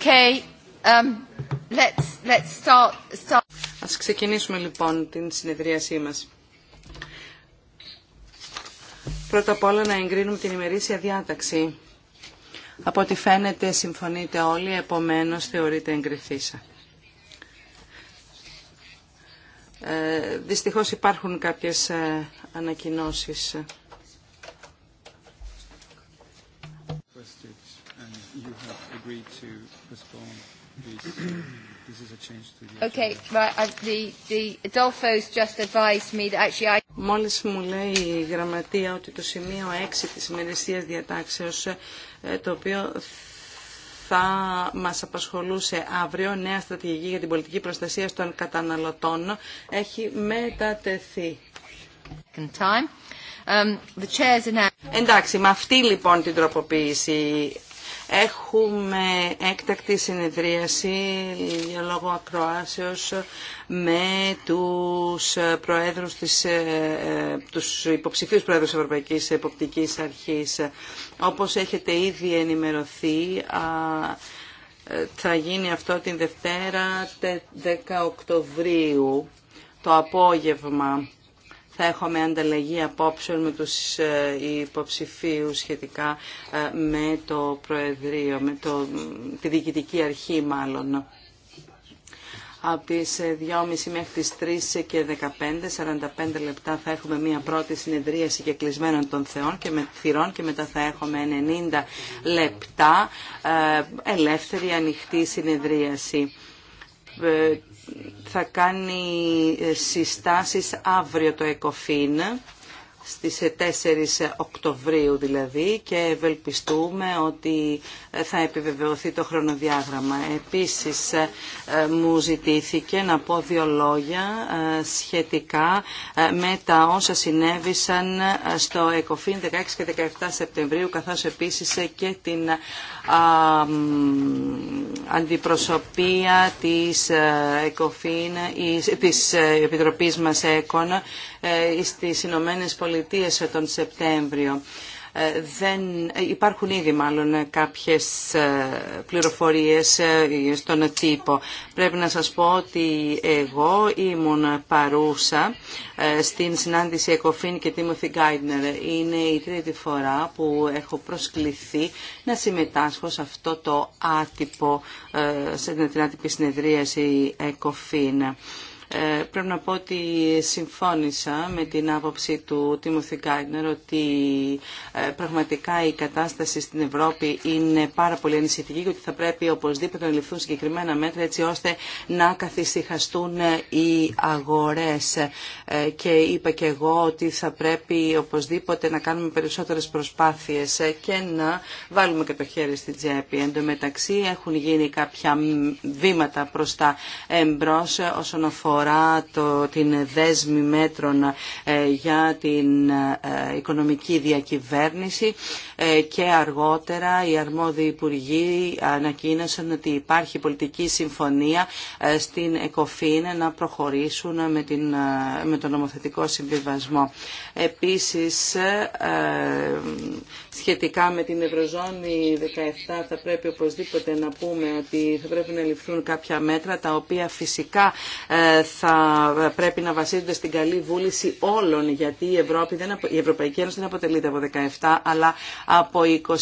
Okay, um, Ας ξεκινήσουμε λοιπόν την συνεδρίασή μας. Πρώτα απ' όλα να εγκρίνουμε την ημερήσια διάταξη. Από ό,τι φαίνεται συμφωνείτε όλοι, επομένως θεωρείται εγκριθήσα. Ε, δυστυχώς υπάρχουν κάποιες ε, ανακοινώσεις. you Μόλις μου λέει η γραμματεία ότι το σημείο 6 της ημερησίας διατάξεως, ε, το οποίο θα μας απασχολούσε αύριο, νέα στρατηγική για την πολιτική προστασία των καταναλωτών, έχει μετατεθεί. Um, Εντάξει, με αυτή λοιπόν την τροποποίηση Έχουμε έκτακτη συνεδρίαση για λόγω ακροάσεως με τους, προέδρους της, ε, ε, τους υποψηφίους προέδρους της Ευρωπαϊκής Εποπτικής Αρχής. Όπως έχετε ήδη ενημερωθεί, ε, θα γίνει αυτό την Δευτέρα 10 Οκτωβρίου το απόγευμα θα έχουμε ανταλλαγή απόψεων με τους ε, υποψηφίους σχετικά ε, με το Προεδρείο, με το, τη Διοικητική Αρχή μάλλον από τις 2.30 ε, μέχρι τις 3 και 15, 45 λεπτά θα έχουμε μία πρώτη συνεδρίαση και κλεισμένων των θεών και με θυρών και μετά θα έχουμε 90 λεπτά ελεύθερη ανοιχτή συνεδρίαση θα κάνει ε, συστάσεις αύριο το ΕΚΟΦΗΝ στις 4 ε, Οκτωβρίου δηλαδή και ευελπιστούμε ότι ε, θα επιβεβαιωθεί το χρονοδιάγραμμα. Επίσης μου ζητήθηκε να πω δύο λόγια σχετικά με τα όσα συνέβησαν στο ΕΚΟΦΗΝ 16 και 17 Σεπτεμβρίου καθώς επίσης και την αντιπροσωπεία της, ε, ΕΚΟΦΗΝ, της ε, Επιτροπής μας ΕΚΟΝ ε, στις Ηνωμένε Πολιτείε τον Σεπτέμβριο. Ε, δεν ε, υπάρχουν ήδη μάλλον κάποιες ε, πληροφορίες στον τύπο. Πρέπει να σας πω ότι εγώ ήμουν παρούσα στην συνάντηση Εκοφίν και Τίμωθη Γκάιντνερ. Είναι η τρίτη φορά που έχω προσκληθεί να συμμετάσχω σε αυτό το άτυπο, σε την άτυπη συνεδρίαση Εκοφίν. Ε, πρέπει να πω ότι συμφώνησα με την άποψη του Τίμωθη Γκάινερ ότι ε, πραγματικά η κατάσταση στην Ευρώπη είναι πάρα πολύ ανησυχητική και ότι θα πρέπει οπωσδήποτε να ληφθούν συγκεκριμένα μέτρα έτσι ώστε να καθησυχαστούν ε, οι αγορές. Και είπα και εγώ ότι θα πρέπει οπωσδήποτε να κάνουμε περισσότερες προσπάθειες και να βάλουμε και το χέρι στην τσέπη. Εν τω μεταξύ έχουν γίνει κάποια βήματα προς τα εμπρός όσον αφορά αφορά το, την δέσμη μέτρων ε, για την ε, οικονομική διακυβέρνηση ε, και αργότερα οι αρμόδιοι υπουργοί ανακοίνωσαν ότι υπάρχει πολιτική συμφωνία στην ΕΚΟΦΗΝ να προχωρήσουν με, την, με τον νομοθετικό συμβιβασμό. Επίσης, σχετικά με την Ευρωζώνη 17 θα πρέπει οπωσδήποτε να πούμε ότι θα πρέπει να ληφθούν κάποια μέτρα τα οποία φυσικά θα πρέπει να βασίζονται στην καλή βούληση όλων, γιατί η, Ευρώπη δεν, η Ευρωπαϊκή Ένωση δεν αποτελείται από 17, αλλά από 27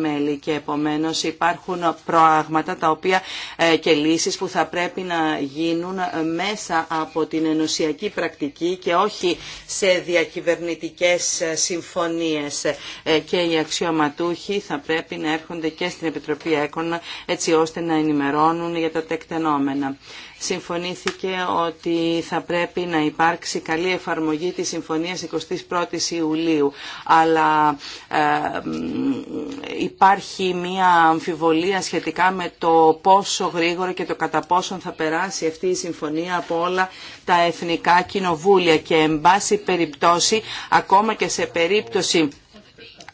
μέλη και επομένως υπάρχουν προάγματα τα οποία, ε, και λύσεις που θα πρέπει να γίνουν ε, μέσα από την ενωσιακή πρακτική και όχι σε διακυβερνητικές ε, συμφωνίες. Και οι αξιωματούχοι θα πρέπει να έρχονται και στην Επιτροπή Έκονα έτσι ώστε να ενημερώνουν για τα τεκτενόμενα συμφωνήθηκε ότι θα πρέπει να υπάρξει καλή εφαρμογή της συμφωνίας 21ης Ιουλίου. Αλλά ε, υπάρχει μία αμφιβολία σχετικά με το πόσο γρήγορα και το κατά πόσον θα περάσει αυτή η συμφωνία από όλα τα εθνικά κοινοβούλια και εν πάση περιπτώσει ακόμα και σε περίπτωση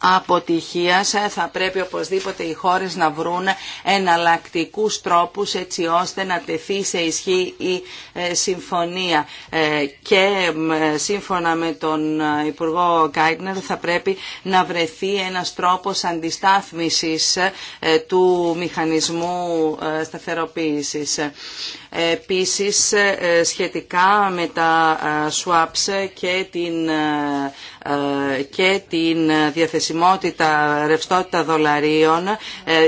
αποτυχίας ε, θα πρέπει οπωσδήποτε οι χώρες να βρουν εναλλακτικούς τρόπους έτσι ώστε να τεθεί σε ισχύ η ε, συμφωνία ε, και σύμφωνα με τον Υπουργό Γκάιτνερ θα πρέπει να βρεθεί ένας τρόπος αντιστάθμισης του μηχανισμού σταθεροποίησης. Επίσης, ε, σχετικά με τα ε, swaps και την, ε, και την διαθεσιμότητα ρευστότητα δολαρίων,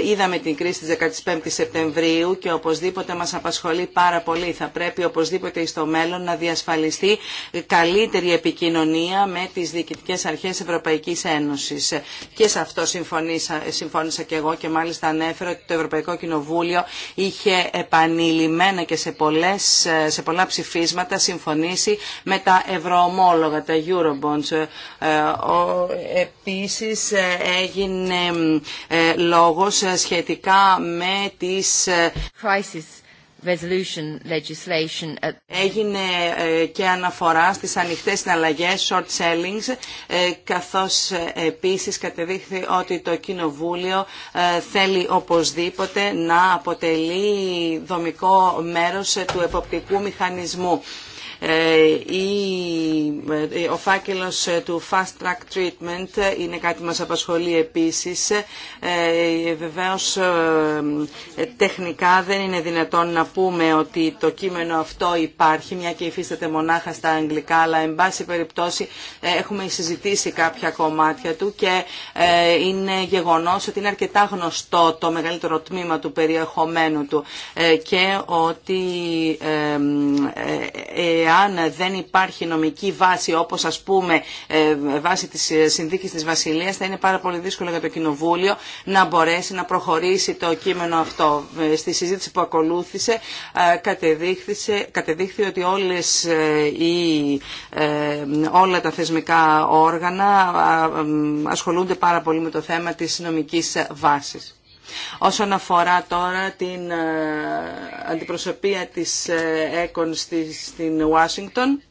είδαμε την κρίση της 15 Σεπτεμβρίου και οπωσδήποτε μας απασχολεί πάρα πολύ. Θα πρέπει οπωσδήποτε στο μέλλον να διασφαλιστεί καλύτερη επικοινωνία με τις διοικητικές αρχές Ευρωπαϊκής Ένωσης. Και σε αυτό συμφωνήσα, συμφώνησα και εγώ και μάλιστα ανέφερα ότι το Ευρωπαϊκό Κοινοβούλιο είχε επανειλημμένα και σε, πολλές, σε πολλά ψηφίσματα συμφωνήσει με τα ευρωομόλογα, τα Eurobonds. Ε, επίσης ε, έγινε ε, λόγος σχετικά με τις... Crisis Έγινε ε, και αναφορά στις ανοιχτές συναλλαγές, short sellings, ε, καθώς ε, επίσης κατεδείχθη ότι το Κοινοβούλιο θέλει οπωσδήποτε να αποτελεί δομικό μέρος του εποπτικού μηχανισμού. Ε, ε, ο φάκελος ε, του Fast Track Treatment είναι κάτι που μας απασχολεί επίσης. Βεβαίως τεχνικά δεν είναι δυνατόν να πούμε ότι το κείμενο αυτό υπάρχει, μια και υφίσταται μονάχα στα αγγλικά, αλλά εν πάση περιπτώσει έχουμε συζητήσει κάποια κομμάτια του και είναι γεγονός ότι είναι αρκετά γνωστό το μεγαλύτερο τμήμα του περιεχομένου του και ότι εάν δεν υπάρχει νομική βάση όπως ας πούμε ε, βάση της ε, συνθήκης της Βασιλείας θα είναι πάρα πολύ δύσκολο για το Κοινοβούλιο να μπορέσει να προχωρήσει το κείμενο αυτό. Ε, στη συζήτηση που ακολούθησε κατεδείχθη ότι όλες οι, όλα τα θεσμικά όργανα ασχολούνται πάρα πολύ με το θέμα της νομικής βάσης. Όσον αφορά τώρα την ε, αντιπροσωπεία της ε, ΕΚΟΝ στην Ουάσιγκτον,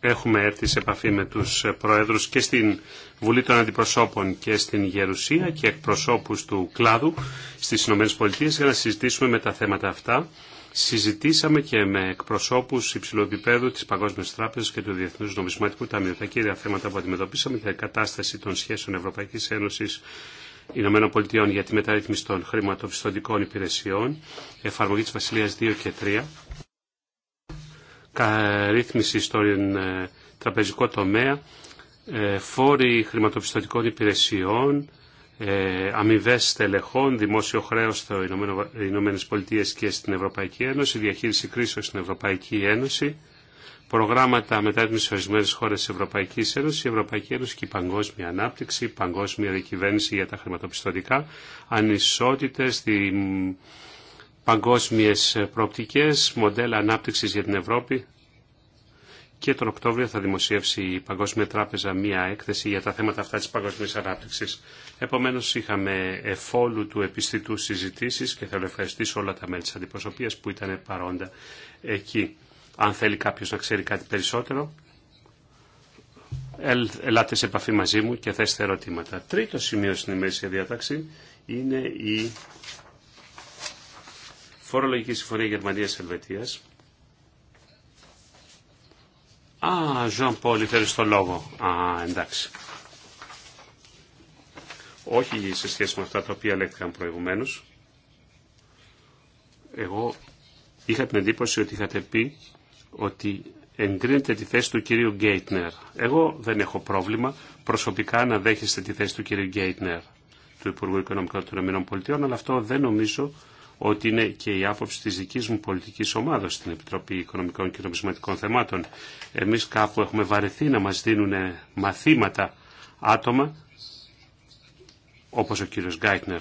Έχουμε έρθει σε επαφή με τους Προέδρους και στην Βουλή των Αντιπροσώπων και στην Γερουσία και εκπροσώπους του κλάδου στις ΗΠΑ για να συζητήσουμε με τα θέματα αυτά συζητήσαμε και με εκπροσώπους υψηλού επίπεδου της Παγκόσμιας Τράπεζας και του Διεθνού Νομισματικού Ταμείου. Τα κύρια θέματα που αντιμετωπίσαμε για η κατάσταση των σχέσεων Ευρωπαϊκή Ένωση Ηνωμένων Πολιτειών για τη μεταρρύθμιση των χρηματοπιστωτικών υπηρεσιών, εφαρμογή τη Βασιλεία 2 και 3, καρύθμιση στον ε, τραπεζικό τομέα, ε, φόροι χρηματοπιστωτικών υπηρεσιών, ε, αμοιβέ στελεχών, δημόσιο χρέο στι Ηνωμένε Πολιτείε και στην Ευρωπαϊκή Ένωση, διαχείριση κρίσεων στην Ευρωπαϊκή Ένωση, προγράμματα μετά σε ορισμένε χώρε τη Ευρωπαϊκή Ένωση, η Ευρωπαϊκή Ένωση και η παγκόσμια ανάπτυξη, η παγκόσμια διακυβέρνηση για τα χρηματοπιστωτικά, ανισότητε, παγκόσμιε προοπτικέ, μοντέλα ανάπτυξη για την Ευρώπη, και τον Οκτώβριο θα δημοσιεύσει η Παγκόσμια Τράπεζα μία έκθεση για τα θέματα αυτά της παγκόσμιας ανάπτυξης. Επομένως είχαμε εφόλου του επιστητού συζητήσεις και θέλω ευχαριστήσω όλα τα μέλη της αντιπροσωπείας που ήταν παρόντα εκεί. Αν θέλει κάποιος να ξέρει κάτι περισσότερο, ελάτε σε επαφή μαζί μου και θέστε ερωτήματα. Τρίτο σημείο στην ημέρησια διάταξη είναι η Φορολογική Συμφωνία Γερμανίας-Ελβετίας Α, Ζων Πόλη, θέλεις το λόγο. Α, εντάξει. Όχι σε σχέση με αυτά τα οποία λέχθηκαν προηγουμένως. Εγώ είχα την εντύπωση ότι είχατε πει ότι εγκρίνεται τη θέση του κυρίου Γκέιτνερ. Εγώ δεν έχω πρόβλημα προσωπικά να δέχεστε τη θέση του κυρίου Γκέιτνερ, του Υπουργού Οικονομικών των ΗΠΑ, αλλά αυτό δεν νομίζω ότι είναι και η άποψη της δικής μου πολιτικής ομάδας στην Επιτροπή Οικονομικών και Νομισματικών Θεμάτων. Εμείς κάπου έχουμε βαρεθεί να μας δίνουν μαθήματα άτομα, όπως ο κύριος Γκάιτνερ.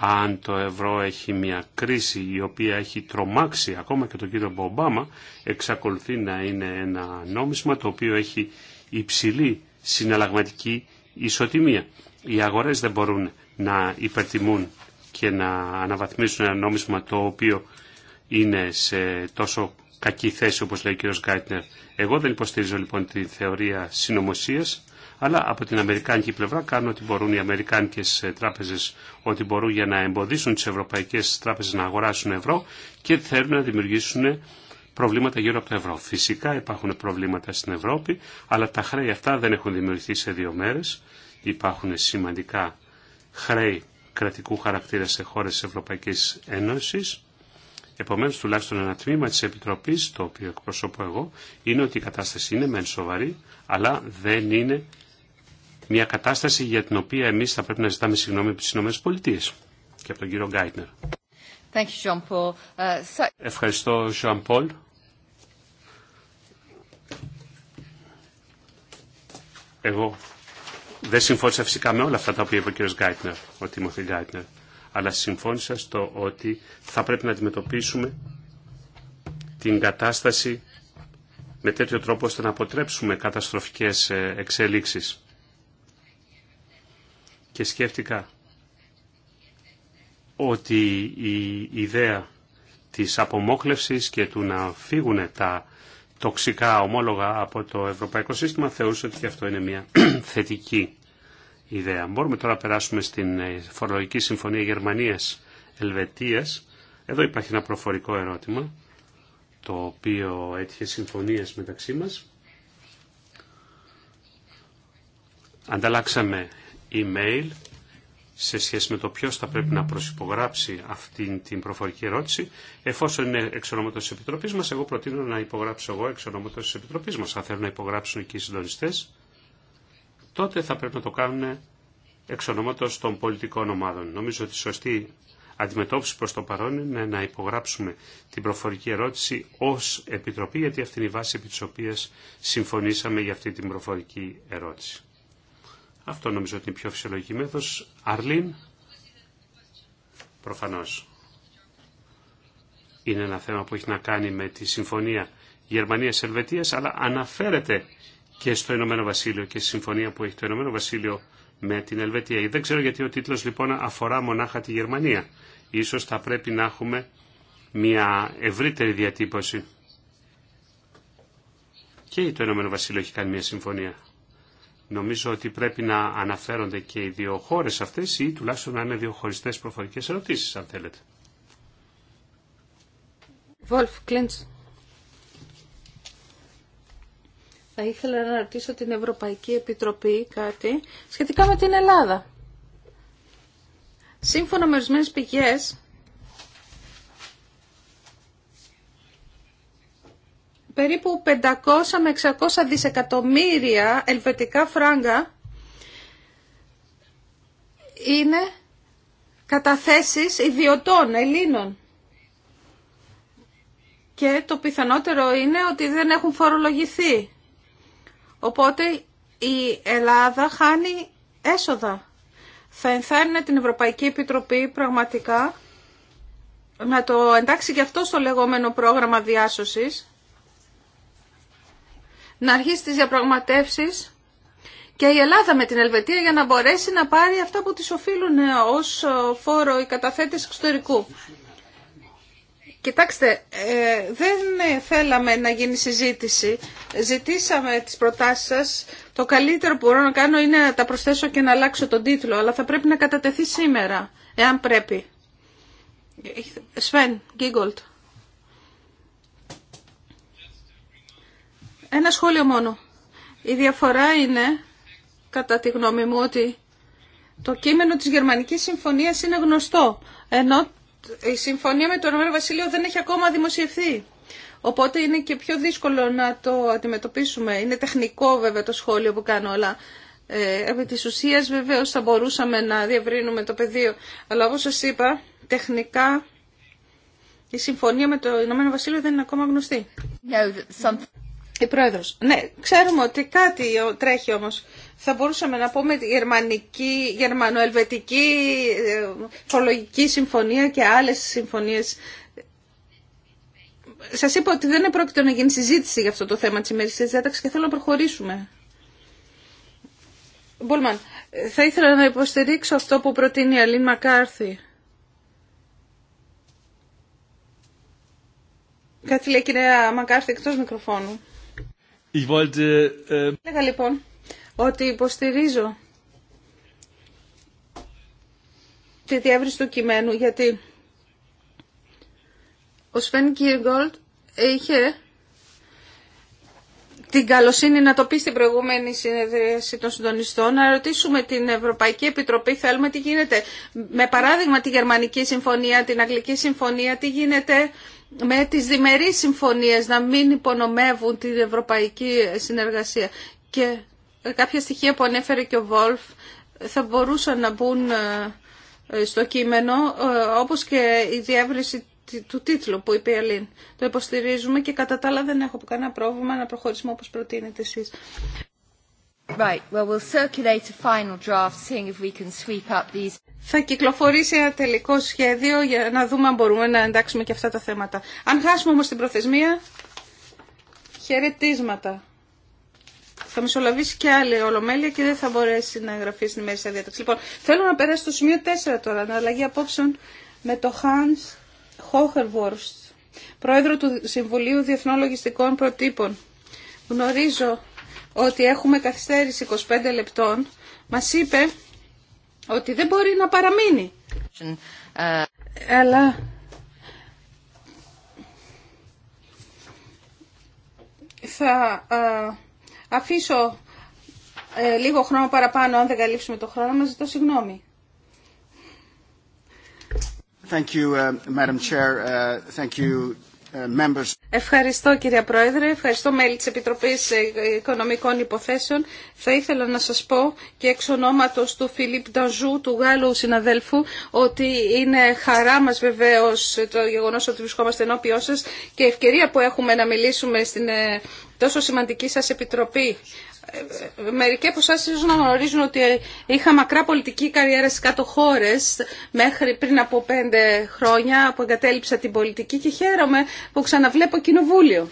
Αν το ευρώ έχει μια κρίση η οποία έχει τρομάξει ακόμα και τον κύριο Μπομπάμα, εξακολουθεί να είναι ένα νόμισμα το οποίο έχει υψηλή συναλλαγματική ισοτιμία. Οι αγορές δεν μπορούν να υπερτιμούν και να αναβαθμίσουν ένα νόμισμα το οποίο είναι σε τόσο κακή θέση όπως λέει ο κ. Γκάιτνερ. Εγώ δεν υποστηρίζω λοιπόν τη θεωρία συνωμοσία, αλλά από την Αμερικάνικη πλευρά κάνουν ό,τι μπορούν οι Αμερικάνικες ε, τράπεζες ό,τι μπορούν για να εμποδίσουν τις ευρωπαϊκές τράπεζες να αγοράσουν ευρώ και θέλουν να δημιουργήσουν προβλήματα γύρω από το ευρώ. Φυσικά υπάρχουν προβλήματα στην Ευρώπη, αλλά τα χρέη αυτά δεν έχουν δημιουργηθεί σε δύο μέρες. Υπάρχουν σημαντικά χρέη κρατικού χαρακτήρα σε χώρες της Ευρωπαϊκής Ένωσης. Επομένως, τουλάχιστον ένα τμήμα της Επιτροπής, το οποίο εκπροσωπώ εγώ, είναι ότι η κατάσταση είναι μεν σοβαρή, αλλά δεν είναι μια κατάσταση για την οποία εμείς θα πρέπει να ζητάμε συγγνώμη από τις ΗΠΑ και από τον κύριο Γκάιτνερ. Uh, Ευχαριστώ, Jean Paul. Εγώ δεν συμφώνησα φυσικά με όλα αυτά τα οποία είπε ο κ. Γκάιτνερ, ο Τίμωθη Γκάιτνερ, αλλά συμφώνησα στο ότι θα πρέπει να αντιμετωπίσουμε την κατάσταση με τέτοιο τρόπο ώστε να αποτρέψουμε καταστροφικές ε, εξέλιξεις. Και σκέφτηκα ότι η ιδέα της απομόχλευσης και του να φύγουν τα τοξικά ομόλογα από το Ευρωπαϊκό Σύστημα, θεωρούσε ότι αυτό είναι μια θετική ιδέα. Μπορούμε τώρα να περάσουμε στην ε, Φορολογική Συμφωνία Γερμανίας-Ελβετίας. Εδώ υπάρχει ένα προφορικό ερώτημα, το οποίο έτυχε συμφωνίες μεταξύ μας. Ανταλλάξαμε email σε σχέση με το ποιο θα πρέπει να προσυπογράψει αυτή την προφορική ερώτηση. Εφόσον είναι εξ τη της Επιτροπής μας, εγώ προτείνω να υπογράψω εγώ εξ τη της Επιτροπής μας. Αν θέλουν να υπογράψουν εκεί οι συντονιστέ, τότε θα πρέπει να το κάνουν εξ ονόματο των πολιτικών ομάδων. Νομίζω ότι η σωστή αντιμετώπιση προς το παρόν είναι να υπογράψουμε την προφορική ερώτηση ως Επιτροπή, γιατί αυτή είναι η βάση επί της οποίας συμφωνήσαμε για αυτή την προφορική ερώτηση. Αυτό νομίζω ότι είναι πιο φυσιολογική μέθος. Αρλίν, προφανώς. Είναι ένα θέμα που έχει να κάνει με τη συμφωνία Γερμανίας-Ελβετίας, αλλά αναφέρεται και στο Ηνωμένο Βασίλειο και στη συμφωνία που έχει το Ηνωμένο Βασίλειο με την Ελβετία. Δεν ξέρω γιατί ο τίτλος λοιπόν αφορά μονάχα τη Γερμανία. Ίσως θα πρέπει να έχουμε μια ευρύτερη διατύπωση. Και το Ηνωμένο Βασίλειο έχει κάνει μια συμφωνία. Νομίζω ότι πρέπει να αναφέρονται και οι δύο χώρες αυτές ή τουλάχιστον να είναι δύο χωριστές προφορικές ερωτήσεις, αν θέλετε. Βολφ Κλίντς. Θα ήθελα να ρωτήσω την Ευρωπαϊκή Επιτροπή κάτι σχετικά με την Ελλάδα. Σύμφωνα με ορισμένε πηγές, περίπου 500 με 600 δισεκατομμύρια ελβετικά φράγκα είναι καταθέσεις ιδιωτών Ελλήνων. Και το πιθανότερο είναι ότι δεν έχουν φορολογηθεί. Οπότε η Ελλάδα χάνει έσοδα. Θα ενθάρρυνε την Ευρωπαϊκή Επιτροπή πραγματικά να το εντάξει και αυτό στο λεγόμενο πρόγραμμα διάσωσης να αρχίσει τις διαπραγματεύσεις και η Ελλάδα με την Ελβετία για να μπορέσει να πάρει αυτά που της οφείλουν ως φόρο οι καταθέτες εξωτερικού. Κοιτάξτε, ε, δεν θέλαμε να γίνει συζήτηση. Ζητήσαμε τις προτάσεις σας. Το καλύτερο που μπορώ να κάνω είναι να τα προσθέσω και να αλλάξω τον τίτλο, αλλά θα πρέπει να κατατεθεί σήμερα, εάν πρέπει. Σφεν, Γκίγκολτ. Ένα σχόλιο μόνο. Η διαφορά είναι, κατά τη γνώμη μου, ότι το κείμενο της Γερμανικής Συμφωνίας είναι γνωστό, ενώ η συμφωνία με το Ηνωμένο Βασίλειο δεν έχει ακόμα δημοσιευθεί. Οπότε είναι και πιο δύσκολο να το αντιμετωπίσουμε. Είναι τεχνικό βέβαια το σχόλιο που κάνω, αλλά ε, επί της ουσίας βεβαίως θα μπορούσαμε να διευρύνουμε το πεδίο. Αλλά όπως σας είπα, τεχνικά η συμφωνία με το Ηνωμένο Βασίλειο δεν είναι ακόμα γνωστή. Η ε, Πρόεδρος. Ναι, ξέρουμε ότι κάτι τρέχει όμως. Θα μπορούσαμε να πούμε γερμανική, γερμανοελβετική, ε, φορολογική συμφωνία και άλλες συμφωνίες. Σας είπα ότι δεν πρόκειται να γίνει συζήτηση για αυτό το θέμα της ημερησίας διάταξης και θέλω να προχωρήσουμε. Μπούλμαν, θα ήθελα να υποστηρίξω αυτό που προτείνει η Αλήν Μακάρθη. Κάτι λέει κυρία Μακάρθη εκτός μικροφώνου. Ähm, Λέγα λοιπόν ότι υποστηρίζω τη διεύρυνση του κειμένου γιατί ο Σφέν Κίργκολτ είχε την καλοσύνη να το πει στην προηγούμενη συνεδρίαση των συντονιστών, να ρωτήσουμε την Ευρωπαϊκή Επιτροπή, θέλουμε τι γίνεται. Με παράδειγμα τη Γερμανική Συμφωνία, την Αγγλική Συμφωνία, τι γίνεται με τις διμερείς συμφωνίες να μην υπονομεύουν την ευρωπαϊκή συνεργασία. Και ε, κάποια στοιχεία που ανέφερε και ο Βόλφ θα μπορούσαν να μπουν ε, ε, στο κείμενο, όπως και η διεύρυνση του τίτλου που είπε η Το υποστηρίζουμε και κατά τα άλλα δεν έχω κανένα πρόβλημα να προχωρήσουμε όπως προτείνετε εσείς. Right. Well, we'll circulate a final draft, seeing if we can sweep up these. Θα κυκλοφορήσει ένα τελικό σχέδιο για να δούμε αν μπορούμε να εντάξουμε και αυτά τα θέματα. Αν χάσουμε όμως την προθεσμία, χαιρετίσματα. Θα μισολαβήσει και άλλη ολομέλεια και δεν θα μπορέσει να εγγραφεί στην της διάταξη. Λοιπόν, θέλω να περάσω στο σημείο 4 τώρα, αναλλαγή απόψεων με το Hans Hocherwurst, πρόεδρο του Συμβουλίου Διεθνών Λογιστικών Προτύπων. Γνωρίζω ότι έχουμε καθυστέρηση 25 λεπτών, μας είπε ότι δεν μπορεί να παραμείνει. Αλλά θα ε, αφήσω ε, λίγο χρόνο παραπάνω αν δεν καλύψουμε το χρόνο μας. Ζητώ συγγνώμη. Thank you, uh, Madam Chair. Uh, thank you Ευχαριστώ κύριε Πρόεδρε, ευχαριστώ μέλη της Επιτροπής Οικονομικών Υποθέσεων. Θα ήθελα να σας πω και εξ ονόματος του Φιλίπ Νταζού, του Γάλλου συναδέλφου, ότι είναι χαρά μας βεβαίως το γεγονός ότι βρισκόμαστε ενώπιό σας και ευκαιρία που έχουμε να μιλήσουμε στην ε, τόσο σημαντική σας επιτροπή Μερικοί από εσά ίσω να γνωρίζουν ότι είχα μακρά πολιτική καριέρα στι κάτω χώρε μέχρι πριν από πέντε χρόνια που εγκατέλειψα την πολιτική και χαίρομαι που ξαναβλέπω κοινοβούλιο.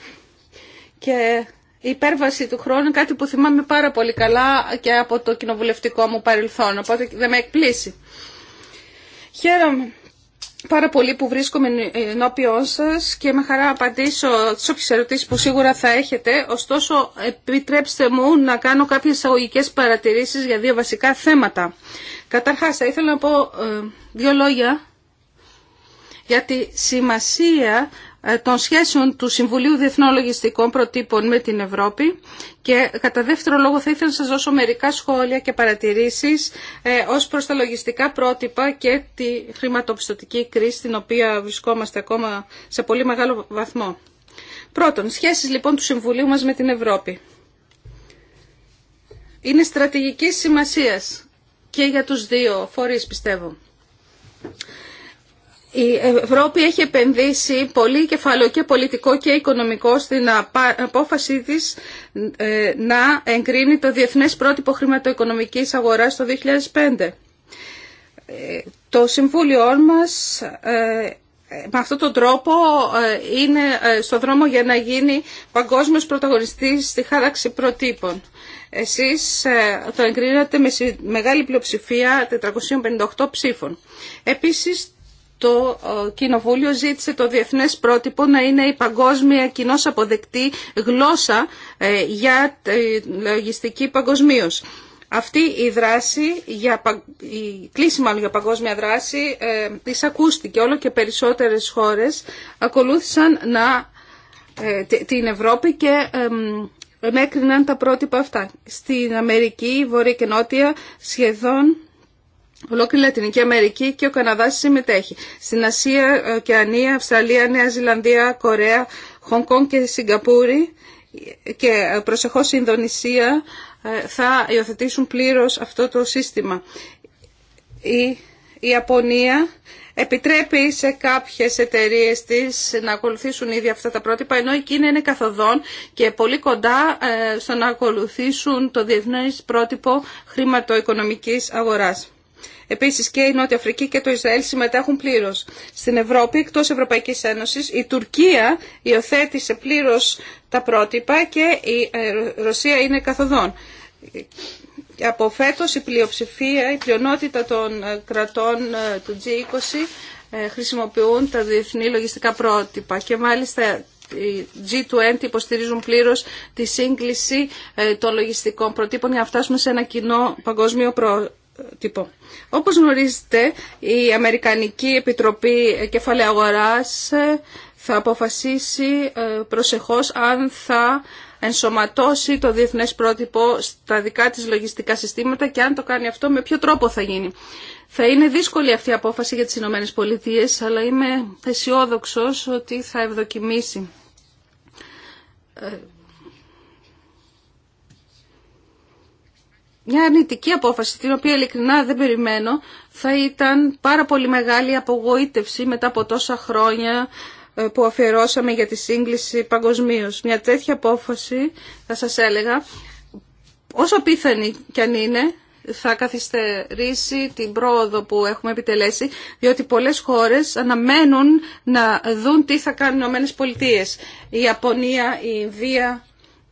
Και η υπέρβαση του χρόνου είναι κάτι που θυμάμαι πάρα πολύ καλά και από το κοινοβουλευτικό μου παρελθόν, οπότε δεν με εκπλήσει. Χαίρομαι πάρα πολύ που βρίσκομαι ενώπιόν σα και με χαρά απαντήσω τι όποιε ερωτήσει που σίγουρα θα έχετε. Ωστόσο, επιτρέψτε μου να κάνω κάποιε αγωγικέ παρατηρήσει για δύο βασικά θέματα. Καταρχά, θα ήθελα να πω ε, δύο λόγια για τη σημασία ε, των σχέσεων του Συμβουλίου Διεθνών Λογιστικών Προτύπων με την Ευρώπη και κατά δεύτερο λόγο θα ήθελα να σας δώσω μερικά σχόλια και παρατηρήσεις ε, ως προς τα λογιστικά πρότυπα και τη χρηματοπιστωτική κρίση την οποία βρισκόμαστε ακόμα σε πολύ μεγάλο βαθμό. Πρώτον, σχέσεις λοιπόν του Συμβουλίου μας με την Ευρώπη. Είναι στρατηγικής σημασίας και για τους δύο φορείς πιστεύω. Η Ευρώπη έχει επενδύσει πολύ κεφαλό και πολιτικό και οικονομικό στην απόφαση της ε, να εγκρίνει το Διεθνές Πρότυπο Χρηματοοικονομικής Αγοράς το 2005. Ε, το Συμβούλιο μας ε, με αυτόν τον τρόπο είναι στο δρόμο για να γίνει παγκόσμιος πρωταγωνιστής στη χάραξη προτύπων. Εσείς το εγκρίνατε με μεγάλη πλειοψηφία 458 ψήφων. Επίσης το ε, Κοινοβούλιο ζήτησε το διεθνές πρότυπο να είναι η παγκόσμια κοινώς αποδεκτή γλώσσα ε, για τη λογιστική παγκοσμίω. Αυτή η δράση, για, η κλίση μάλλον για παγκόσμια δράση, ε, της ακούστηκε όλο και περισσότερες χώρες ακολούθησαν να, ε, την Ευρώπη και μέκριναν τα πρότυπα αυτά. Στην Αμερική, Βόρεια και Νότια, σχεδόν Ολόκληρη Λατινική Αμερική και ο Καναδάς συμμετέχει. Στην Ασία, Οκεανία, Αυστραλία, Νέα Ζηλανδία, Κορέα, Χονγκ και Σιγκαπούρη και προσεχώς η Ινδονησία ε, θα υιοθετήσουν πλήρως αυτό το σύστημα. Η Ιαπωνία επιτρέπει σε κάποιες εταιρείες της να ακολουθήσουν ήδη αυτά τα πρότυπα, ενώ η Κίνα είναι καθοδόν και πολύ κοντά ε, στο να ακολουθήσουν το διεθνές πρότυπο χρηματοοικονομικής αγοράς. Επίση και η Νότια Αφρική και το Ισραήλ συμμετέχουν πλήρω Στην Ευρώπη, εκτό ευρωπαϊκή Ένωση. η Τουρκία υιοθέτησε πλήρω τα πρότυπα και η ε, Ρωσία είναι καθοδόν. Από φέτος η πλειοψηφία, η πλειονότητα των ε, κρατών ε, του G20 χρησιμοποιούν τα διεθνή λογιστικά πρότυπα και μάλιστα οι G20 υποστηρίζουν πλήρως τη σύγκληση των λογιστικών προτύπων για να φτάσουμε σε ένα κοινό παγκόσμιο πρότυπο τύπο. Όπως γνωρίζετε, η Αμερικανική Επιτροπή Κεφαλαίου Αγοράς ε, θα αποφασίσει ε, προσεχώς αν θα ενσωματώσει το διεθνές πρότυπο στα δικά της λογιστικά συστήματα και αν το κάνει αυτό με ποιο τρόπο θα γίνει. Θα είναι δύσκολη αυτή η απόφαση για τις Ηνωμένες Πολιτείες, αλλά είμαι αισιόδοξο ότι θα ευδοκιμήσει ε, μια αρνητική απόφαση, την οποία ειλικρινά δεν περιμένω, θα ήταν πάρα πολύ μεγάλη απογοήτευση μετά από τόσα χρόνια ε, που αφιερώσαμε για τη σύγκληση παγκοσμίω. Μια τέτοια απόφαση, θα σας έλεγα, όσο πίθανη κι αν είναι, θα καθυστερήσει την πρόοδο που έχουμε επιτελέσει, διότι πολλές χώρες αναμένουν να δουν τι θα κάνουν οι ΗΠΑ. Η Ιαπωνία, η Ινδία,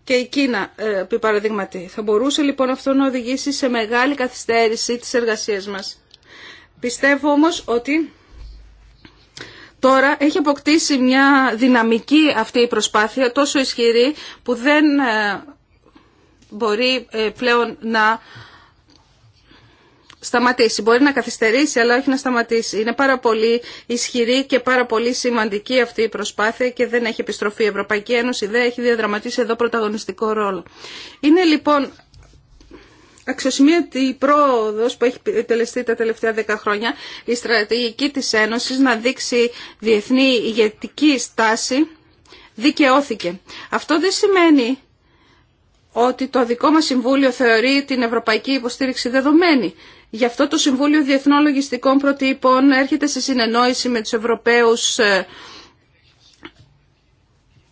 και η Κίνα, ε, επί παραδείγματι. Θα μπορούσε λοιπόν αυτό να οδηγήσει σε μεγάλη καθυστέρηση της εργασίας μας. Πιστεύω όμως ότι τώρα έχει αποκτήσει μια δυναμική αυτή η προσπάθεια τόσο ισχυρή που δεν ε, μπορεί ε, πλέον να σταματήσει. Μπορεί να καθυστερήσει, αλλά όχι να σταματήσει. Είναι πάρα πολύ ισχυρή και πάρα πολύ σημαντική αυτή η προσπάθεια και δεν έχει επιστροφή. Η Ευρωπαϊκή Ένωση δεν έχει διαδραματίσει εδώ πρωταγωνιστικό ρόλο. Είναι λοιπόν αξιοσημείωτη η πρόοδο που έχει τελεστεί τα τελευταία δέκα χρόνια η στρατηγική τη Ένωση να δείξει διεθνή ηγετική στάση δικαιώθηκε. Αυτό δεν σημαίνει ότι το δικό μας Συμβούλιο θεωρεί την ευρωπαϊκή υποστήριξη δεδομένη. Γι' αυτό το Συμβούλιο Διεθνών Λογιστικών Προτύπων έρχεται σε συνεννόηση με τους Ευρωπαίους ε,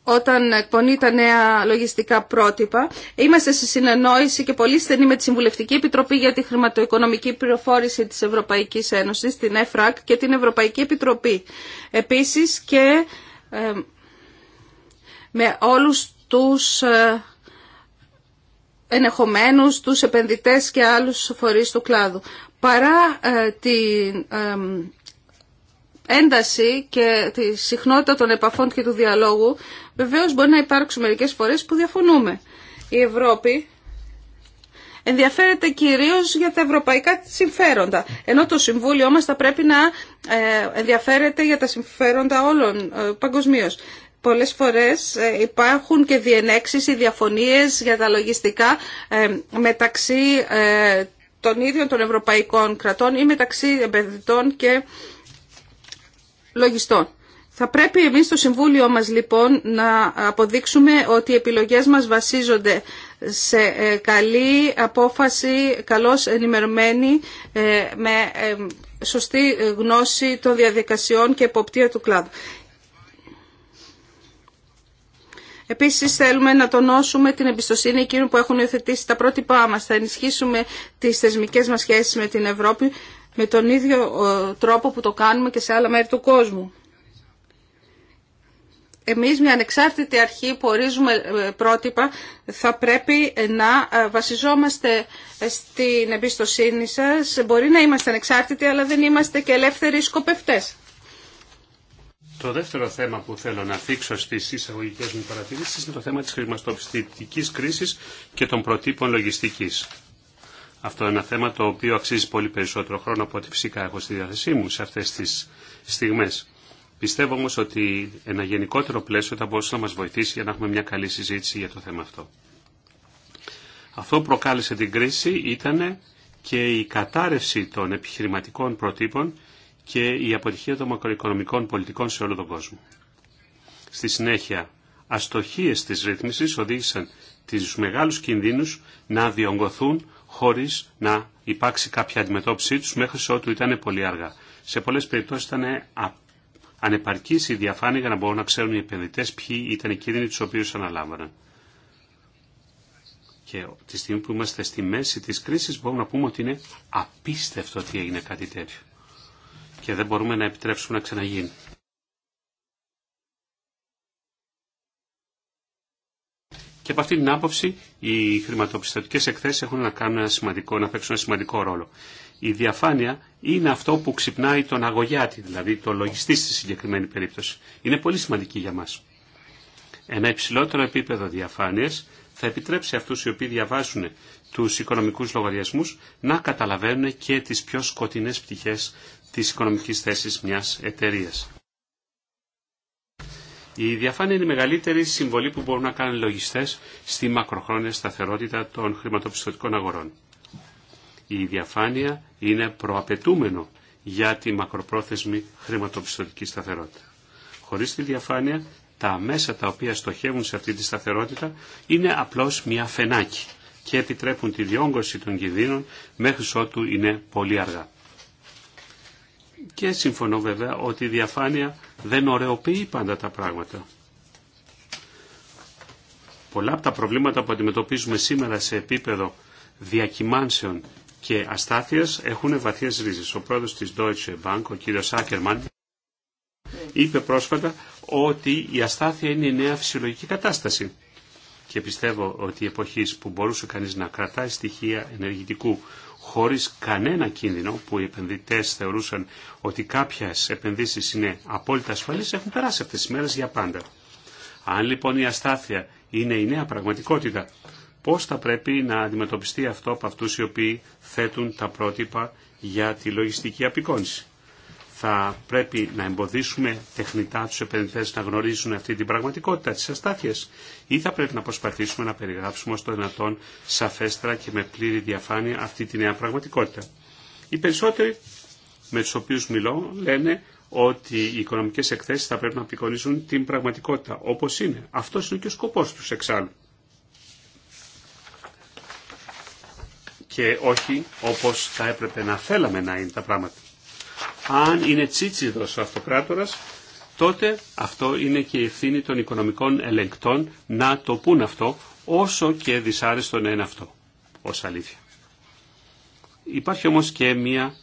όταν εκπονεί τα νέα λογιστικά πρότυπα. Είμαστε σε συνεννόηση και πολύ στενή με τη Συμβουλευτική Επιτροπή για τη Χρηματοοικονομική Πληροφόρηση της Ευρωπαϊκής Ένωσης, την ΕΦΡΑΚ και την Ευρωπαϊκή Επιτροπή. Επίσης και ε, με όλους τους ε, ενεχομένους, τους επενδυτές και άλλους φορείς του κλάδου. Παρά ε, την ένταση και τη συχνότητα των επαφών και του διαλόγου, βεβαίως μπορεί να υπάρξουν μερικές φορές που διαφωνούμε. Η Ευρώπη ενδιαφέρεται κυρίως για τα ευρωπαϊκά συμφέροντα, ενώ το Συμβούλιο μας θα πρέπει να ε, ενδιαφέρεται για τα συμφέροντα όλων ε, παγκοσμίω. Πολλές φορές ε, υπάρχουν και διενέξεις ή διαφωνίες για τα λογιστικά ε, μεταξύ ε, των ίδιων των ευρωπαϊκών κρατών ή μεταξύ επενδυτών και λογιστών. Θα πρέπει εμείς στο Συμβούλιο μας λοιπόν να αποδείξουμε ότι οι επιλογές μας βασίζονται σε καλή απόφαση, καλώς ενημερωμένη, με σωστή γνώση των διαδικασιών και εποπτεία του κλάδου. Επίσης θέλουμε να τονώσουμε την εμπιστοσύνη εκείνων που έχουν υιοθετήσει τα πρότυπά μας. Θα ενισχύσουμε τις θεσμικέ μας σχέσεις με την Ευρώπη με τον ίδιο τρόπο που το κάνουμε και σε άλλα μέρη του κόσμου. Εμείς μια ανεξάρτητη αρχή που ορίζουμε ε, πρότυπα θα πρέπει να ε, βασιζόμαστε στην εμπιστοσύνη σας. Μπορεί να είμαστε ανεξάρτητοι αλλά δεν είμαστε και ελεύθεροι σκοπευτές. Το δεύτερο θέμα που θέλω να θίξω στις εισαγωγικέ μου παρατηρήσεις είναι το θέμα της χρηματοπιστικής κρίσης και των προτύπων λογιστικής. Αυτό είναι ένα θέμα το οποίο αξίζει πολύ περισσότερο χρόνο από ό,τι φυσικά έχω στη διάθεσή μου σε αυτές τις στιγμές. Πιστεύω όμως ότι ένα γενικότερο πλαίσιο θα μπορούσε να μας βοηθήσει για να έχουμε μια καλή συζήτηση για το θέμα αυτό. Αυτό που προκάλεσε την κρίση ήταν και η κατάρρευση των επιχειρηματικών προτύπων και η αποτυχία των μακροοικονομικών πολιτικών σε όλο τον κόσμο. Στη συνέχεια, αστοχίες της ρύθμισης οδήγησαν τις μεγάλους κινδύνους να διονγκωθούν χωρίς να υπάρξει κάποια αντιμετώπιση τους μέχρι ότου ήταν πολύ αργά. Σε πολλές περιπτώσεις ήταν ανεπαρκής η διαφάνεια για να μπορούν να ξέρουν οι επενδυτές ποιοι ήταν οι κίνδυνοι τους οποίους αναλάμβαναν. Και τη στιγμή που είμαστε στη μέση της κρίσης μπορούμε να πούμε ότι είναι απίστευτο ότι έγινε κάτι τέτοιο και δεν μπορούμε να επιτρέψουμε να ξαναγίνει. Και από αυτή την άποψη οι χρηματοπιστωτικές εκθέσει έχουν να κάνουν ένα σημαντικό, παίξουν ένα σημαντικό ρόλο. Η διαφάνεια είναι αυτό που ξυπνάει τον αγωγιάτη, δηλαδή τον λογιστή στη συγκεκριμένη περίπτωση. Είναι πολύ σημαντική για μα. Ένα υψηλότερο επίπεδο διαφάνεια θα επιτρέψει αυτού οι οποίοι διαβάζουν του οικονομικού λογαριασμού να καταλαβαίνουν και τι πιο σκοτεινές πτυχέ της οικονομικής θέσης μιας εταιρείας. Η διαφάνεια είναι η μεγαλύτερη συμβολή που μπορούν να κάνουν οι λογιστές στη μακροχρόνια σταθερότητα των χρηματοπιστωτικών αγορών. Η διαφάνεια είναι προαπαιτούμενο για τη μακροπρόθεσμη χρηματοπιστωτική σταθερότητα. Χωρίς τη διαφάνεια, τα μέσα τα οποία στοχεύουν σε αυτή τη σταθερότητα είναι απλώς μια φενάκι και επιτρέπουν τη διόγκωση των κινδύνων μέχρι ότου είναι πολύ αργά. Και συμφωνώ βέβαια ότι η διαφάνεια δεν ωρεοποιεί πάντα τα πράγματα. Πολλά από τα προβλήματα που αντιμετωπίζουμε σήμερα σε επίπεδο διακυμάνσεων και αστάθειας έχουν βαθιές ρίζες. Ο πρόεδρος της Deutsche Bank, ο κύριος Άκερμαν, είπε πρόσφατα ότι η αστάθεια είναι η νέα φυσιολογική κατάσταση. Και πιστεύω ότι οι εποχής που μπορούσε κανείς να κρατάει στοιχεία ενεργητικού χωρίς κανένα κίνδυνο που οι επενδυτές θεωρούσαν ότι κάποιες επενδύσεις είναι απόλυτα ασφαλείς έχουν περάσει αυτές τις μέρες για πάντα. Αν λοιπόν η αστάθεια είναι η νέα πραγματικότητα, πώς θα πρέπει να αντιμετωπιστεί αυτό από αυτούς οι οποίοι θέτουν τα πρότυπα για τη λογιστική απεικόνηση θα πρέπει να εμποδίσουμε τεχνητά τους επενδυτές να γνωρίζουν αυτή την πραγματικότητα της αστάθειας ή θα πρέπει να προσπαθήσουμε να περιγράψουμε ως το δυνατόν σαφέστερα και με πλήρη διαφάνεια αυτή τη νέα πραγματικότητα. Οι περισσότεροι με τους οποίους μιλώ λένε ότι οι οικονομικές εκθέσεις θα πρέπει να απεικονίζουν την πραγματικότητα όπως είναι. αυτό είναι και ο σκοπός τους εξάλλου. Και όχι όπως θα έπρεπε να θέλαμε να είναι τα πράγματα αν είναι τσίτσιδρος ο αυτοκράτορας, τότε αυτό είναι και η ευθύνη των οικονομικών ελεγκτών να το πούν αυτό, όσο και δυσάρεστο να είναι αυτό, ως αλήθεια. Υπάρχει όμως και μια,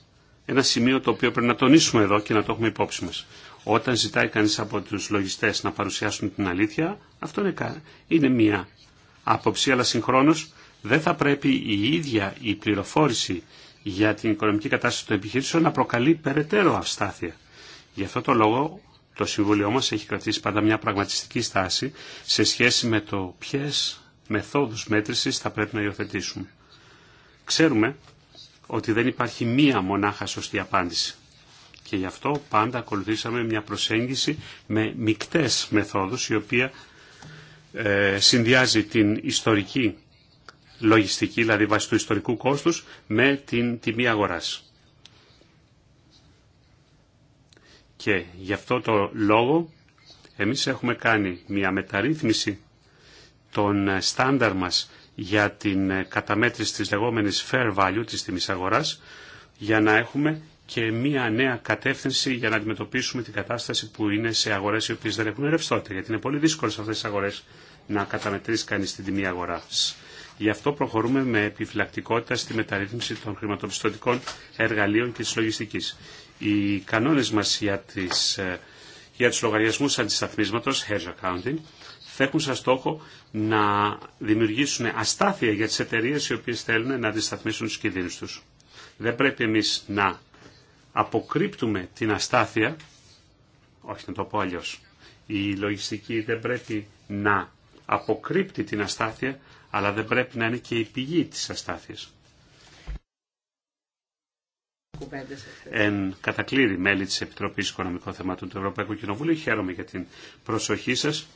ένα σημείο το οποίο πρέπει να τονίσουμε εδώ και να το έχουμε υπόψη μας. Όταν ζητάει κανείς από τους λογιστές να παρουσιάσουν την αλήθεια, αυτό είναι, είναι μια άποψη, αλλά συγχρόνως δεν θα πρέπει η ίδια η πληροφόρηση για την οικονομική κατάσταση των επιχειρήσεων να προκαλεί περαιτέρω αυστάθεια. Γι' αυτό το λόγο το Συμβούλιο μας έχει κρατήσει πάντα μια πραγματιστική στάση σε σχέση με το ποιε μεθόδους μέτρησης θα πρέπει να υιοθετήσουμε. Ξέρουμε ότι δεν υπάρχει μία μονάχα σωστή απάντηση. Και γι' αυτό πάντα ακολουθήσαμε μια προσέγγιση με μικτές μεθόδους, η οποία ε, συνδυάζει την ιστορική λογιστική, δηλαδή βάση του ιστορικού κόστους, με την τιμή αγοράς. Και γι' αυτό το λόγο εμείς έχουμε κάνει μια μεταρρύθμιση των στάνταρ μας για την καταμέτρηση της λεγόμενης fair value της τιμής αγοράς για να έχουμε και μια νέα κατεύθυνση για να αντιμετωπίσουμε την κατάσταση που είναι σε αγορές οι οποίες δεν έχουν ρευστότητα γιατί είναι πολύ δύσκολο σε αυτές τις αγορές να καταμετρήσει κανείς την τιμή αγοράς. Γι' αυτό προχωρούμε με επιφυλακτικότητα στη μεταρρύθμιση των χρηματοπιστωτικών εργαλείων και της λογιστική. Οι κανόνες μα για, ε, για τους λογαριασμούς αντισταθμίσματος, hedge accounting, θα έχουν σαν στόχο να δημιουργήσουν αστάθεια για τις εταιρείε οι οποίες θέλουν να αντισταθμίσουν του κινδύνου τους. Δεν πρέπει εμεί να αποκρύπτουμε την αστάθεια, όχι να το πω αλλιώ. η λογιστική δεν πρέπει να αποκρύπτει την αστάθεια, αλλά δεν πρέπει να είναι και η πηγή της αστάθειας. Εν κατακλείδη μέλη της Επιτροπής Οικονομικών Θεμάτων του Ευρωπαϊκού Κοινοβουλίου, χαίρομαι για την προσοχή σας.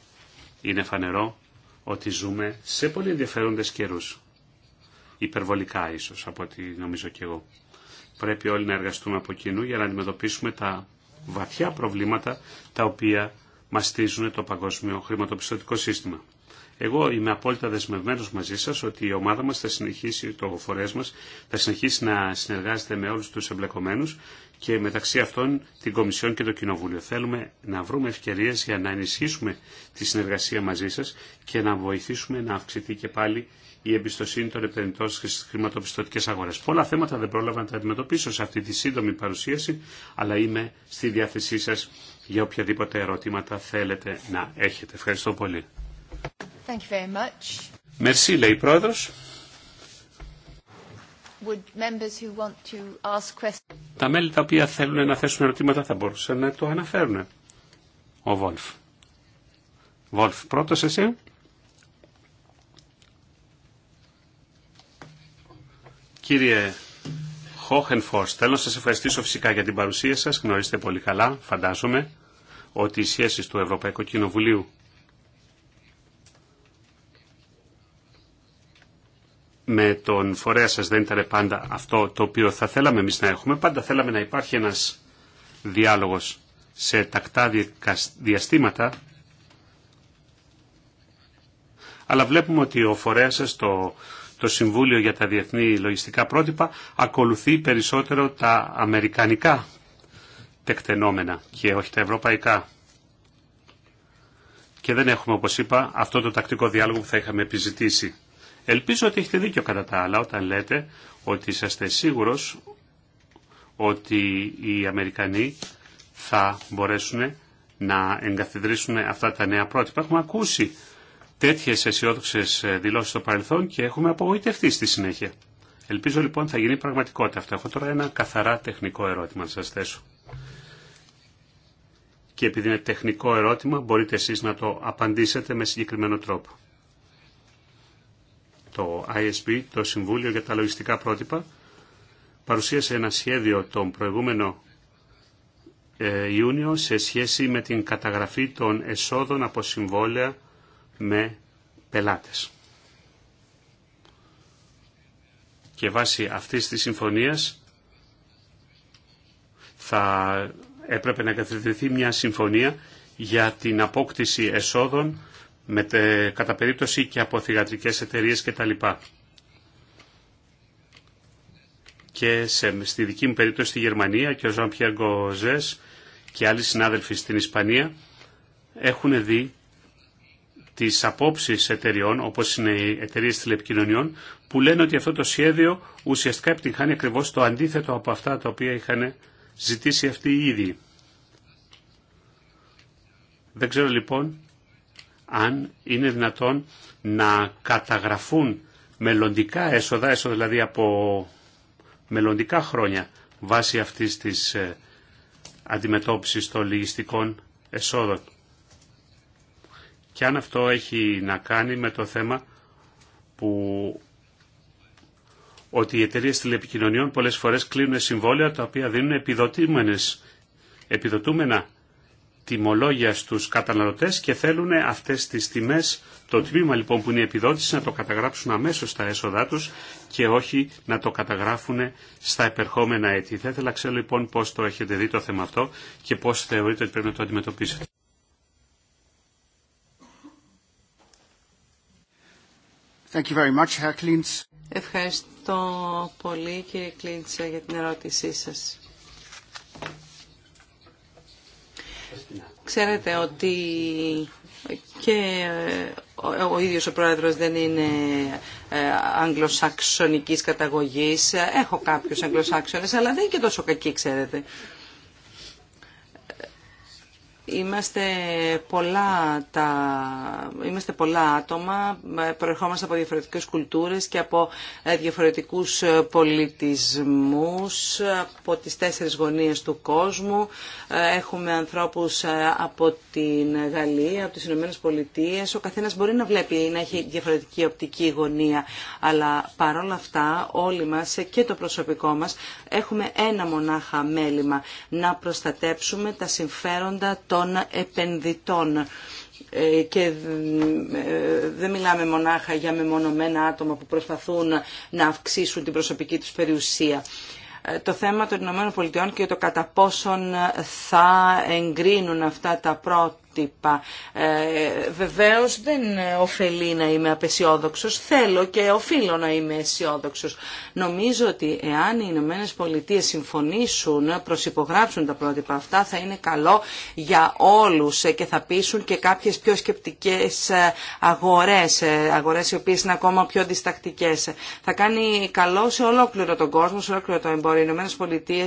Είναι φανερό ότι ζούμε σε πολύ ενδιαφέροντες καιρούς. Υπερβολικά ίσως από ό,τι νομίζω και εγώ. Πρέπει όλοι να εργαστούμε από κοινού για να αντιμετωπίσουμε τα βαθιά προβλήματα τα οποία μαστίζουν το παγκόσμιο χρηματοπιστωτικό σύστημα. Εγώ είμαι απόλυτα δεσμευμένος μαζί σας ότι η ομάδα μας θα συνεχίσει, το φορές μα, θα συνεχίσει να συνεργάζεται με όλους τους εμπλεκομένους και μεταξύ αυτών την Κομισιόν και το Κοινοβούλιο. Θέλουμε να βρούμε ευκαιρίες για να ενισχύσουμε τη συνεργασία μαζί σας και να βοηθήσουμε να αυξηθεί και πάλι η εμπιστοσύνη των επενδυτών στι χρηματοπιστωτικέ αγορέ. Πολλά θέματα δεν πρόλαβα να τα αντιμετωπίσω σε αυτή τη σύντομη παρουσίαση, αλλά είμαι στη διάθεσή σα για οποιαδήποτε ερωτήματα θέλετε να έχετε. Ευχαριστώ πολύ. Thank λέει Πρόεδρος. Would members who Τα μέλη τα οποία θέλουν να θέσουν ερωτήματα θα μπορούσαν να το αναφέρουν. Ο Βόλφ. Βόλφ, πρώτος εσύ. Κύριε Χόχενφορς θέλω να σας ευχαριστήσω φυσικά για την παρουσία σας. Γνωρίζετε πολύ καλά, φαντάζομαι, ότι οι σχέσεις του Ευρωπαϊκού Κοινοβουλίου με τον φορέα σας δεν ήταν πάντα αυτό το οποίο θα θέλαμε εμείς να έχουμε. Πάντα θέλαμε να υπάρχει ένας διάλογος σε τακτά διαστήματα. Αλλά βλέπουμε ότι ο φορέας σας, το, Συμβούλιο για τα Διεθνή Λογιστικά Πρότυπα, ακολουθεί περισσότερο τα αμερικανικά τεκτενόμενα και όχι τα ευρωπαϊκά. Και δεν έχουμε, όπως είπα, αυτό το τακτικό διάλογο που θα είχαμε επιζητήσει. Ελπίζω ότι έχετε δίκιο κατά τα άλλα όταν λέτε ότι είσαστε σίγουρος ότι οι Αμερικανοί θα μπορέσουν να εγκαθιδρύσουν αυτά τα νέα πρότυπα. Έχουμε ακούσει τέτοιες αισιόδοξε δηλώσεις στο παρελθόν και έχουμε απογοητευτεί στη συνέχεια. Ελπίζω λοιπόν θα γίνει πραγματικότητα αυτό. Έχω τώρα ένα καθαρά τεχνικό ερώτημα να σας θέσω. Και επειδή είναι τεχνικό ερώτημα μπορείτε εσείς να το απαντήσετε με συγκεκριμένο τρόπο το ISB, το Συμβούλιο για τα Λογιστικά Πρότυπα, παρουσίασε ένα σχέδιο τον προηγούμενο ε, Ιούνιο σε σχέση με την καταγραφή των εσόδων από συμβόλαια με πελάτες. Και βάσει αυτής της συμφωνίας θα έπρεπε να καθιδρυθεί μια συμφωνία για την απόκτηση εσόδων με, κατά περίπτωση και από θηγατρικές εταιρείες λοιπά. Και σε, στη δική μου περίπτωση στη Γερμανία και ο Ζαν Πιέρ Ζες και άλλοι συνάδελφοι στην Ισπανία έχουν δει τις απόψεις εταιριών, όπως είναι οι εταιρείε τηλεπικοινωνιών, που λένε ότι αυτό το σχέδιο ουσιαστικά επιτυγχάνει ακριβώς το αντίθετο από αυτά τα οποία είχαν ζητήσει αυτοί οι ίδιοι. Δεν ξέρω λοιπόν αν είναι δυνατόν να καταγραφούν μελλοντικά έσοδα, έσοδα δηλαδή από μελλοντικά χρόνια βάσει αυτής της ε, αντιμετώπισης των λογιστικών εσόδων. Και αν αυτό έχει να κάνει με το θέμα που ότι οι εταιρείε τηλεπικοινωνιών πολλές φορές κλείνουν συμβόλαια τα οποία δίνουν επιδοτούμενα τιμολόγια στους καταναλωτές και θέλουν αυτές τις τιμές, το τμήμα λοιπόν που είναι η επιδότηση, να το καταγράψουν αμέσως στα έσοδά τους και όχι να το καταγράφουν στα επερχόμενα έτη. Θα ήθελα να ξέρω λοιπόν πώς το έχετε δει το θέμα αυτό και πώς θεωρείτε ότι πρέπει να το αντιμετωπίσετε. Thank you very much, Ευχαριστώ πολύ κύριε Κλίντσα για την ερώτησή σας. Ξέρετε ότι και ε, ο ίδιος ο πρόεδρος δεν είναι ε, αγγλοσαξονικής καταγωγής. Έχω κάποιους αγγλοσάξονες, αλλά δεν είναι και τόσο κακοί, ξέρετε. Είμαστε πολλά, τα... Είμαστε πολλά άτομα, ε, προερχόμαστε από διαφορετικές κουλτούρες και από ε, διαφορετικούς ε, πολιτισμούς, από τις τέσσερις γωνίες του κόσμου. Έχουμε ανθρώπους από την Γαλλία, από τις Ηνωμένες Πολιτείες. Ο καθένας μπορεί να βλέπει, να έχει διαφορετική οπτική γωνία, αλλά παρόλα αυτά όλοι μας και το προσωπικό μας έχουμε ένα μονάχα μέλημα, να προστατέψουμε τα συμφέροντα των επενδυτών ε, και ε, δεν μιλάμε μονάχα για μεμονωμένα άτομα που προσπαθούν να αυξήσουν την προσωπική τους περιουσία. Ε, το θέμα των ΗΠΑ και το κατά πόσον θα εγκρίνουν αυτά τα πρώτα τύπα. Ε, δεν ωφελεί να είμαι απεσιόδοξος, θέλω και οφείλω να είμαι αισιόδοξο. Νομίζω ότι εάν οι Ηνωμένε Πολιτείε συμφωνήσουν, προσυπογράψουν τα πρότυπα αυτά, θα είναι καλό για όλους και θα πείσουν και κάποιε πιο σκεπτικέ αγορέ, αγορέ οι οποίε είναι ακόμα πιο διστακτικέ. Θα κάνει καλό σε ολόκληρο τον κόσμο, σε ολόκληρο το εμπόριο. Οι Ηνωμένε Πολιτείε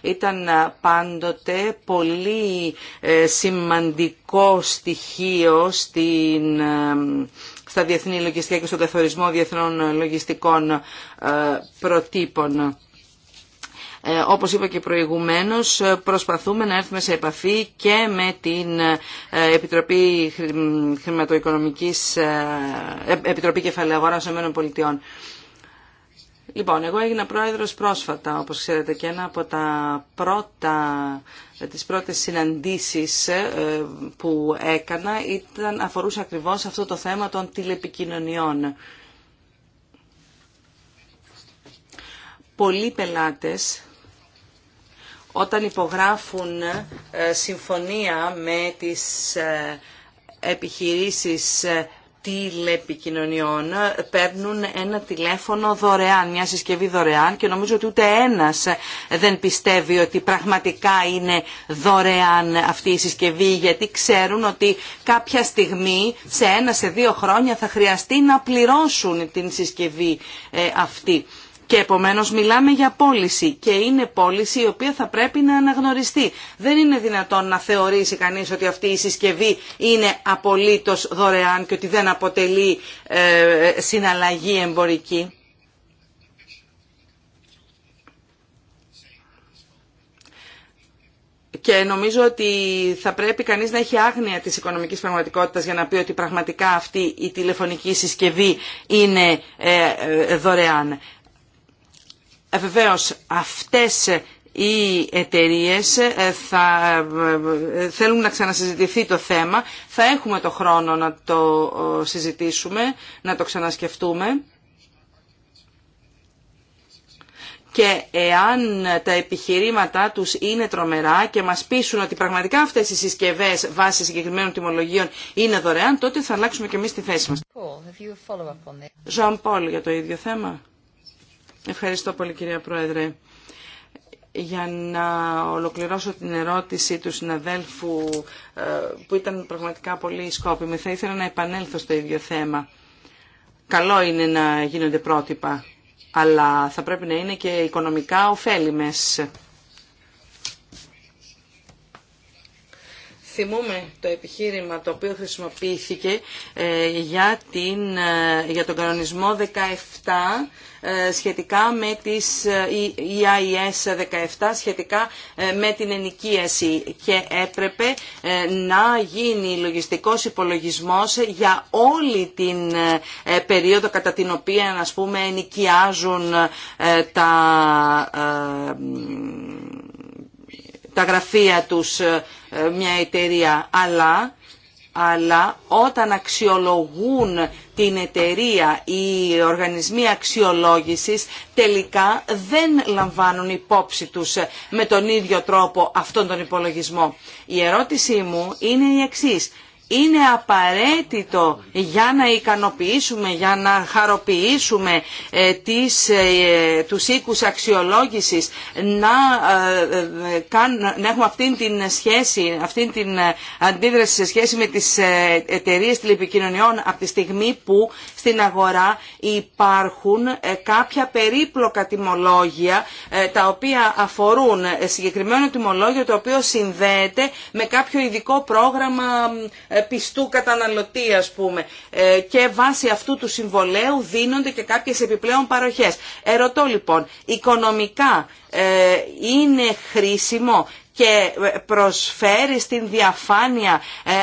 ήταν πάντοτε πολύ ε, σημαντικό βασικό στοιχείο στην, στα διεθνή λογιστικά και στον καθορισμό διεθνών λογιστικών ε, προτύπων. Ε, όπως είπα και προηγουμένως, προσπαθούμε να έρθουμε σε επαφή και με την ε, Επιτροπή, Χρηματοοικονομικής, Επιτροπή Κεφαλαίου Αγοράς των πολιτειών. Λοιπόν, εγώ έγινα πρόεδρος πρόσφατα, όπως ξέρετε, και ένα από τα πρώτα, τις πρώτες συναντήσεις ε, που έκανα ήταν, αφορούσε ακριβώς αυτό το θέμα των τηλεπικοινωνιών. Πολλοί πελάτες όταν υπογράφουν ε, συμφωνία με τις ε, επιχειρήσεις τηλεπικοινωνιών παίρνουν ένα τηλέφωνο δωρεάν, μια συσκευή δωρεάν και νομίζω ότι ούτε ένας δεν πιστεύει ότι πραγματικά είναι δωρεάν αυτή η συσκευή γιατί ξέρουν ότι κάποια στιγμή σε ένα σε δύο χρόνια θα χρειαστεί να πληρώσουν την συσκευή ε, αυτή. Και επομένως μιλάμε για πώληση και είναι πώληση η οποία θα πρέπει να αναγνωριστεί. Δεν είναι δυνατόν να θεωρήσει κανείς ότι αυτή η συσκευή είναι απολύτως δωρεάν και ότι δεν αποτελεί ε, συναλλαγή εμπορική. και νομίζω ότι θα πρέπει κανείς να έχει άγνοια της οικονομικής πραγματικότητας για να πει ότι πραγματικά αυτή η τηλεφωνική συσκευή είναι ε, ε, δωρεάν. Ε, βεβαίως αυτές οι εταιρείε ε, θα ε, θέλουν να ξανασυζητηθεί το θέμα. Θα έχουμε το χρόνο να το συζητήσουμε, να το ξανασκεφτούμε. Και εάν τα επιχειρήματά τους είναι τρομερά και μας πείσουν ότι πραγματικά αυτές οι συσκευές βάσει συγκεκριμένων τιμολογίων είναι δωρεάν, τότε θα αλλάξουμε και εμείς τη θέση μας. Ζωάν Πολ για το ίδιο θέμα. Ευχαριστώ πολύ κυρία Πρόεδρε. Για να ολοκληρώσω την ερώτηση του συναδέλφου ε, που ήταν πραγματικά πολύ σκόπιμη, θα ήθελα να επανέλθω στο ίδιο θέμα. Καλό είναι να γίνονται πρότυπα, αλλά θα πρέπει να είναι και οικονομικά ωφέλιμες. Θυμούμε το επιχείρημα το οποίο χρησιμοποιήθηκε ε, για, την, ε, για τον κανονισμό 17 ε, σχετικά με τις EIS 17 σχετικά με την ενοικίαση και έπρεπε να γίνει λογιστικός υπολογισμός για όλη την περίοδο κατά την οποία ας πούμε ενοικιάζουν τα τα γραφεία τους ε, ε, μια εταιρεία, αλλά αλλά όταν αξιολογούν την εταιρεία οι οργανισμοί αξιολόγησης τελικά δεν λαμβάνουν υπόψη τους ε, με τον ίδιο τρόπο αυτόν τον υπολογισμό. Η ερώτησή μου είναι η εξής είναι απαραίτητο για να ικανοποιήσουμε, για να χαροποιήσουμε ε, τις, ε, τους οίκους αξιολόγησης να, ε, να έχουμε αυτήν την σχέση, αυτήν την αντίδραση σε σχέση με τις εταιρείες τηλεπικοινωνιών από τη στιγμή που στην αγορά υπάρχουν κάποια περίπλοκα τιμολόγια τα οποία αφορούν συγκεκριμένο τιμολόγιο το οποίο συνδέεται με κάποιο ειδικό πρόγραμμα πιστού καταναλωτή ας πούμε ε, και βάσει αυτού του συμβολέου δίνονται και κάποιες επιπλέον παροχές. Ερωτώ λοιπόν, οικονομικά ε, είναι χρήσιμο και ε, προσφέρει στην διαφάνεια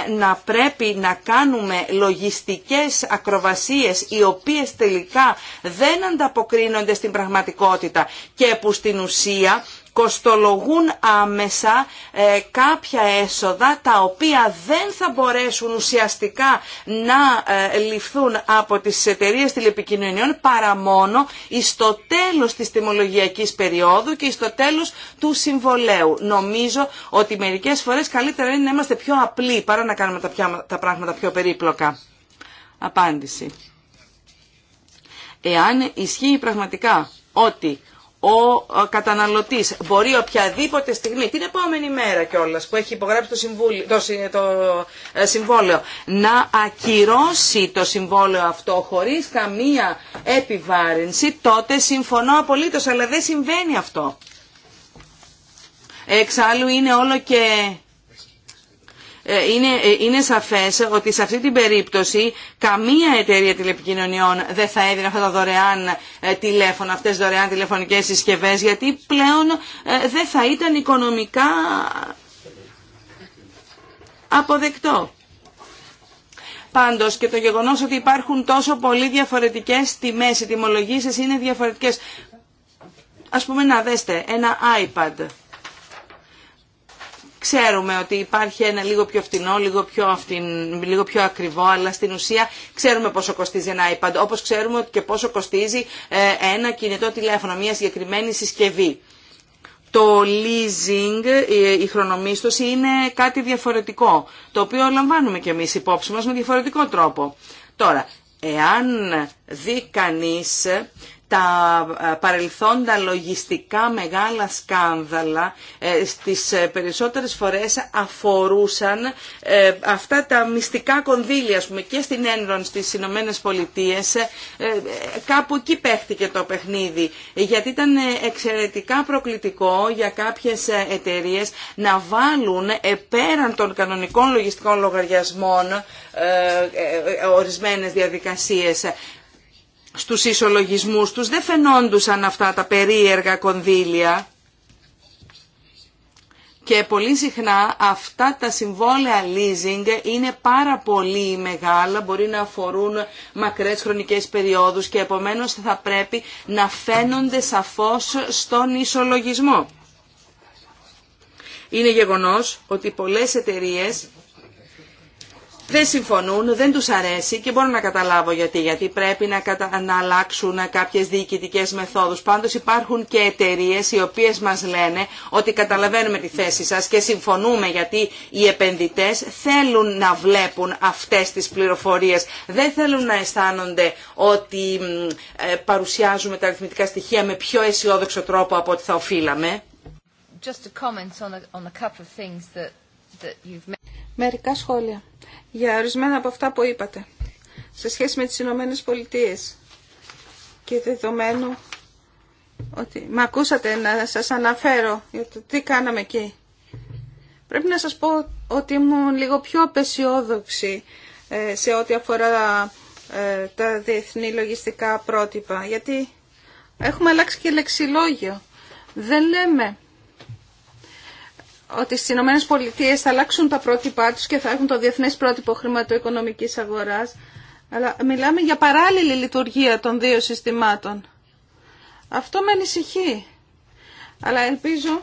να πρέπει να κάνουμε λογιστικές ακροβασίες οι οποίες τελικά δεν ανταποκρίνονται στην πραγματικότητα και που στην ουσία κοστολογούν άμεσα ε, κάποια έσοδα τα οποία δεν θα μπορέσουν ουσιαστικά να ε, ληφθούν από τις εταιρείε τηλεπικοινωνιών παρά μόνο το τέλος της τιμολογιακής περίοδου και στο τέλος του συμβολέου. Νομίζω ότι μερικές φορές καλύτερα είναι να είμαστε πιο απλοί παρά να κάνουμε τα πράγματα πιο περίπλοκα. Απάντηση. Εάν ισχύει πραγματικά ότι ο καταναλωτής μπορεί οποιαδήποτε στιγμή, την επόμενη μέρα κιόλας που έχει υπογράψει το, συμβούλιο, το, ε, συμβόλαιο, να ακυρώσει το συμβόλαιο αυτό χωρίς καμία επιβάρυνση, τότε συμφωνώ απολύτως, αλλά δεν συμβαίνει αυτό. Εξάλλου είναι όλο και ε, είναι, ε, είναι σαφές ότι σε αυτή την περίπτωση καμία εταιρεία τηλεπικοινωνιών δεν θα έδινε αυτά τα δωρεάν ε, τηλέφωνα, αυτές δωρεάν τηλεφωνικές συσκευές, γιατί πλέον δεν θα ήταν οικονομικά αποδεκτό. Πάντως και το γεγονός ότι υπάρχουν τόσο πολύ διαφορετικές τιμές, οι τιμολογήσεις είναι διαφορετικές. Ας πούμε να δέστε ένα iPad Ξέρουμε ότι υπάρχει ένα λίγο πιο φτηνό, λίγο πιο, λίγο πιο ακριβό, αλλά στην ουσία ξέρουμε πόσο κοστίζει ένα iPad, όπως ξέρουμε και πόσο κοστίζει ε, ένα κινητό τηλέφωνο, μια συγκεκριμένη συσκευή. Το leasing, η χρονομίσθωση είναι κάτι διαφορετικό, το οποίο λαμβάνουμε και εμείς υπόψη μας με διαφορετικό τρόπο. Τώρα, εάν δει κανείς τα ε, παρελθόντα λογιστικά μεγάλα σκάνδαλα ε, στις ε, περισσότερες φορές αφορούσαν αυτά τα μυστικά κονδύλια και στην Ένρον στις Ηνωμένε Πολιτείε. Κάπου εκεί παίχτηκε το παιχνίδι γιατί ήταν εξαιρετικά προκλητικό για κάποιες εταιρείε να βάλουν πέραν των κανονικών λογιστικών λογαριασμών ορισμένες διαδικασίες στους ισολογισμούς τους δεν φαινόντουσαν αυτά τα περίεργα κονδύλια. Και πολύ συχνά αυτά τα συμβόλαια leasing είναι πάρα πολύ μεγάλα, μπορεί να αφορούν μακρές χρονικές περιόδους και επομένως θα πρέπει να φαίνονται σαφώς στον ισολογισμό. Είναι γεγονός ότι πολλές εταιρείες δεν συμφωνούν, δεν τους αρέσει και μπορώ να καταλάβω γιατί. Γιατί πρέπει να, κατα... να αλλάξουν κάποιες διοικητικέ μεθόδους. Πάντως υπάρχουν και εταιρείε οι οποίες μας λένε ότι καταλαβαίνουμε τη θέση σας και συμφωνούμε γιατί οι επενδυτές θέλουν να βλέπουν αυτές τις πληροφορίες. Δεν θέλουν να αισθάνονται ότι ε, παρουσιάζουμε τα αριθμητικά στοιχεία με πιο αισιόδοξο τρόπο από ό,τι θα οφείλαμε. Μερικά σχόλια για ορισμένα από αυτά που είπατε σε σχέση με τις Ηνωμένε Πολιτείε. Και δεδομένου ότι με ακούσατε να σας αναφέρω για το τι κάναμε εκεί. Πρέπει να σας πω ότι ήμουν λίγο πιο απεσιόδοξη ε, σε ό,τι αφορά ε, τα διεθνή λογιστικά πρότυπα. Γιατί έχουμε αλλάξει και λεξιλόγιο. Δεν λέμε ότι στι Ηνωμένε Πολιτείε θα αλλάξουν τα πρότυπά του και θα έχουν το διεθνέ πρότυπο χρηματοοικονομική αγοράς. Αλλά μιλάμε για παράλληλη λειτουργία των δύο συστημάτων. Αυτό με ανησυχεί. Αλλά ελπίζω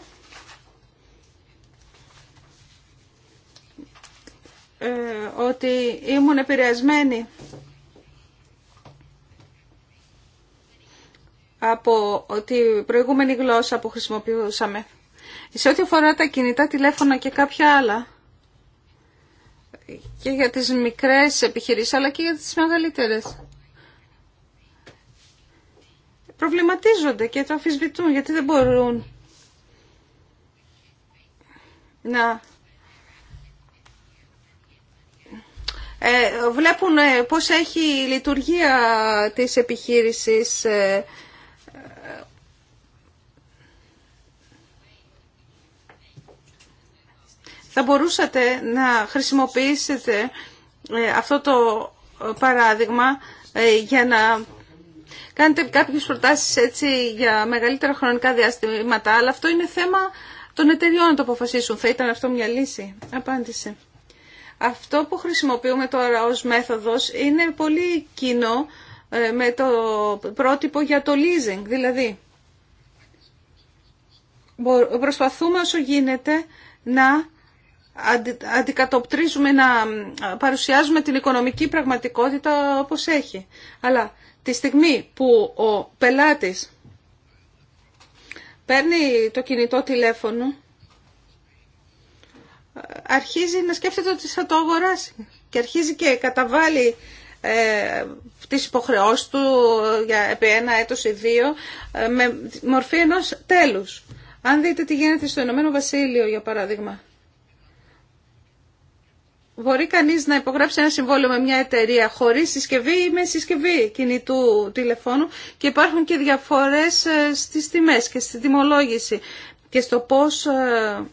ε, ότι ήμουν επηρεασμένη από τη προηγούμενη γλώσσα που χρησιμοποιούσαμε. Σε ό,τι αφορά τα κινητά τηλέφωνα και κάποια άλλα, και για τις μικρές επιχειρήσεις, αλλά και για τις μεγαλύτερες, προβληματίζονται και το αφισβητούν, γιατί δεν μπορούν να ε, βλέπουν ε, πώς έχει η λειτουργία της επιχείρησης ε, Θα μπορούσατε να χρησιμοποιήσετε ε, αυτό το παράδειγμα ε, για να κάνετε κάποιες προτάσεις έτσι για μεγαλύτερα χρονικά διαστήματα, αλλά αυτό είναι θέμα των εταιριών να το αποφασίσουν. Θα ήταν αυτό μια λύση. Απάντησε. Αυτό που χρησιμοποιούμε τώρα ως μέθοδος είναι πολύ κοινό ε, με το πρότυπο για το leasing. Δηλαδή, προσπαθούμε όσο γίνεται να αντικατοπτρίζουμε, να παρουσιάζουμε την οικονομική πραγματικότητα όπως έχει. Αλλά τη στιγμή που ο πελάτης παίρνει το κινητό τηλέφωνο, ε, αρχίζει να σκέφτεται ότι θα το αγοράσει και αρχίζει και καταβάλει ε, τις υποχρεώσεις του για επί ένα έτος ή δύο ε, με μορφή ενός τέλους. Αν δείτε τι γίνεται στο Ηνωμένο Βασίλειο για παράδειγμα Μπορεί κανείς να υπογράψει ένα συμβόλαιο με μια εταιρεία χωρίς συσκευή ή με συσκευή κινητού τηλεφώνου και υπάρχουν και διαφορές ε, στις τιμές και στη τιμολόγηση και στο πώς ε,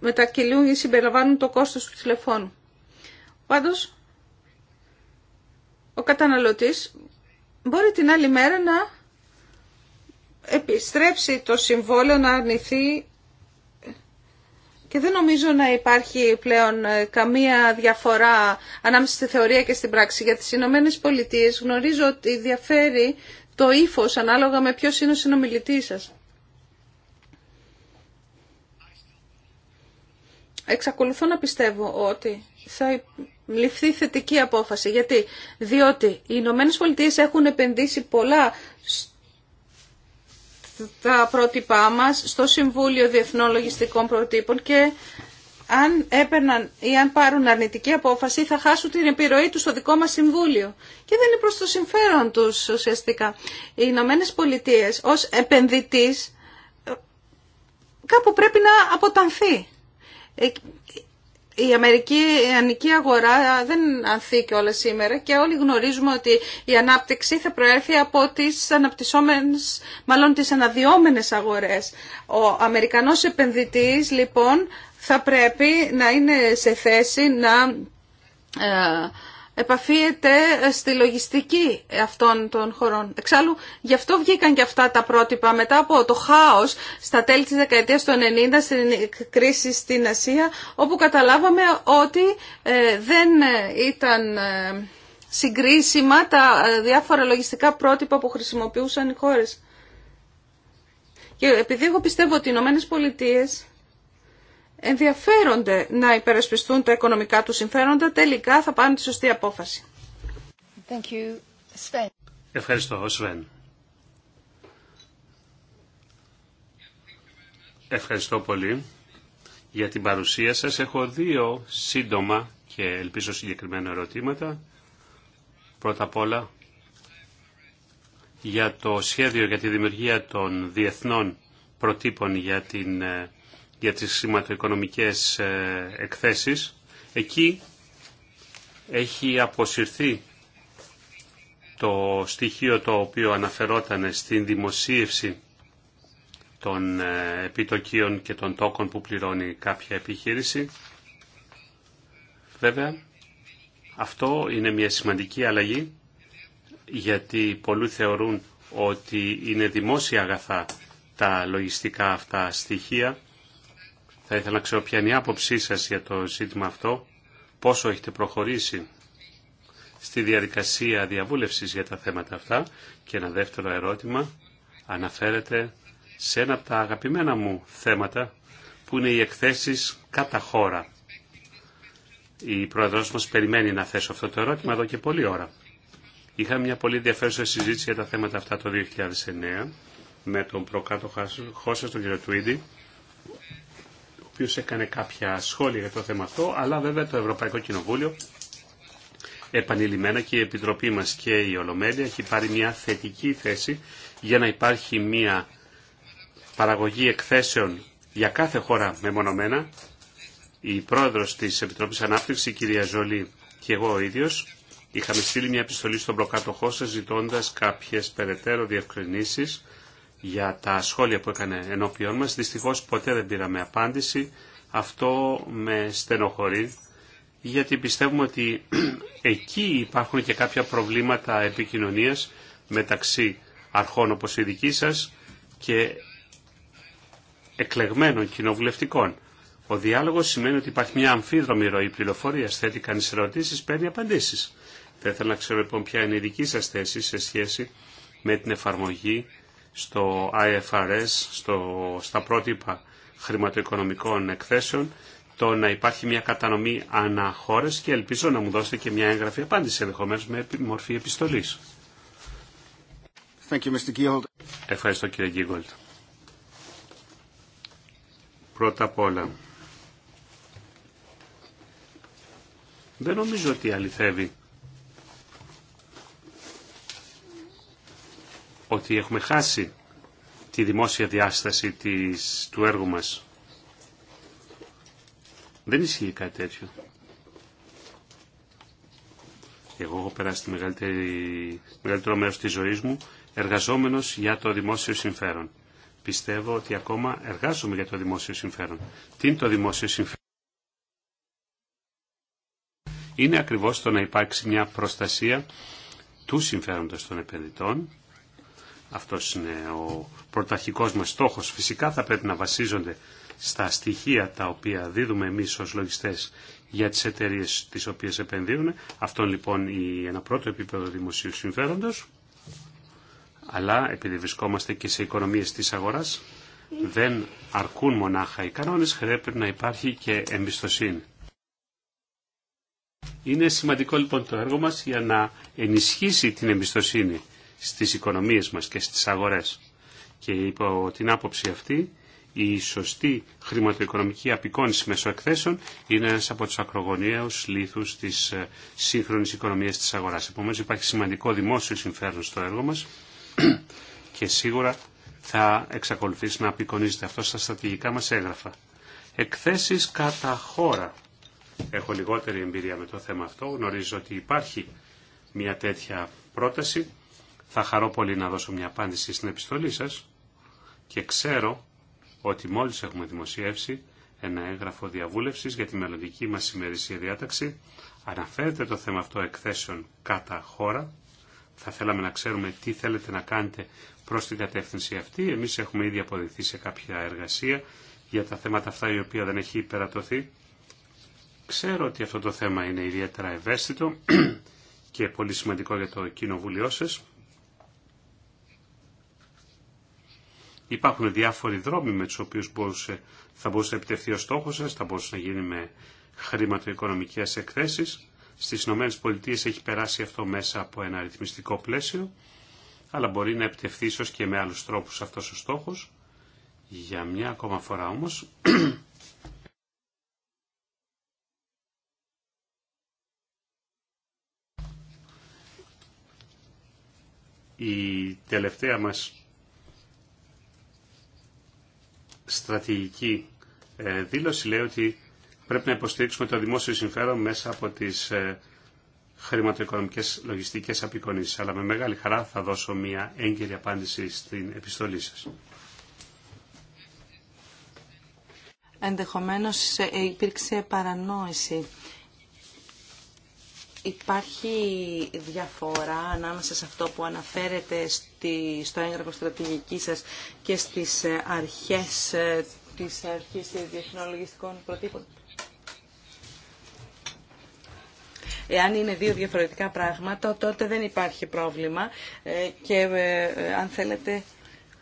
μετακυλούν ή συμπεριλαμβάνουν το κόστος του τηλεφώνου. Πάντως, ο καταναλωτής μπορεί την άλλη μέρα να επιστρέψει το συμβόλαιο να αρνηθεί και δεν νομίζω να υπάρχει πλέον ε, καμία διαφορά ανάμεσα στη θεωρία και στην πράξη. Για τις Ηνωμένε Πολιτείε γνωρίζω ότι διαφέρει το ύφο ανάλογα με ποιος είναι ο συνομιλητής σας. Εξακολουθώ να πιστεύω ότι θα ληφθεί θετική απόφαση. Γιατί, διότι οι Ηνωμένε Πολιτείε έχουν επενδύσει πολλά τα πρότυπά μας στο Συμβούλιο Διεθνών Λογιστικών Προτύπων και αν έπαιρναν ή αν πάρουν αρνητική απόφαση θα χάσουν την επιρροή τους στο δικό μας Συμβούλιο. Και δεν είναι προς το συμφέρον τους ουσιαστικά. Οι Ηνωμένε Πολιτείε ως επενδυτής ε, κάπου πρέπει να αποτανθεί. Ε, η Αμερική ανική αγορά δεν ανθεί και όλα σήμερα και όλοι γνωρίζουμε ότι η ανάπτυξη θα προέρθει από τις αναπτυσσόμενες, μάλλον τις αναδυόμενες αγορές. Ο Αμερικανός επενδυτής λοιπόν θα πρέπει να είναι σε θέση να ε, επαφίεται στη λογιστική αυτών των χωρών. Εξάλλου, γι' αυτό βγήκαν και αυτά τα πρότυπα μετά από το χάος στα τέλη της δεκαετίας του 90 στην κρίση στην Ασία, όπου καταλάβαμε ότι ε, δεν ε, ήταν ε, συγκρίσιμα τα διάφορα λογιστικά πρότυπα που χρησιμοποιούσαν οι χώρες. Και επειδή εγώ πιστεύω ότι οι Ηνωμένε Πολιτείες ενδιαφέρονται να υπερασπιστούν τα οικονομικά του συμφέροντα, τελικά θα πάνε τη σωστή απόφαση. Thank you. Ευχαριστώ, Σβέν. Ευχαριστώ πολύ για την παρουσία σας. Έχω δύο σύντομα και ελπίζω συγκεκριμένα ερωτήματα. Πρώτα απ' όλα για το σχέδιο για τη δημιουργία των διεθνών προτύπων για την ε, για τις σηματοοικονομικές ε, εκθέσεις. Εκεί έχει αποσυρθεί το στοιχείο το οποίο αναφερόταν στην δημοσίευση των ε, επιτοκίων και των τόκων που πληρώνει κάποια επιχείρηση. Βέβαια, αυτό είναι μια σημαντική αλλαγή γιατί πολλοί θεωρούν ότι είναι δημόσια αγαθά τα λογιστικά αυτά στοιχεία θα ήθελα να ξέρω ποια είναι η άποψή σας για το ζήτημα αυτό, πόσο έχετε προχωρήσει στη διαδικασία διαβούλευσης για τα θέματα αυτά και ένα δεύτερο ερώτημα αναφέρεται σε ένα από τα αγαπημένα μου θέματα που είναι οι εκθέσεις κατά χώρα. Η πρόεδρος μας περιμένει να θέσω αυτό το ερώτημα εδώ και πολλή ώρα. Είχαμε μια πολύ ενδιαφέρουσα συζήτηση για τα θέματα αυτά το 2009 με τον προκάτοχό σας, τον κύριο Τουίντι, οποίος έκανε κάποια σχόλια για το θέμα αυτό, αλλά βέβαια το Ευρωπαϊκό Κοινοβούλιο επανειλημμένα και η Επιτροπή μας και η Ολομέλεια έχει πάρει μια θετική θέση για να υπάρχει μια παραγωγή εκθέσεων για κάθε χώρα μεμονωμένα. Η πρόεδρος της Επιτροπής Ανάπτυξη, η κυρία Ζολή και εγώ ο ίδιος, είχαμε στείλει μια επιστολή στον προκάτοχό σας ζητώντας κάποιες περαιτέρω διευκρινήσεις για τα σχόλια που έκανε ενώπιον μας. Δυστυχώς ποτέ δεν πήραμε απάντηση. Αυτό με στενοχωρεί γιατί πιστεύουμε ότι εκεί υπάρχουν και κάποια προβλήματα επικοινωνίας μεταξύ αρχών όπως η δική σας και εκλεγμένων κοινοβουλευτικών. Ο διάλογος σημαίνει ότι υπάρχει μια αμφίδρομη ροή πληροφορίας, θέτει κανεί ερωτήσεις, παίρνει απαντήσεις. Θα ήθελα να ξέρω λοιπόν ποια είναι η δική σας θέση σε σχέση με την εφαρμογή στο IFRS, στο, στα πρότυπα χρηματοοικονομικών εκθέσεων, το να υπάρχει μια κατανομή αναχώρες και ελπίζω να μου δώσετε και μια έγγραφη απάντηση, ενδεχομένω με μορφή επιστολής. Thank you, Mr. Ευχαριστώ κύριε Γκίγκολτ. Πρώτα απ' όλα, δεν νομίζω ότι αληθεύει ότι έχουμε χάσει τη δημόσια διάσταση της, του έργου μας. Δεν ισχύει κάτι τέτοιο. Εγώ έχω περάσει το μεγαλύτερο μέρος της ζωής μου εργαζόμενος για το δημόσιο συμφέρον. Πιστεύω ότι ακόμα εργάζομαι για το δημόσιο συμφέρον. Τι είναι το δημόσιο συμφέρον. Είναι ακριβώς το να υπάρξει μια προστασία του συμφέροντος των επενδυτών αυτός είναι ο πρωταρχικός μας στόχος. Φυσικά θα πρέπει να βασίζονται στα στοιχεία τα οποία δίδουμε εμείς ως λογιστές για τις εταιρείε τις οποίες επενδύουν. Αυτό λοιπόν είναι ένα πρώτο επίπεδο δημοσίου συμφέροντος. Αλλά επειδή βρισκόμαστε και σε οικονομίες της αγοράς, δεν αρκούν μονάχα οι κανόνες, πρέπει να υπάρχει και εμπιστοσύνη. Είναι σημαντικό λοιπόν το έργο μας για να ενισχύσει την εμπιστοσύνη στις οικονομίες μας και στις αγορές. Και υπό την άποψη αυτή, η σωστή χρηματοοικονομική απεικόνηση μέσω εκθέσεων είναι ένας από τους ακρογωνιαίους λίθους της ε, σύγχρονης οικονομίας της αγοράς. Επομένως υπάρχει σημαντικό δημόσιο συμφέρον στο έργο μας και σίγουρα θα εξακολουθήσει να απεικονίζεται αυτό στα στρατηγικά μας έγγραφα. Εκθέσεις κατά χώρα. Έχω λιγότερη εμπειρία με το θέμα αυτό. Γνωρίζω ότι υπάρχει μια τέτοια πρόταση θα χαρώ πολύ να δώσω μια απάντηση στην επιστολή σας και ξέρω ότι μόλις έχουμε δημοσιεύσει ένα έγγραφο διαβούλευσης για τη μελλοντική μας ημερησία διάταξη. Αναφέρεται το θέμα αυτό εκθέσεων κατά χώρα. Θα θέλαμε να ξέρουμε τι θέλετε να κάνετε προς την κατεύθυνση αυτή. Εμείς έχουμε ήδη αποδειχθεί σε κάποια εργασία για τα θέματα αυτά η οποία δεν έχει υπερατωθεί. Ξέρω ότι αυτό το θέμα είναι ιδιαίτερα ευαίσθητο και πολύ σημαντικό για το κοινοβούλιο σας. Υπάρχουν διάφοροι δρόμοι με τους οποίους θα μπορούσε να επιτευχθεί ο στόχος σας, θα μπορούσε να γίνει με χρηματοοικονομικές εκθέσεις. Στις ΗΠΑ έχει περάσει αυτό μέσα από ένα αριθμιστικό πλαίσιο, αλλά μπορεί να επιτευχθεί ίσως και με άλλους τρόπους αυτός ο στόχος. Για μια ακόμα φορά όμως, η τελευταία μας στρατηγική ε, δήλωση λέει ότι πρέπει να υποστηρίξουμε το δημόσιο συμφέρον μέσα από τις ε, χρηματοοικονομικές λογιστικές απεικονίσεις. Αλλά με μεγάλη χαρά θα δώσω μια έγκαιρη απάντηση στην επιστολή σας. Ενδεχομένως ε, υπήρξε παρανόηση Υπάρχει διαφορά ανάμεσα σε αυτό που αναφέρετε στη, στο έγγραφο στρατηγική σας και στις ε, αρχές ε, της αρχής της προτύπων. Εάν είναι δύο διαφορετικά πράγματα, τότε δεν υπάρχει πρόβλημα ε, και αν θέλετε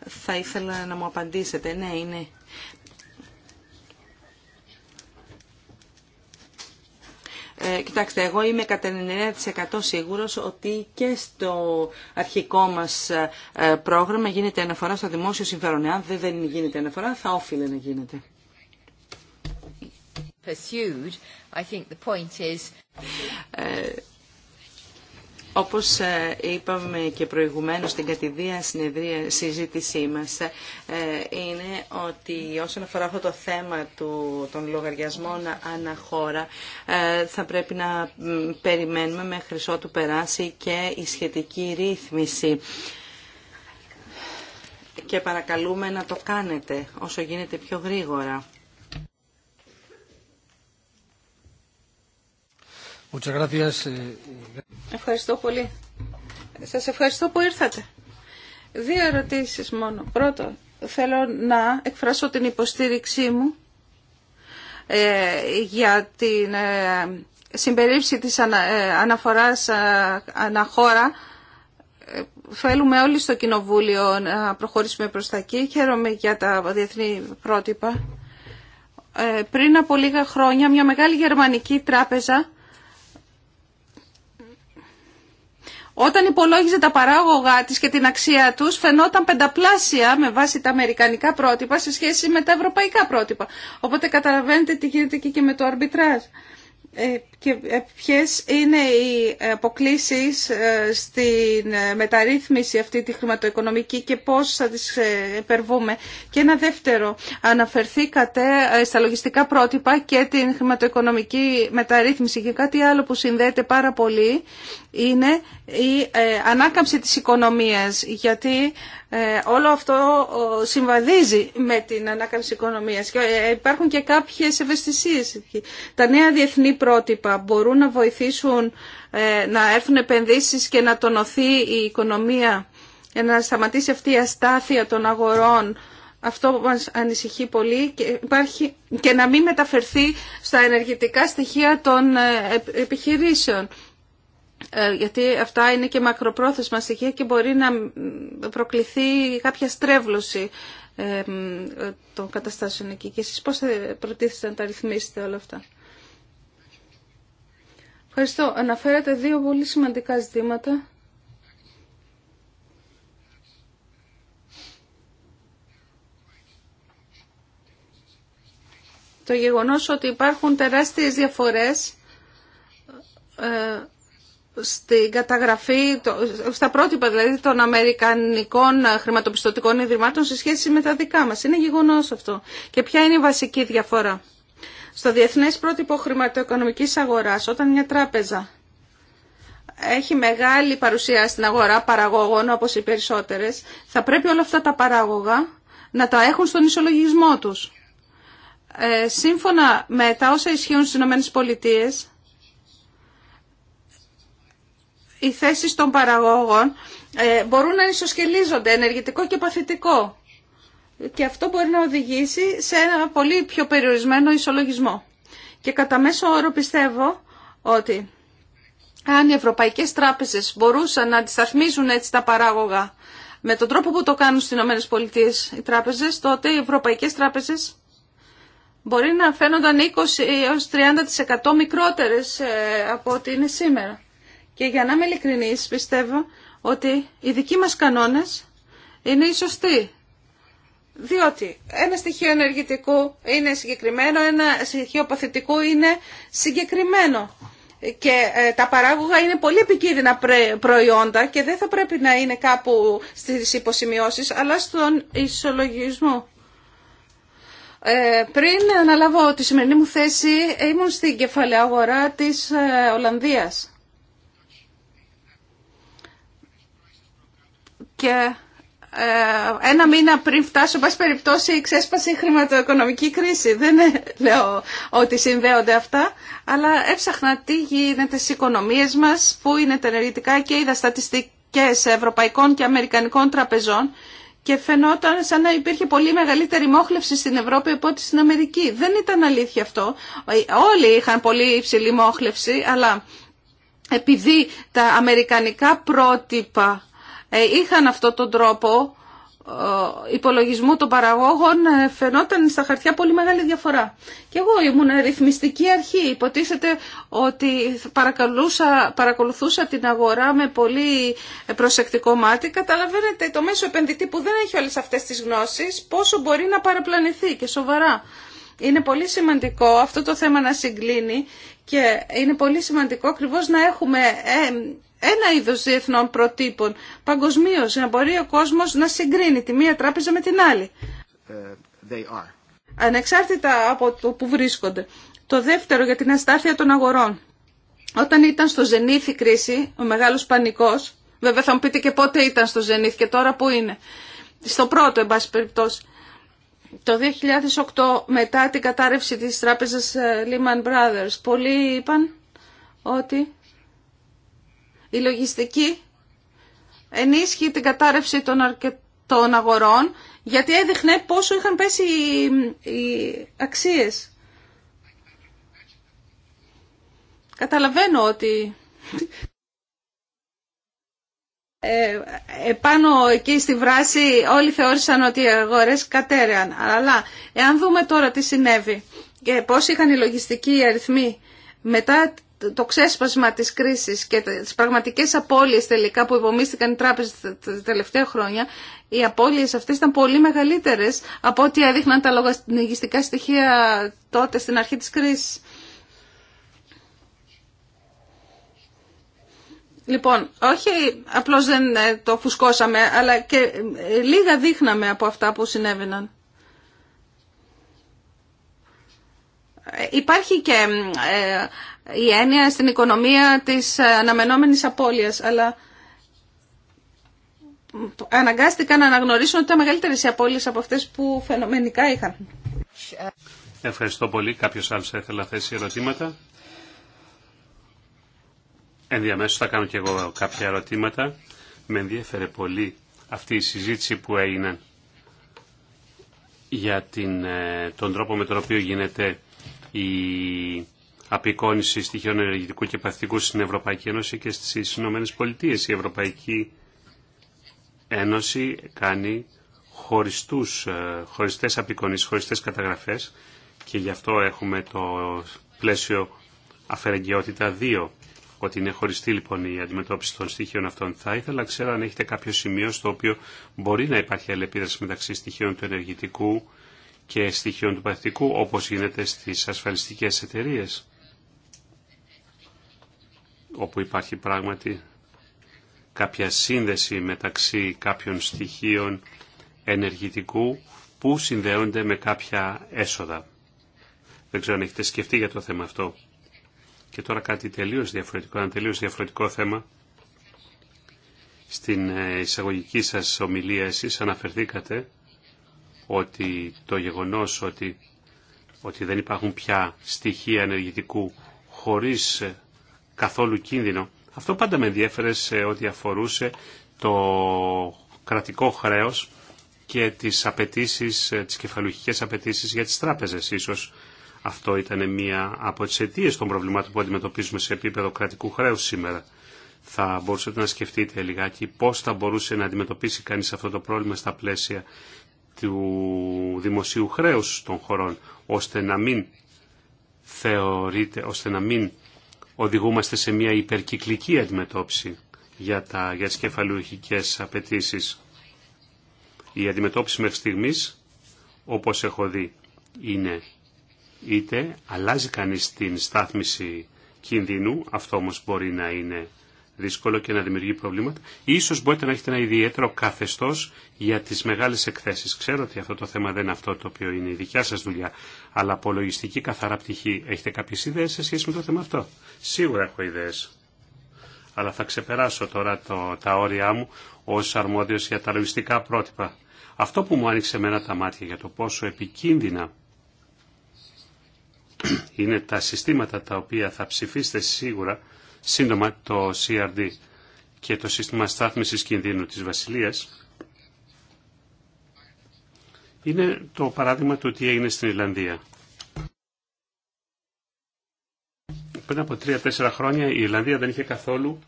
θα ήθελα να μου απαντήσετε. Ναι, είναι Ε, κοιτάξτε, εγώ είμαι κατά 99% σίγουρος ότι και στο αρχικό μας ε, πρόγραμμα γίνεται αναφορά στο δημόσιο συμφέρον. Ε, αν δεν γίνεται αναφορά, θα όφιλε να γίνεται. Pursued, I think the point is... Όπως ε, είπαμε και προηγουμένως στην κατηδία συνεδρία συζήτησή μας, ε, είναι ότι όσον αφορά αυτό το θέμα του, των λογαριασμών αναχώρα, ε, θα πρέπει να περιμένουμε μέχρι ότου περάσει και η σχετική ρύθμιση και παρακαλούμε να το κάνετε όσο γίνεται πιο γρήγορα. Eh, ευχαριστώ πολύ. Σας ευχαριστώ που ήρθατε. Δύο ερωτήσεις μόνο. Πρώτο, θέλω να εκφράσω την υποστήριξή μου ε, για την ε, συμπερίψη της ε, αναφοράς αναχώρα. Θέλουμε όλοι στο Κοινοβούλιο να προχωρήσουμε προς τα εκεί. Χαίρομαι για τα διεθνή πρότυπα. Πριν από λίγα χρόνια μια μεγάλη γερμανική τράπεζα Όταν υπολόγιζε τα παράγωγά τη και την αξία του φαινόταν πενταπλάσια με βάση τα αμερικανικά πρότυπα σε σχέση με τα ευρωπαϊκά πρότυπα. Οπότε καταλαβαίνετε τι γίνεται και με το αρμπιτράζ ε, και ε, ποιε είναι οι αποκλήσει ε, στην μεταρρύθμιση αυτή τη χρηματοοικονομική και πώ θα τι υπερβούμε. Και ένα δεύτερο, αναφερθήκατε στα λογιστικά πρότυπα και την χρηματοοικονομική μεταρρύθμιση και κάτι άλλο που συνδέεται πάρα πολύ είναι η ε, ανάκαμψη της οικονομίας, γιατί ε, όλο αυτό συμβαδίζει με την ανάκαμψη οικονομίας και ε, Υπάρχουν και κάποιες ευαισθησίες. Τα νέα διεθνή πρότυπα μπορούν να βοηθήσουν να έρθουν επενδύσεις και να τονωθεί η οικονομία, να σταματήσει αυτή η αστάθεια των αγορών. Αυτό μας ανησυχεί πολύ και, και να μην μεταφερθεί στα ενεργητικά στοιχεία των επιχειρήσεων. Ε, γιατί αυτά είναι και μακροπρόθεσμα στοιχεία και μπορεί να προκληθεί κάποια στρέβλωση ε, των καταστάσεων εκεί. Και εσείς πώς θα προτίθεστε να τα ρυθμίσετε όλα αυτά. Ευχαριστώ. Αναφέρατε δύο πολύ σημαντικά ζητήματα. Το γεγονός ότι υπάρχουν τεράστιες διαφορές ε, στην καταγραφή, στα πρότυπα δηλαδή των Αμερικανικών χρηματοπιστωτικών ιδρυμάτων σε σχέση με τα δικά μας. Είναι γεγονός αυτό. Και ποια είναι η βασική διαφορά. Στο διεθνές πρότυπο χρηματοοικονομικής αγοράς, όταν μια τράπεζα έχει μεγάλη παρουσία στην αγορά παραγωγών όπως οι περισσότερες, θα πρέπει όλα αυτά τα παράγωγα να τα έχουν στον ισολογισμό τους. Ε, σύμφωνα με τα όσα ισχύουν στις ΗΠΑ οι θέσεις των παραγόγων ε, μπορούν να ισοσκελίζονται ενεργητικό και παθητικό. Και αυτό μπορεί να οδηγήσει σε ένα πολύ πιο περιορισμένο ισολογισμό. Και κατά μέσο όρο πιστεύω ότι αν οι ευρωπαϊκές τράπεζες μπορούσαν να αντισταθμίζουν έτσι τα παράγωγα με τον τρόπο που το κάνουν στις ΗΠΑ οι τράπεζες, τότε οι ευρωπαϊκές τράπεζες μπορεί να φαίνονταν 20 έως 30% μικρότερες ε, από ό,τι είναι σήμερα. Και για να είμαι ειλικρινής, πιστεύω ότι οι δικοί μας κανόνες είναι οι σωστοί. Διότι ένα στοιχείο ενεργητικού είναι συγκεκριμένο, ένα στοιχείο παθητικού είναι συγκεκριμένο. Και ε, τα παράγωγα είναι πολύ επικίνδυνα προϊόντα και δεν θα πρέπει να είναι κάπου στις υποσημειώσεις, αλλά στον ισολογισμό. Ε, πριν αναλάβω τη σημερινή μου θέση, ήμουν στην κεφαλαία αγορά της ε, Ολλανδίας. και ε, ένα μήνα πριν φτάσω, πάση περιπτώσει, ξέσπασε η χρηματοοικονομική κρίση. Δεν ε, λέω ότι συνδέονται αυτά, αλλά έψαχνα τι γίνεται στις οικονομίες μας, πού είναι τα ενεργητικά και είδα στατιστικές ευρωπαϊκών και αμερικανικών τραπεζών και φαινόταν σαν να υπήρχε πολύ μεγαλύτερη μόχλευση στην Ευρώπη από ό,τι στην Αμερική. Δεν ήταν αλήθεια αυτό. Όλοι είχαν πολύ υψηλή μόχλευση, αλλά επειδή τα αμερικανικά πρότυπα ε, είχαν αυτό τον τρόπο ε, υπολογισμού των παραγόγων ε, φαινόταν στα χαρτιά πολύ μεγάλη διαφορά. Και εγώ ήμουν ρυθμιστική αρχή. Υποτίθεται ότι παρακολουθούσα την αγορά με πολύ προσεκτικό μάτι. Καταλαβαίνετε το μέσο επενδυτή που δεν έχει όλες αυτές τις γνώσεις πόσο μπορεί να παραπλανηθεί και σοβαρά. Είναι πολύ σημαντικό αυτό το θέμα να συγκλίνει και είναι πολύ σημαντικό ακριβώ να έχουμε ένα είδος διεθνών προτύπων παγκοσμίω για να μπορεί ο κόσμος να συγκρίνει τη μία τράπεζα με την άλλη. Ε, Ανεξάρτητα από το που βρίσκονται. Το δεύτερο για την αστάθεια των αγορών. Όταν ήταν στο Ζενίθ η κρίση, ο μεγάλος πανικός, βέβαια θα μου πείτε και πότε ήταν στο Ζενίθ και τώρα που είναι, στο πρώτο εν πάση περιπτώσει, το 2008 μετά την κατάρρευση της τράπεζας ε, Lehman Brothers, πολλοί είπαν ότι η λογιστική ενίσχυε την κατάρρευση των αρκετών αγορών γιατί έδειχνε πόσο είχαν πέσει οι αξίες. Καταλαβαίνω ότι ε, επάνω εκεί στη βράση όλοι θεώρησαν ότι οι αγορές κατέρεαν. Αλλά εάν δούμε τώρα τι συνέβη και πώς είχαν οι λογιστικοί αριθμοί μετά το ξέσπασμα της κρίσης και τις πραγματικές απώλειες τελικά που υπομίστηκαν οι τράπεζες τα τελευταία χρόνια, οι απώλειες αυτές ήταν πολύ μεγαλύτερες από ό,τι έδειχναν τα λογιστικά στοιχεία τότε στην αρχή της κρίσης. Λοιπόν, όχι απλώς δεν ε, το φουσκώσαμε, αλλά και ε, λίγα δείχναμε από αυτά που συνέβαιναν. Υπάρχει και ε, η έννοια στην οικονομία της αναμενόμενης απώλειας, αλλά αναγκάστηκαν να αναγνωρίσουν ότι ήταν μεγαλύτερες οι απώλειες από αυτές που φαινομενικά είχαν. Ευχαριστώ πολύ. Κάποιος άλλος θα ήθελε να θέσει ερωτήματα. Ενδιαμέσως θα κάνω και εγώ κάποια ερωτήματα. Με ενδιαφέρε πολύ αυτή η συζήτηση που έγινε για την, ε, τον τρόπο με τον οποίο γίνεται η απεικόνιση στοιχείων ενεργητικού και παθητικού στην Ευρωπαϊκή Ένωση και στις Ηνωμένες Πολιτείες. Η Ευρωπαϊκή Ένωση κάνει χωριστούς, ε, χωριστές απεικονίσεις, χωριστές καταγραφές και γι' αυτό έχουμε το πλαίσιο αφαιρεγγιότητα 2 ότι είναι χωριστή λοιπόν η αντιμετώπιση των στοιχείων αυτών. Θα ήθελα να ξέρω αν έχετε κάποιο σημείο στο οποίο μπορεί να υπάρχει αλληλεπίδραση μεταξύ στοιχείων του ενεργητικού και στοιχείων του παθητικού, όπως γίνεται στις ασφαλιστικές εταιρείες, όπου υπάρχει πράγματι κάποια σύνδεση μεταξύ κάποιων στοιχείων ενεργητικού που συνδέονται με κάποια έσοδα. Δεν ξέρω αν έχετε σκεφτεί για το θέμα αυτό. Και τώρα κάτι τελείως διαφορετικό, ένα τελείως διαφορετικό θέμα. Στην ε, εισαγωγική σας ομιλία εσείς αναφερθήκατε ότι το γεγονός ότι, ότι δεν υπάρχουν πια στοιχεία ενεργητικού χωρίς καθόλου κίνδυνο, αυτό πάντα με ενδιέφερε σε ό,τι αφορούσε το κρατικό χρέος και τις απαιτήσεις, τις κεφαλουχικές απαιτήσεις για τις τράπεζες. Ίσως αυτό ήταν μία από τις αιτίε των προβλημάτων που αντιμετωπίζουμε σε επίπεδο κρατικού χρέους σήμερα. Θα μπορούσατε να σκεφτείτε λιγάκι πώς θα μπορούσε να αντιμετωπίσει κανείς αυτό το πρόβλημα στα πλαίσια του δημοσίου χρέους των χωρών, ώστε να μην θεωρείται, ώστε να μην οδηγούμαστε σε μια υπερκυκλική αντιμετώπιση για, τα, για τις κεφαλουχικές απαιτήσει. Η αντιμετώπιση μέχρι στιγμής, όπως έχω δει, είναι είτε αλλάζει κανείς την στάθμιση κινδύνου, αυτό όμως μπορεί να είναι δύσκολο και να δημιουργεί προβλήματα. Ίσως μπορείτε να έχετε ένα ιδιαίτερο καθεστώς για τις μεγάλες εκθέσεις. Ξέρω ότι αυτό το θέμα δεν είναι αυτό το οποίο είναι η δικιά σας δουλειά, αλλά από λογιστική καθαρά πτυχή έχετε κάποιες ιδέες σε σχέση με το θέμα αυτό. Σίγουρα έχω ιδέες. Αλλά θα ξεπεράσω τώρα το, τα όρια μου ως αρμόδιος για τα λογιστικά πρότυπα. Αυτό που μου άνοιξε εμένα τα μάτια για το πόσο επικίνδυνα είναι τα συστήματα τα οποία θα ψηφίσετε σίγουρα σύντομα το CRD και το σύστημα στάθμισης κινδύνου της Βασιλείας είναι το παράδειγμα του τι έγινε στην Ιρλανδία. Πριν από τρία-τέσσερα χρόνια η Ιρλανδία δεν είχε καθόλου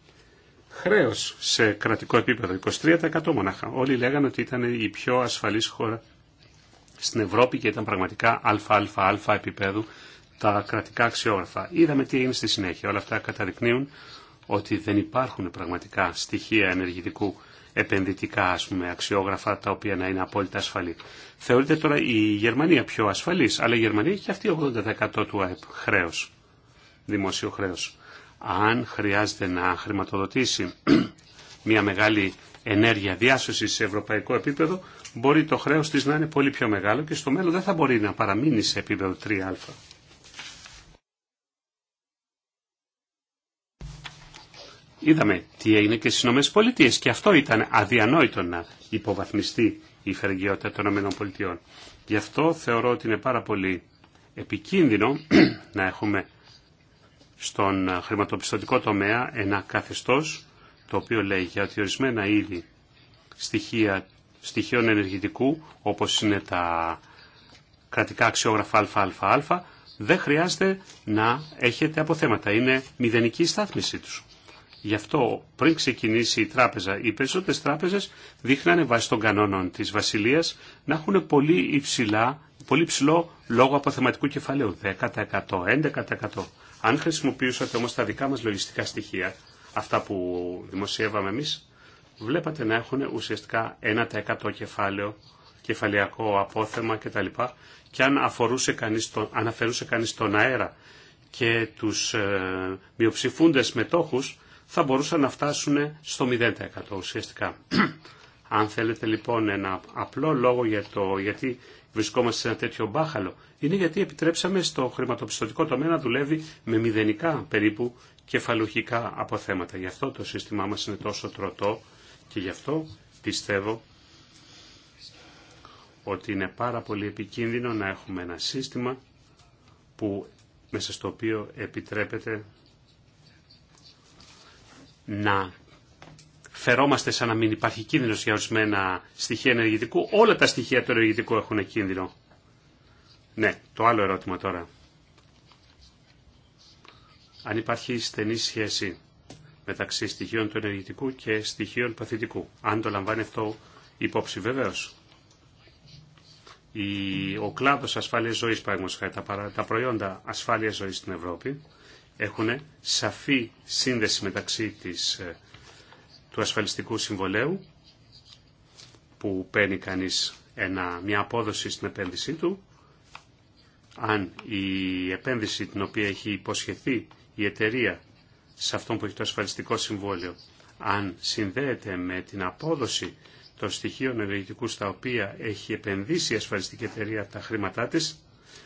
χρέος σε κρατικό επίπεδο, 23% μονάχα. Όλοι λέγανε ότι ήταν η πιο ασφαλής χώρα στην Ευρώπη και ήταν πραγματικά αλφα-αλφα-αλφα επίπεδου τα κρατικά αξιόγραφα. Είδαμε τι έγινε στη συνέχεια. Όλα αυτά καταδεικνύουν ότι δεν υπάρχουν πραγματικά στοιχεία ενεργητικού επενδυτικά ας πούμε, αξιόγραφα τα οποία να είναι απόλυτα ασφαλή. Θεωρείται τώρα η Γερμανία πιο ασφαλής, αλλά η Γερμανία έχει και αυτή 80% του ΑΕΠ χρέος, δημοσίου χρέος. Αν χρειάζεται να χρηματοδοτήσει μια μεγάλη ενέργεια διάσωση σε ευρωπαϊκό επίπεδο, μπορεί το χρέος της να είναι πολύ πιο μεγάλο και στο μέλλον δεν θα μπορεί να παραμείνει σε επίπεδο 3α. Είδαμε τι έγινε και στι ΗΠΑ και αυτό ήταν αδιανόητο να υποβαθμιστεί η φεργιότητα των ΗΠΑ. Γι' αυτό θεωρώ ότι είναι πάρα πολύ επικίνδυνο να έχουμε στον χρηματοπιστωτικό τομέα ένα καθεστώς το οποίο λέει για ότι ορισμένα είδη στοιχεία, στοιχείων ενεργητικού όπως είναι τα κρατικά αξιόγραφα ΑΑΑ δεν χρειάζεται να έχετε αποθέματα. Είναι μηδενική στάθμισή τους. Γι' αυτό πριν ξεκινήσει η τράπεζα, οι περισσότερε τράπεζε δείχνανε βάσει των κανόνων τη Βασιλεία να έχουν πολύ, υψηλά, πολύ ψηλό λόγο αποθεματικού κεφαλαίου. 10%, 11%. Αν χρησιμοποιούσατε όμω τα δικά μα λογιστικά στοιχεία, αυτά που δημοσιεύαμε εμεί, βλέπατε να έχουν ουσιαστικά 1% κεφάλαιο, κεφαλαιακό απόθεμα κτλ. Και αν αφορούσε κανείς τον, αναφερούσε κανείς τον αέρα και τους ε, μειοψηφούντες μετόχους, θα μπορούσαν να φτάσουν στο 0% ουσιαστικά. Αν θέλετε λοιπόν ένα απλό λόγο για το γιατί βρισκόμαστε σε ένα τέτοιο μπάχαλο, είναι γιατί επιτρέψαμε στο χρηματοπιστωτικό τομέα να δουλεύει με μηδενικά περίπου κεφαλουχικά αποθέματα. Γι' αυτό το σύστημά μας είναι τόσο τροτό και γι' αυτό πιστεύω ότι είναι πάρα πολύ επικίνδυνο να έχουμε ένα σύστημα που μέσα στο οποίο επιτρέπεται να φερόμαστε σαν να μην υπάρχει κίνδυνο για ορισμένα στοιχεία ενεργητικού. Όλα τα στοιχεία του ενεργητικού έχουν κίνδυνο. Ναι, το άλλο ερώτημα τώρα. Αν υπάρχει στενή σχέση μεταξύ στοιχείων του ενεργητικού και στοιχείων παθητικού. Αν το λαμβάνει αυτό υπόψη βεβαίω. Ο κλάδο ασφάλεια ζωή, παραδείγματο τα προϊόντα ασφάλειας ζωής στην Ευρώπη, έχουν σαφή σύνδεση μεταξύ της, ε, του ασφαλιστικού συμβολέου που παίρνει κανείς ένα, μια απόδοση στην επένδυσή του αν η επένδυση την οποία έχει υποσχεθεί η εταιρεία σε αυτόν που έχει το ασφαλιστικό συμβόλαιο αν συνδέεται με την απόδοση των στοιχείων ενεργητικού στα οποία έχει επενδύσει η ασφαλιστική εταιρεία τα χρήματά της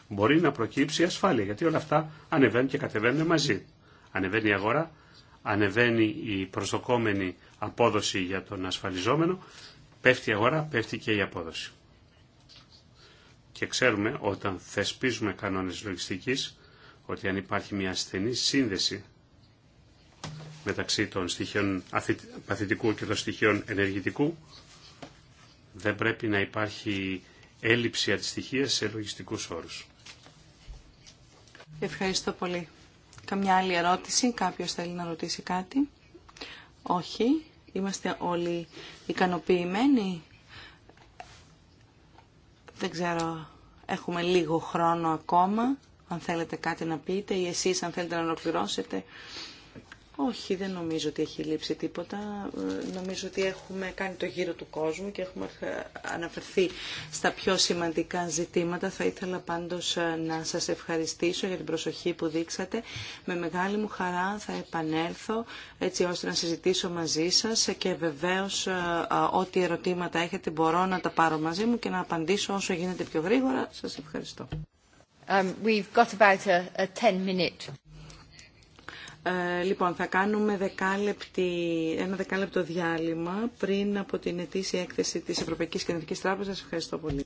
μπορεί να προκύψει ασφάλεια, γιατί όλα αυτά ανεβαίνουν και κατεβαίνουν μαζί. Ανεβαίνει η αγορά, ανεβαίνει η προσδοκόμενη απόδοση για τον ασφαλιζόμενο, πέφτει η αγορά, πέφτει και η απόδοση. Και ξέρουμε όταν θεσπίζουμε κανόνες λογιστικής, ότι αν υπάρχει μια στενή σύνδεση μεταξύ των στοιχείων παθητικού και των στοιχείων ενεργητικού, δεν πρέπει να υπάρχει έλλειψη αντιστοιχία σε λογιστικού όρου. Ευχαριστώ πολύ. Καμιά άλλη ερώτηση, κάποιος θέλει να ρωτήσει κάτι. Όχι, είμαστε όλοι ικανοποιημένοι. Δεν ξέρω, έχουμε λίγο χρόνο ακόμα, αν θέλετε κάτι να πείτε ή εσείς αν θέλετε να ολοκληρώσετε. Όχι, δεν νομίζω ότι έχει λείψει τίποτα. Ε, νομίζω ότι έχουμε κάνει το γύρο του κόσμου και έχουμε αναφερθεί στα πιο σημαντικά ζητήματα. Θα ήθελα πάντως ε, να σας ευχαριστήσω για την προσοχή που δείξατε. Με μεγάλη μου χαρά θα επανέλθω έτσι ώστε να συζητήσω μαζί σας και βεβαίως ε, ό,τι ερωτήματα έχετε μπορώ να τα πάρω μαζί μου και να απαντήσω όσο γίνεται πιο γρήγορα. Σας ευχαριστώ. Um, we've got about a, ε, λοιπόν, θα κάνουμε δεκάλεπτη, ένα δεκάλεπτο διάλειμμα πριν από την ετήσια έκθεση της Ευρωπαϊκής Κεντρικής Τράπεζας. Ευχαριστώ πολύ.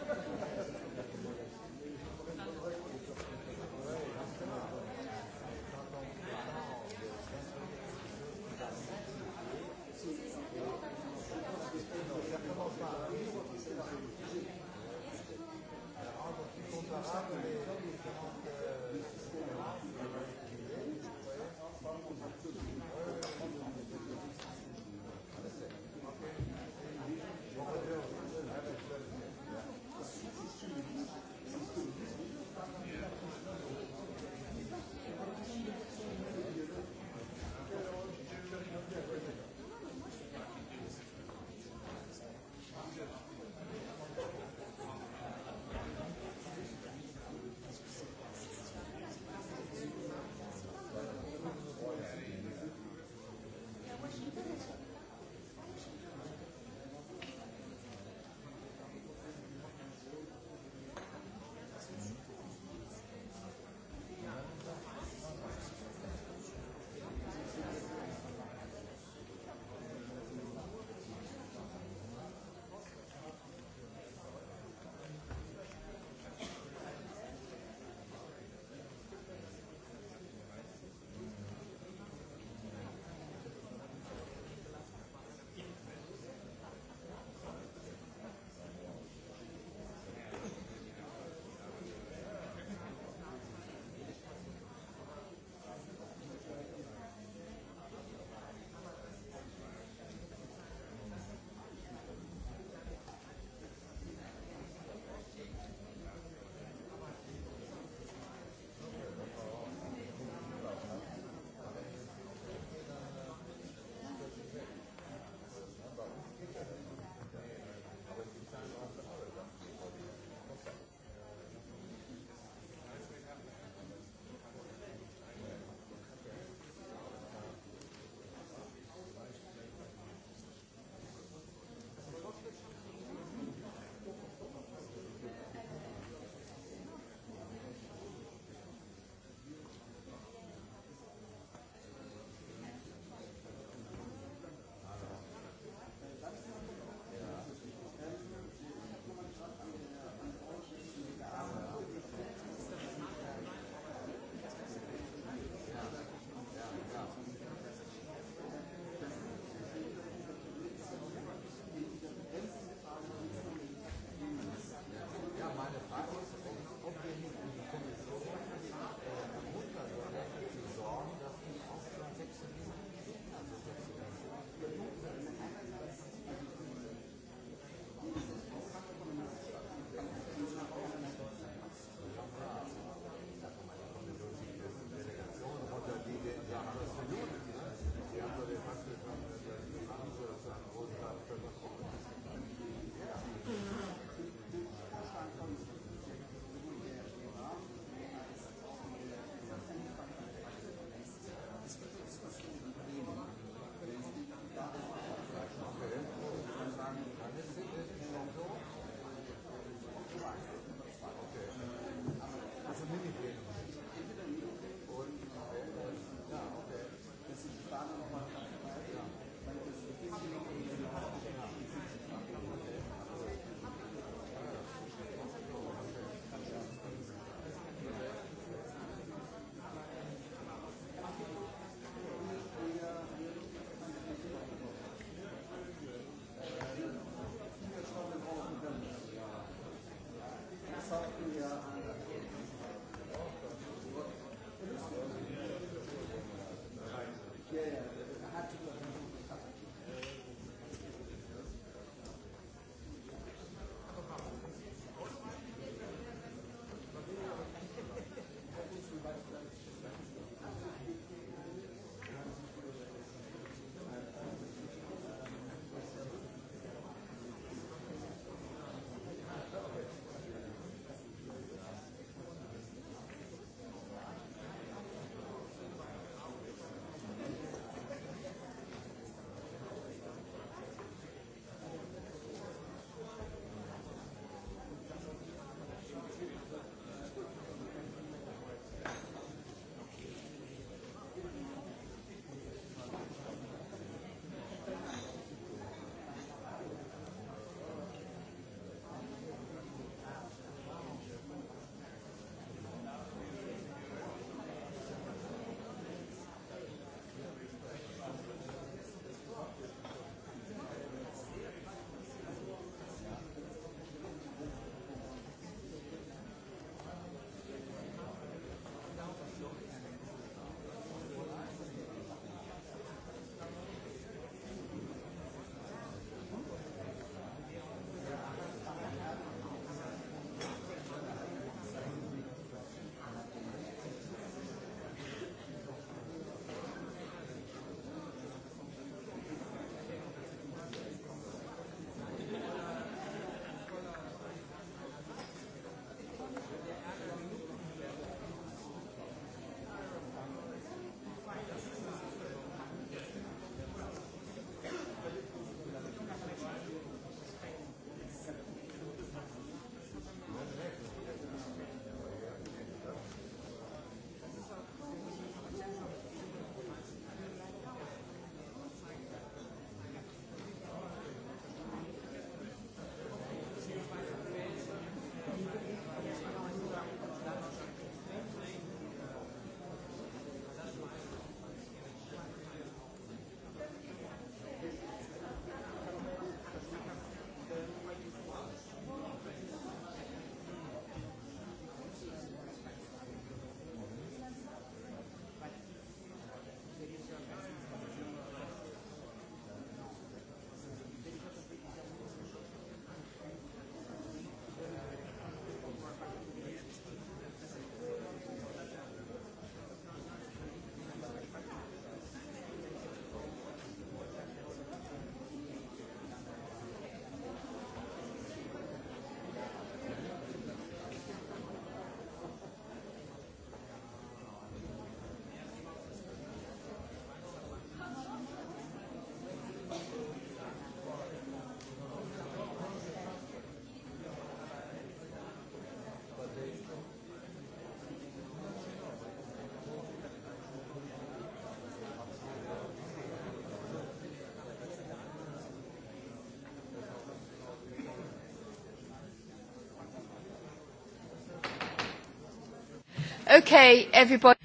Okay, everybody.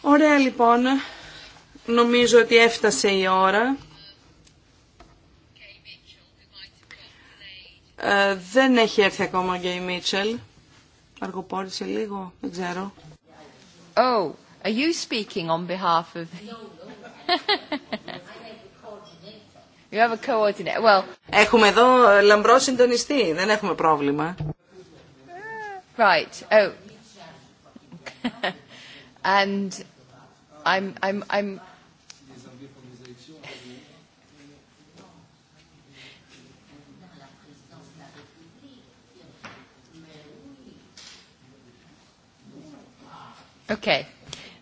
Ωραία λοιπόν, νομίζω ότι έφτασε η ώρα. Ε, δεν έχει έρθει ακόμα ο Γκέι Μίτσελ. Αργοπόρησε λίγο, δεν ξέρω. Oh, are you speaking on behalf of... you have a coordinator. Well... Έχουμε εδώ λαμπρό συντονιστή, δεν έχουμε πρόβλημα. Right, oh, and I'm, I'm, I'm Okay.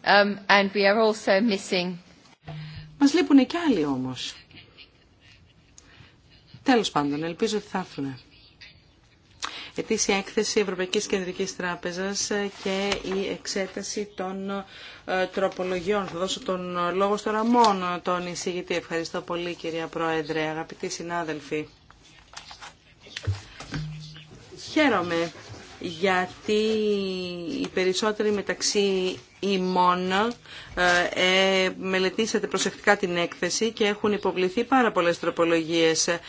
Um, and we are also missing... Μας λείπουν και άλλοι όμως. Τέλος πάντων, ελπίζω ότι θα έρθουν ετήσια έκθεση Ευρωπαϊκής Κεντρικής Τράπεζας και η εξέταση των ε, τροπολογιών. Θα δώσω τον λόγο στο Ραμόν, τον εισηγητή. Ευχαριστώ πολύ κυρία Πρόεδρε, αγαπητοί συνάδελφοι. Χαίρομαι γιατί οι περισσότεροι μεταξύ ημών ε, ε, μελετήσατε προσεκτικά την έκθεση και έχουν υποβληθεί πάρα πολλές τροπολογίες. Ε,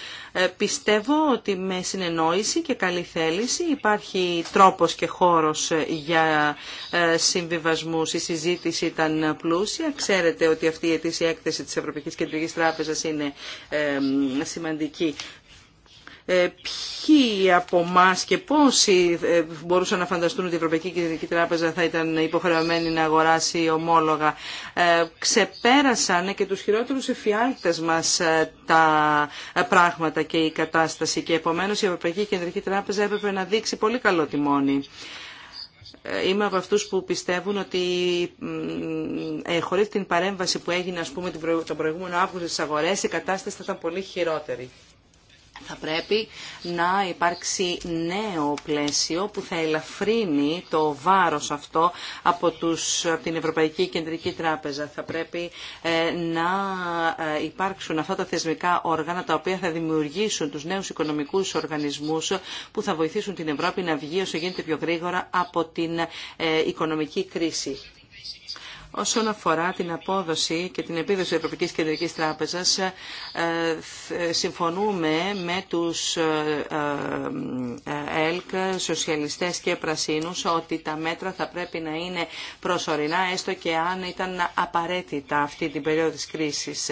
πιστεύω ότι με συνεννόηση και καλή θέληση υπάρχει τρόπος και χώρος για ε, συμβιβασμούς. Η συζήτηση ήταν πλούσια. Ξέρετε ότι αυτή η ετήσια έκθεση της Ευρωπαϊκής Κεντρικής Τράπεζας είναι ε, σημαντική. Ε, ποιοι από εμά και πόσοι ε, μπορούσαν να φανταστούν ότι η Ευρωπαϊκή Κεντρική Τράπεζα θα ήταν υποχρεωμένη να αγοράσει ομόλογα. Ε, ξεπέρασαν και τους χειρότερους εφιάλτες μας τα πράγματα και η κατάσταση και επομένως η Ευρωπαϊκή Κεντρική Τράπεζα έπρεπε να δείξει πολύ καλό τιμόνι. Είμαι από αυτούς που πιστεύουν ότι ε, χωρίς την παρέμβαση που έγινε ας πούμε, τον προηγούμενο Αύγουστο στις αγορές η κατάσταση θα ήταν πολύ χειρότερη θα πρέπει να υπάρξει νέο πλαίσιο που θα ελαφρύνει το βάρος αυτό από, τους, την Ευρωπαϊκή Κεντρική Τράπεζα. Θα πρέπει ε, να ε, υπάρξουν αυτά τα θεσμικά όργανα τα οποία θα δημιουργήσουν τους νέους οικονομικούς οργανισμούς που θα βοηθήσουν την Ευρώπη να βγει όσο γίνεται πιο γρήγορα από την ε, οικονομική κρίση. Όσον αφορά την απόδοση και την επίδοση της Ευρωπαϊκής Κεντρικής Τράπεζας, ε, ε, συμφωνούμε με τους ε, ΕΛΚ, σοσιαλιστές και πρασίνους, ότι τα μέτρα θα πρέπει να είναι προσωρινά, έστω και αν ήταν απαραίτητα αυτή την περίοδο της κρίσης.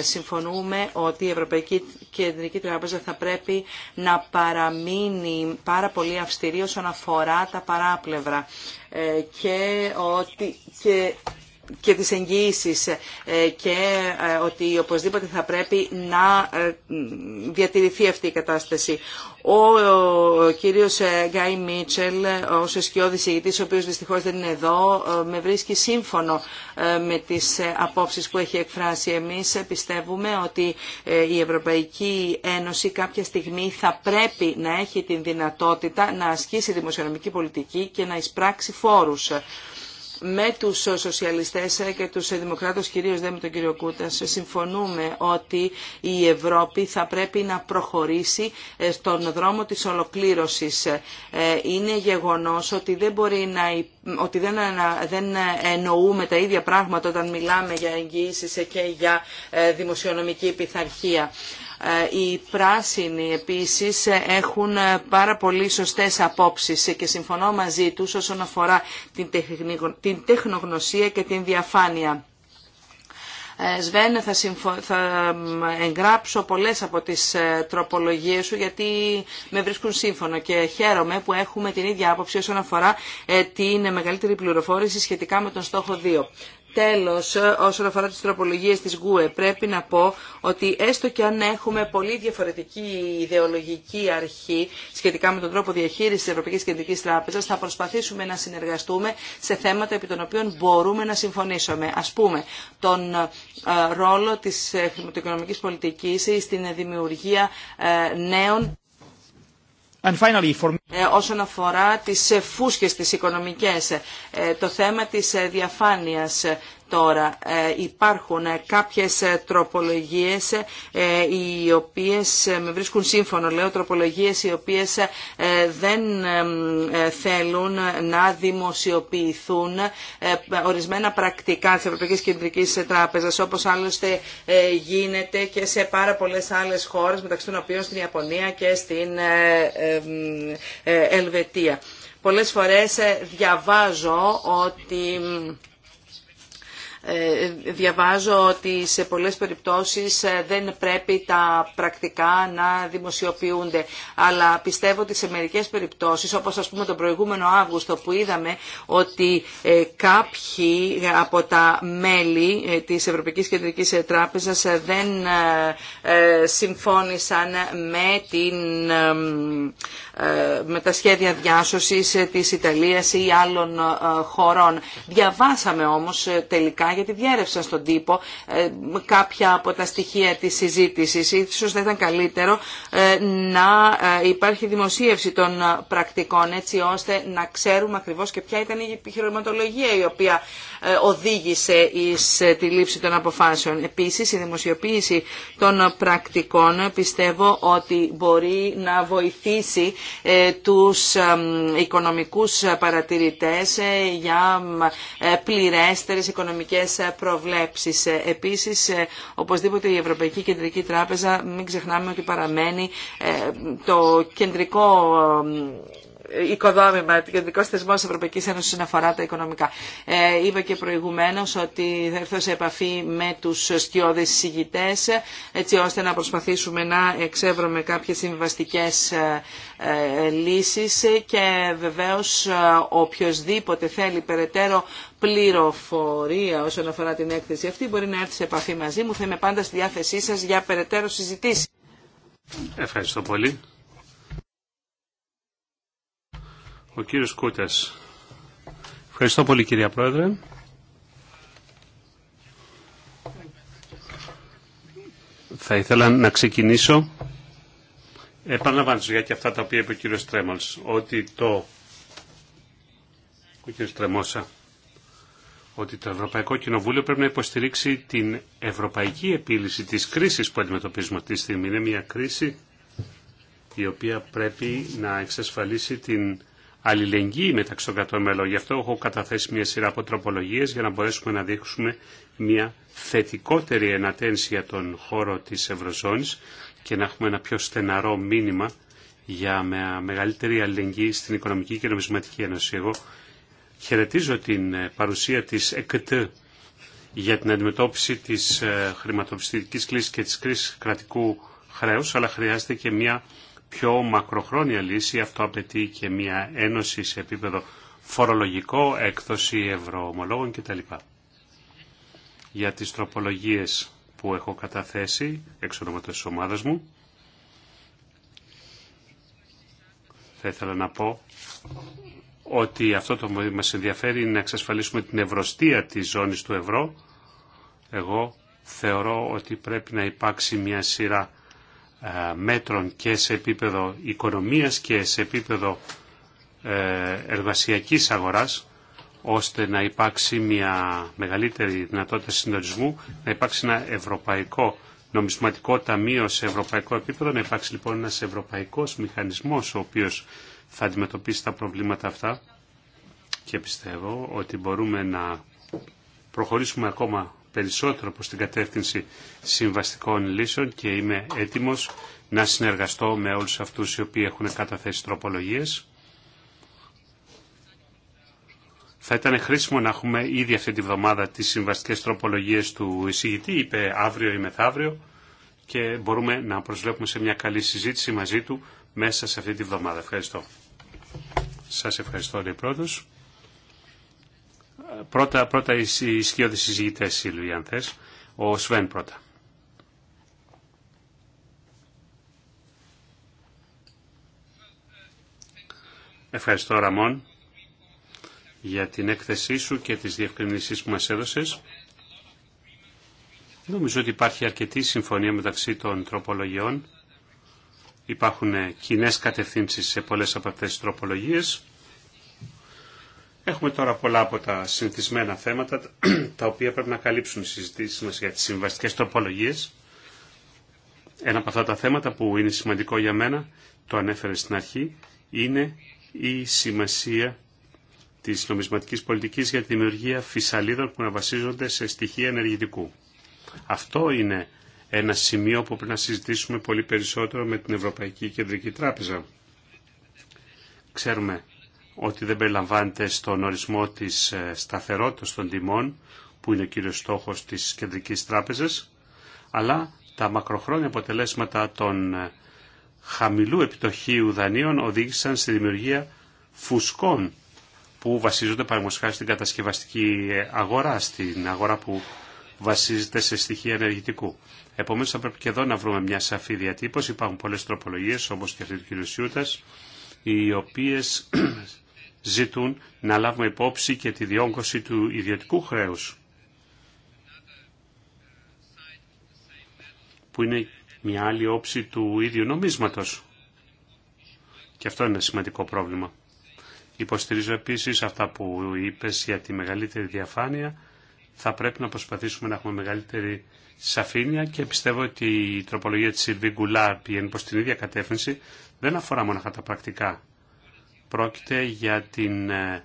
Συμφωνούμε ότι η Ευρωπαϊκή Κεντρική Τράπεζα θα πρέπει να παραμείνει πάρα πολύ αυστηρή όσον αφορά τα παράπλευρα ε, και ότι και και τις εγγυήσεις ε, και ε, ότι οπωσδήποτε θα πρέπει να ε, διατηρηθεί αυτή η κατάσταση. Ο κύριος Γκάι Μίτσελ, ο σκιώδης ηγητής, ο οποίος δυστυχώς δεν είναι εδώ, με βρίσκει σύμφωνο με τις απόψεις που έχει εκφράσει. Εμείς πιστεύουμε ότι η Ευρωπαϊκή Ένωση κάποια στιγμή θα πρέπει να έχει την δυνατότητα να ασκήσει δημοσιονομική πολιτική και να εισπράξει φόρους με τους σοσιαλιστές και τους δημοκράτες, κυρίως δεν με τον κύριο Κούτας, συμφωνούμε ότι η Ευρώπη θα πρέπει να προχωρήσει ε, στον δρόμο της ολοκλήρωσης. Ε, είναι γεγονός ότι δεν μπορεί να ότι δεν, δεν εννοούμε τα ίδια πράγματα όταν μιλάμε για εγγύησεις και για ε, δημοσιονομική πειθαρχία. Ε, οι πράσινοι επίσης έχουν ε, πάρα πολύ σωστές απόψεις και συμφωνώ μαζί τους όσον αφορά την τεχνογνωσία και την διαφάνεια. Ε, Σβέν, θα, συμφω... θα εγγράψω πολλές από τις τροπολογίες σου γιατί με βρίσκουν σύμφωνο και χαίρομαι που έχουμε την ίδια άποψη όσον αφορά την μεγαλύτερη πληροφόρηση σχετικά με τον στόχο 2. Τέλος, όσον αφορά τι τροπολογίε της ΓΟΕ, πρέπει να πω ότι έστω και αν έχουμε πολύ διαφορετική ιδεολογική αρχή σχετικά με τον τρόπο διαχείρισης της Ευρωπαϊκής Κεντρικής Τράπεζας, θα προσπαθήσουμε να συνεργαστούμε σε θέματα επί των οποίων μπορούμε να συμφωνήσουμε. Ας πούμε, τον ε, ρόλο της χρηματοοικονομικής πολιτικής στην δημιουργία ε, νέων ε, όσον αφορά τις φούσκες τις οικονομικές, ε, το θέμα της ε, διαφάνειας Τώρα ε, υπάρχουν ε, κάποιες ε, τροπολογίες οι οποίες με βρίσκουν σύμφωνο, λέω τροπολογίες οι οποίες δεν θέλουν να δημοσιοποιηθούν ορισμένα πρακτικά της Ευρωπαϊκής Κεντρικής Τράπεζας όπως άλλωστε γίνεται και σε πάρα πολλές άλλες χώρες μεταξύ των οποίων στην Ιαπωνία και στην Ελβετία. Πολλές φορές διαβάζω ότι ε, διαβάζω ότι σε πολλές περιπτώσεις ε, δεν πρέπει τα πρακτικά να δημοσιοποιούνται, αλλά πιστεύω ότι σε μερικές περιπτώσεις, όπως ας πούμε τον προηγούμενο Αύγουστο που είδαμε ότι ε, κάποιοι από τα μέλη της Ευρωπαϊκής Κεντρικής Τράπεζας δεν συμφώνησαν με, την, με τα σχέδια διάσωσης της Ιταλίας ή άλλων χωρών. Διαβάσαμε όμως τελικά γιατί διέρευσαν στον τύπο ε, κάποια από τα στοιχεία της συζήτησης. Ίσως δεν ήταν καλύτερο ε, να ε, υπάρχει δημοσίευση των πρακτικών έτσι ώστε να ξέρουμε ακριβώς και ποια ήταν η επιχειρηματολογία η οποία ε, οδήγησε εις ε, τη λήψη των αποφάσεων. Επίσης, η δημοσιοποίηση των πρακτικών ε, πιστεύω ότι μπορεί να βοηθήσει τους οικονομικούς παρατηρητές για πληρέστερες οικονομικές προβλέψεις. Επίσης, οπωσδήποτε η Ευρωπαϊκή Κεντρική Τράπεζα, μην ξεχνάμε ότι παραμένει το κεντρικό οικοδόμημα, ο κεντρικό θεσμό τη Ευρωπαϊκή Ένωση όσον αφορά τα οικονομικά. Ε, είπα και προηγουμένω ότι θα έρθω σε επαφή με του σκιώδε συγητέ, έτσι ώστε να προσπαθήσουμε να εξεύρουμε κάποιε συμβαστικέ ε, ε, λύσει και βεβαίω ε, οποιοδήποτε θέλει περαιτέρω πληροφορία όσον αφορά την έκθεση αυτή μπορεί να έρθει σε επαφή μαζί μου. Θα είμαι πάντα στη διάθεσή σα για περαιτέρω συζητήσει. Ευχαριστώ πολύ. Ο κύριος Κούτες. Ευχαριστώ πολύ κυρία Πρόεδρε. Θα ήθελα να ξεκινήσω επαναλαμβάνω για και αυτά τα οποία είπε ο κύριος Τρέμολς, ότι το ο κύριος ότι το Ευρωπαϊκό Κοινοβούλιο πρέπει να υποστηρίξει την ευρωπαϊκή επίλυση της κρίσης που αντιμετωπίζουμε αυτή τη στιγμή. Είναι μια κρίση η οποία πρέπει να εξασφαλίσει την αλληλεγγύη μεταξύ των κρατών μελών. Γι' αυτό έχω καταθέσει μια σειρά από τροπολογίε για να μπορέσουμε να δείξουμε μια θετικότερη ενατένση για τον χώρο τη Ευρωζώνη και να έχουμε ένα πιο στεναρό μήνυμα για μια μεγαλύτερη αλληλεγγύη στην Οικονομική και Νομισματική Ένωση. Εγώ χαιρετίζω την ε, παρουσία τη ΕΚΤ για την αντιμετώπιση τη ε, χρηματοπιστωτικής κλίσης και τη κρίση κρατικού χρέου, αλλά χρειάζεται και μια πιο μακροχρόνια λύση. Αυτό απαιτεί και μια ένωση σε επίπεδο φορολογικό, έκδοση ευρωομολόγων κτλ. Για τις τροπολογίες που έχω καταθέσει εξ ονόματος της ομάδας μου, θα ήθελα να πω ότι αυτό το που μας ενδιαφέρει είναι να εξασφαλίσουμε την ευρωστία της ζώνης του ευρώ. Εγώ θεωρώ ότι πρέπει να υπάρξει μια σειρά ε, μέτρων και σε επίπεδο οικονομίας και σε επίπεδο ε, εργασιακής αγοράς ώστε να υπάρξει μια μεγαλύτερη δυνατότητα συντονισμού, να υπάρξει ένα ευρωπαϊκό νομισματικό ταμείο σε ευρωπαϊκό επίπεδο, να υπάρξει λοιπόν ένας ευρωπαϊκός μηχανισμός ο οποίος θα αντιμετωπίσει τα προβλήματα αυτά και πιστεύω ότι μπορούμε να προχωρήσουμε ακόμα περισσότερο προς την κατεύθυνση συμβαστικών λύσεων και είμαι έτοιμος να συνεργαστώ με όλους αυτούς οι οποίοι έχουν καταθέσει τροπολογίες. Θα ήταν χρήσιμο να έχουμε ήδη αυτή τη βδομάδα τις συμβαστικές τροπολογίες του εισηγητή, είπε αύριο ή μεθαύριο και μπορούμε να προσβλέπουμε σε μια καλή συζήτηση μαζί του μέσα σε αυτή τη βδομάδα. Ευχαριστώ. Σας ευχαριστώ, λέει Πρώτα, πρώτα οι σκιώδεις συζητητές, Σίλβι, αν θες. Ο Σβέν πρώτα. Ευχαριστώ, Ραμόν, για την έκθεσή σου και τις διευκρινήσεις που μας έδωσες. Νομίζω ότι υπάρχει αρκετή συμφωνία μεταξύ των τροπολογιών. Υπάρχουν κοινέ κατευθύνσεις σε πολλές από αυτές τις τροπολογίες. Έχουμε τώρα πολλά από τα συνηθισμένα θέματα, τα οποία πρέπει να καλύψουν οι συζητήσει μα για τις συμβαστικέ τροπολογίες. Ένα από αυτά τα θέματα που είναι σημαντικό για μένα, το ανέφερε στην αρχή, είναι η σημασία τη νομισματικής πολιτική για τη δημιουργία φυσαλίδων που να βασίζονται σε στοιχεία ενεργητικού. Αυτό είναι ένα σημείο που πρέπει να συζητήσουμε πολύ περισσότερο με την Ευρωπαϊκή Κεντρική Τράπεζα. Ξέρουμε ότι δεν περιλαμβάνεται στον ορισμό της ε, σταθερότητας των τιμών, που είναι ο κύριος στόχος της Κεντρικής Τράπεζας, αλλά τα μακροχρόνια αποτελέσματα των ε, χαμηλού επιτοχίου δανείων οδήγησαν στη δημιουργία φουσκών που βασίζονται παραγωγικά στην κατασκευαστική ε, αγορά, στην αγορά που βασίζεται σε στοιχεία ενεργητικού. Επομένως θα πρέπει και εδώ να βρούμε μια σαφή διατύπωση. Υπάρχουν πολλές τροπολογίες, όπως και αυτή του κ. Σιούτας, οι οποίες ζητούν να λάβουμε υπόψη και τη διόγκωση του ιδιωτικού χρέους. Που είναι μια άλλη όψη του ίδιου νομίσματος. Και αυτό είναι ένα σημαντικό πρόβλημα. Υποστηρίζω επίσης αυτά που είπες για τη μεγαλύτερη διαφάνεια. Θα πρέπει να προσπαθήσουμε να έχουμε μεγαλύτερη σαφήνεια και πιστεύω ότι η τροπολογία της Σιλβί Γκουλάρ πηγαίνει προς την ίδια κατεύθυνση. Δεν αφορά μόνο τα πρακτικά Πρόκειται για την ε,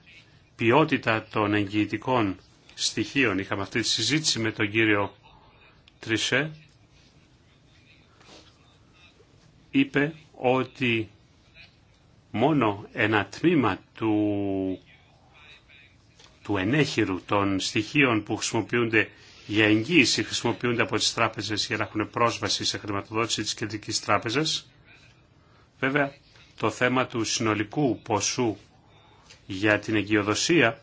ποιότητα των εγγυητικών στοιχείων. Είχαμε αυτή τη συζήτηση με τον κύριο Τρισέ. Είπε ότι μόνο ένα τμήμα του, του ενέχειρου των στοιχείων που χρησιμοποιούνται για εγγύηση χρησιμοποιούνται από τις τράπεζες για να έχουν πρόσβαση σε χρηματοδότηση της κεντρικής τράπεζας. Βέβαια, το θέμα του συνολικού ποσού για την εγκυοδοσία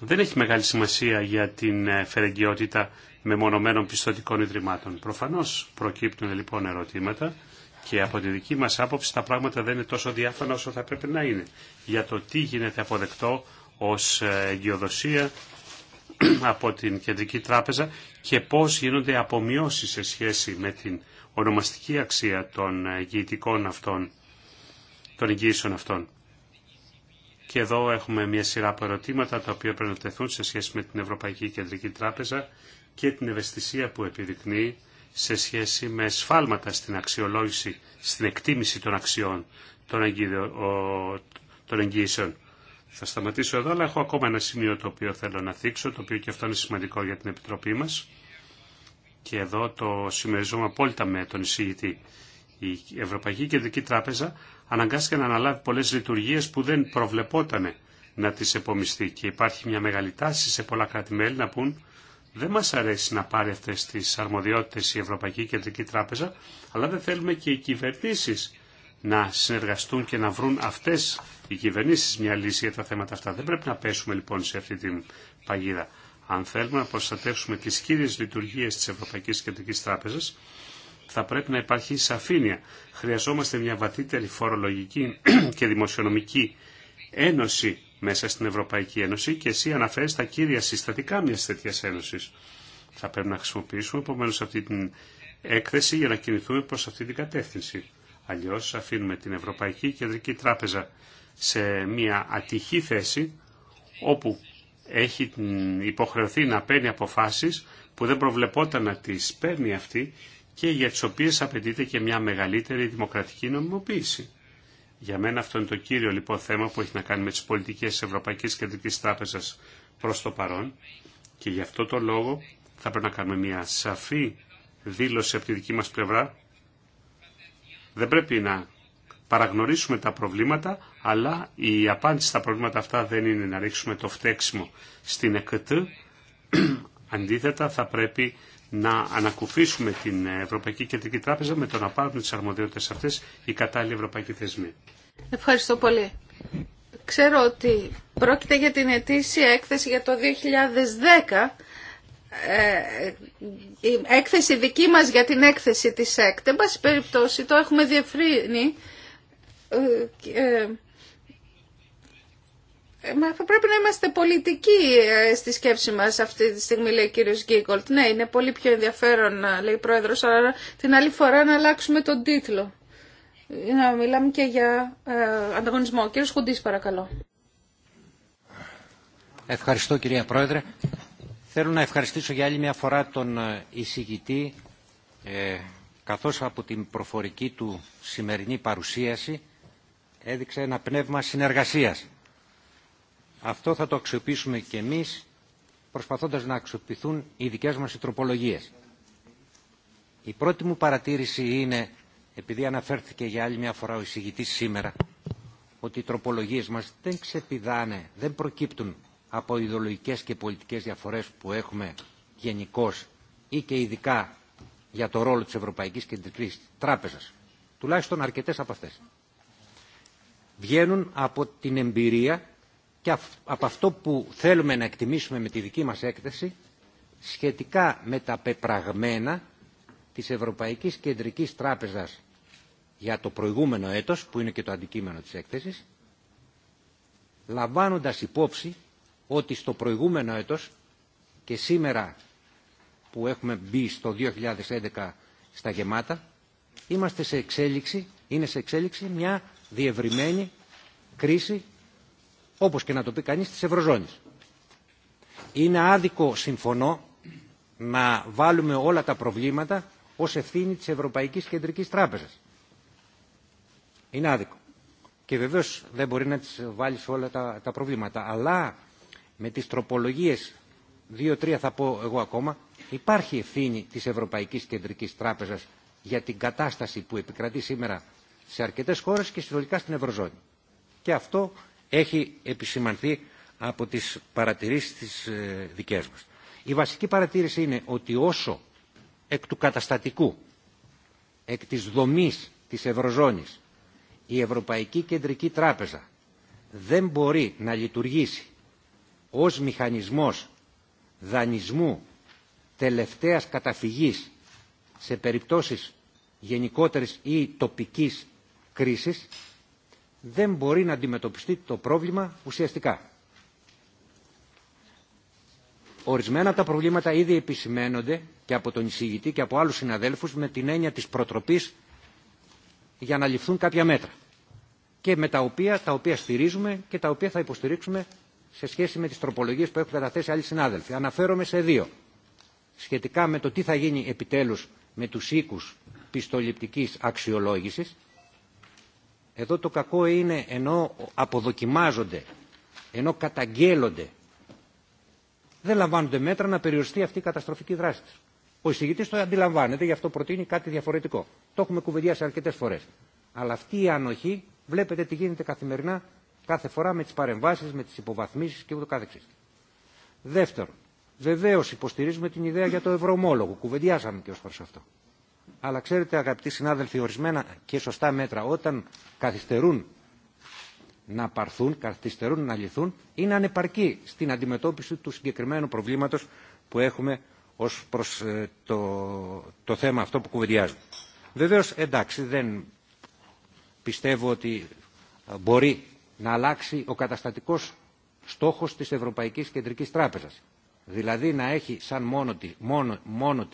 δεν έχει μεγάλη σημασία για την ε, φερεγγιότητα μεμονωμένων πιστοτικών ιδρυμάτων. Προφανώς προκύπτουν λοιπόν ερωτήματα και από τη δική μας άποψη τα πράγματα δεν είναι τόσο διάφανα όσο θα πρέπει να είναι για το τι γίνεται αποδεκτό ως ε, εγκυοδοσία από την Κεντρική Τράπεζα και πώς γίνονται απομειώσεις σε σχέση με την ονομαστική αξία των εγκυητικών αυτών των εγγύησεων αυτών. Και εδώ έχουμε μια σειρά από ερωτήματα τα οποία πρέπει να τεθούν σε σχέση με την Ευρωπαϊκή Κεντρική Τράπεζα και την ευαισθησία που επιδεικνύει σε σχέση με σφάλματα στην αξιολόγηση, στην εκτίμηση των αξιών των εγγύησεων. Θα σταματήσω εδώ, αλλά έχω ακόμα ένα σημείο το οποίο θέλω να θίξω, το οποίο και αυτό είναι σημαντικό για την Επιτροπή μας. Και εδώ το συμμεριζόμαι απόλυτα με τον εισηγητή. Η Ευρωπαϊκή Κεντρική Τράπεζα αναγκάστηκε να αναλάβει πολλές λειτουργίες που δεν προβλεπόταν να τις επομιστεί και υπάρχει μια μεγάλη τάση σε πολλά κράτη-μέλη να πούν δεν μας αρέσει να πάρει αυτές τις αρμοδιότητες η Ευρωπαϊκή Κεντρική Τράπεζα αλλά δεν θέλουμε και οι κυβερνήσεις να συνεργαστούν και να βρουν αυτές οι κυβερνήσεις μια λύση για τα θέματα αυτά. Δεν πρέπει να πέσουμε λοιπόν σε αυτή την παγίδα. Αν θέλουμε να προστατεύσουμε τις κύριες λειτουργίες της Ευρωπαϊκής Κεντρικής Τράπεζας, θα πρέπει να υπάρχει σαφήνεια. Χρειαζόμαστε μια βαθύτερη φορολογική και δημοσιονομική ένωση μέσα στην Ευρωπαϊκή Ένωση και εσύ αναφέρει τα κύρια συστατικά μια τέτοια ένωση. Θα πρέπει να χρησιμοποιήσουμε επομένω αυτή την έκθεση για να κινηθούμε προ αυτή την κατεύθυνση. Αλλιώ αφήνουμε την Ευρωπαϊκή Κεντρική Τράπεζα σε μια ατυχή θέση όπου έχει υποχρεωθεί να παίρνει αποφάσεις που δεν προβλεπόταν να τις παίρνει αυτή και για τις οποίες απαιτείται και μια μεγαλύτερη δημοκρατική νομιμοποίηση. Για μένα αυτό είναι το κύριο λοιπόν θέμα που έχει να κάνει με τις πολιτικές Ευρωπαϊκής Κεντρικής Τράπεζας προς το παρόν και γι' αυτό το λόγο θα πρέπει να κάνουμε μια σαφή δήλωση από τη δική μας πλευρά. Δεν πρέπει να παραγνωρίσουμε τα προβλήματα, αλλά η απάντηση στα προβλήματα αυτά δεν είναι να ρίξουμε το φταίξιμο στην ΕΚΤ. Αντίθετα, θα πρέπει να ανακουφίσουμε την Ευρωπαϊκή Κεντρική Τράπεζα με το να πάρουν τις αρμοδιότητες αυτές οι κατάλληλοι ευρωπαϊκοί θεσμοί. Ευχαριστώ πολύ. Ξέρω ότι πρόκειται για την ετήσια έκθεση για το 2010 ε, η έκθεση δική μας για την έκθεση της ΕΚΤ, εν περιπτώσει, το έχουμε διευρύνει ε, ε, ε, θα πρέπει να είμαστε πολιτικοί ε, στη σκέψη μα αυτή τη στιγμή, λέει ο κύριο Γκίγκολτ. Ναι, είναι πολύ πιο ενδιαφέρον, ε, λέει ο πρόεδρο, αλλά την άλλη φορά να αλλάξουμε τον τίτλο. Να μιλάμε και για ανταγωνισμό. Κύριο Χουντή, παρακαλώ. Ευχαριστώ, κυρία Πρόεδρε. Θέλω να ευχαριστήσω για άλλη μια φορά τον εισηγητή, ε, καθώς από την προφορική του σημερινή παρουσίαση έδειξε ένα πνεύμα συνεργασίας αυτό θα το αξιοποιήσουμε και εμείς προσπαθώντας να αξιοποιηθούν οι δικές μας οι τροπολογίες. Η πρώτη μου παρατήρηση είναι, επειδή αναφέρθηκε για άλλη μια φορά ο εισηγητής σήμερα, ότι οι τροπολογίες μας δεν ξεπηδάνε, δεν προκύπτουν από ιδεολογικές και πολιτικές διαφορές που έχουμε γενικώ ή και ειδικά για το ρόλο της Ευρωπαϊκής Κεντρικής Τράπεζας. Τουλάχιστον αρκετές από αυτές. Βγαίνουν από την εμπειρία και από αυτό που θέλουμε να εκτιμήσουμε με τη δική μας έκθεση σχετικά με τα πεπραγμένα της Ευρωπαϊκής Κεντρικής Τράπεζας για το προηγούμενο έτος, που είναι και το αντικείμενο της έκθεσης, λαμβάνοντας υπόψη ότι στο προηγούμενο έτος και σήμερα που έχουμε μπει στο 2011 στα γεμάτα, είμαστε σε εξέλιξη, είναι σε εξέλιξη μια διευρυμένη κρίση όπως και να το πει κανείς, της Ευρωζώνης. Είναι άδικο, συμφωνώ, να βάλουμε όλα τα προβλήματα ως ευθύνη της Ευρωπαϊκής Κεντρικής Τράπεζας. Είναι άδικο. Και βεβαίως δεν μπορεί να τις βάλει σε όλα τα, τα προβλήματα. Αλλά με τις τροπολογίες, δύο-τρία θα πω εγώ ακόμα, υπάρχει ευθύνη της Ευρωπαϊκής Κεντρικής Τράπεζας για την κατάσταση που επικρατεί σήμερα σε αρκετές χώρες και συνολικά στην Ευρωζώνη. Και αυτό έχει επισημανθεί από τις παρατηρήσεις της ε, δικές μας. Η βασική παρατήρηση είναι ότι όσο εκ του καταστατικού, εκ της δομής της Ευρωζώνης, η Ευρωπαϊκή Κεντρική Τράπεζα δεν μπορεί να λειτουργήσει ως μηχανισμός δανεισμού τελευταίας καταφυγής σε περιπτώσεις γενικότερης ή τοπικής κρίσης, δεν μπορεί να αντιμετωπιστεί το πρόβλημα ουσιαστικά. Ορισμένα τα προβλήματα ήδη επισημαίνονται και από τον εισηγητή και από άλλους συναδέλφους με την έννοια της προτροπής για να ληφθούν κάποια μέτρα και με τα οποία, τα οποία στηρίζουμε και τα οποία θα υποστηρίξουμε σε σχέση με τις τροπολογίες που έχουν καταθέσει άλλοι συνάδελφοι. Αναφέρομαι σε δύο. Σχετικά με το τι θα γίνει επιτέλους με τους οίκους πιστοληπτικής αξιολόγησης εδώ το κακό είναι ενώ αποδοκιμάζονται, ενώ καταγγέλλονται, δεν λαμβάνονται μέτρα να περιοριστεί αυτή η καταστροφική δράση της. Ο εισηγητής το αντιλαμβάνεται, γι' αυτό προτείνει κάτι διαφορετικό. Το έχουμε κουβεντιάσει αρκετές φορές. Αλλά αυτή η ανοχή βλέπετε τι γίνεται καθημερινά, κάθε φορά με τις παρεμβάσεις, με τις υποβαθμίσεις και ούτω καθεξής. Δεύτερον, βεβαίως υποστηρίζουμε την ιδέα για το ευρωομόλογο. Κουβεντιάσαμε και ως προς αυτό. Αλλά ξέρετε αγαπητοί συνάδελφοι, ορισμένα και σωστά μέτρα όταν καθυστερούν να παρθούν, καθυστερούν να λυθούν, είναι ανεπαρκή στην αντιμετώπιση του συγκεκριμένου προβλήματος που έχουμε ως προς ε, το, το θέμα αυτό που κουβεντιάζουμε. Βεβαίως, εντάξει, δεν πιστεύω ότι μπορεί να αλλάξει ο καταστατικός στόχος της Ευρωπαϊκής Κεντρικής Τράπεζας. Δηλαδή να έχει σαν μόνο, μόνο,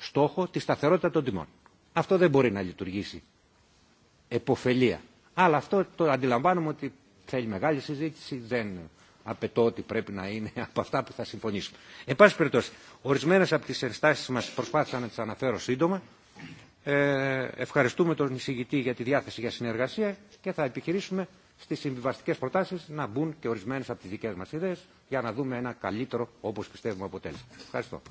στόχο τη σταθερότητα των τιμών. Αυτό δεν μπορεί να λειτουργήσει εποφελία. Αλλά αυτό το αντιλαμβάνομαι ότι θέλει μεγάλη συζήτηση, δεν απαιτώ ότι πρέπει να είναι από αυτά που θα συμφωνήσουμε. Εν πάση περιπτώσει, ορισμένε από τι ενστάσει μα προσπάθησα να τι αναφέρω σύντομα. Ε, ευχαριστούμε τον εισηγητή για τη διάθεση για συνεργασία και θα επιχειρήσουμε στι συμβιβαστικέ προτάσει να μπουν και ορισμένε από τι δικέ μα ιδέε για να δούμε ένα καλύτερο, όπω πιστεύουμε, αποτέλεσμα. Ευχαριστώ.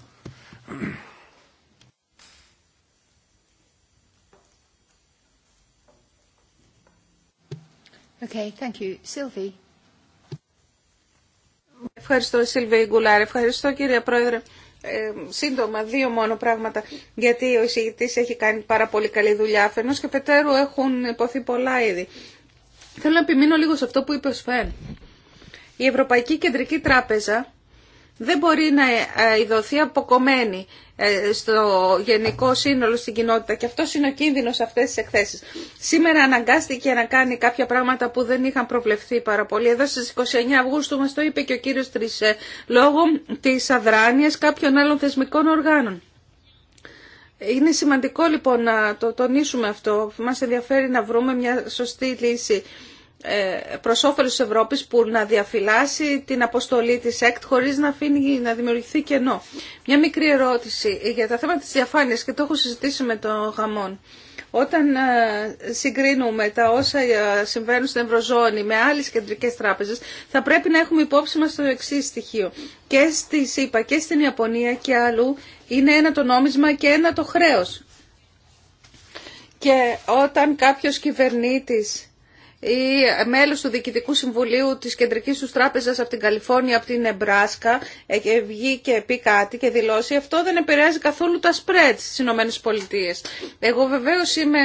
Ευχαριστώ Σίλβε Γκουλάρ, ευχαριστώ κύριε Πρόεδρε. Ε, σύντομα, δύο μόνο πράγματα, γιατί ο εισηγητή έχει κάνει πάρα πολύ καλή δουλειά αφενό και πετέρου έχουν υποθεί πολλά ήδη. Θέλω να επιμείνω λίγο σε αυτό που είπε ο Σφέν. Η Ευρωπαϊκή Κεντρική Τράπεζα δεν μπορεί να ε, ειδωθεί αποκομμένη ε, στο γενικό σύνολο στην κοινότητα και αυτό είναι ο κίνδυνος σε αυτές τις εκθέσεις. Σήμερα αναγκάστηκε να κάνει κάποια πράγματα που δεν είχαν προβλεφθεί πάρα πολύ. Εδώ στις 29 Αυγούστου μας το είπε και ο κύριος Τρισέ λόγω της αδράνειας κάποιων άλλων θεσμικών οργάνων. Είναι σημαντικό λοιπόν να το τονίσουμε αυτό. Μας ενδιαφέρει να βρούμε μια σωστή λύση ε, προς όφελος της Ευρώπης που να διαφυλάσει την αποστολή της ΕΚΤ χωρίς να, αφήνει, να δημιουργηθεί κενό. Μια μικρή ερώτηση για τα θέματα της διαφάνειας και το έχω συζητήσει με τον Γαμόν. Όταν ε, συγκρίνουμε τα όσα ε, συμβαίνουν στην Ευρωζώνη με άλλες κεντρικές τράπεζες, θα πρέπει να έχουμε υπόψη μα το εξή στοιχείο. Και στη ΣΥΠΑ και στην Ιαπωνία και αλλού είναι ένα το νόμισμα και ένα το χρέος. Και όταν κάποιος κυβερνήτης ή μέλος του Διοικητικού Συμβουλίου της Κεντρικής του Τράπεζας από την Καλιφόρνια, από την Εμπράσκα, και ε, βγει και πει κάτι και δηλώσει, αυτό δεν επηρεάζει καθόλου τα spreads στις ΗΠΑ. Εγώ βεβαίως είμαι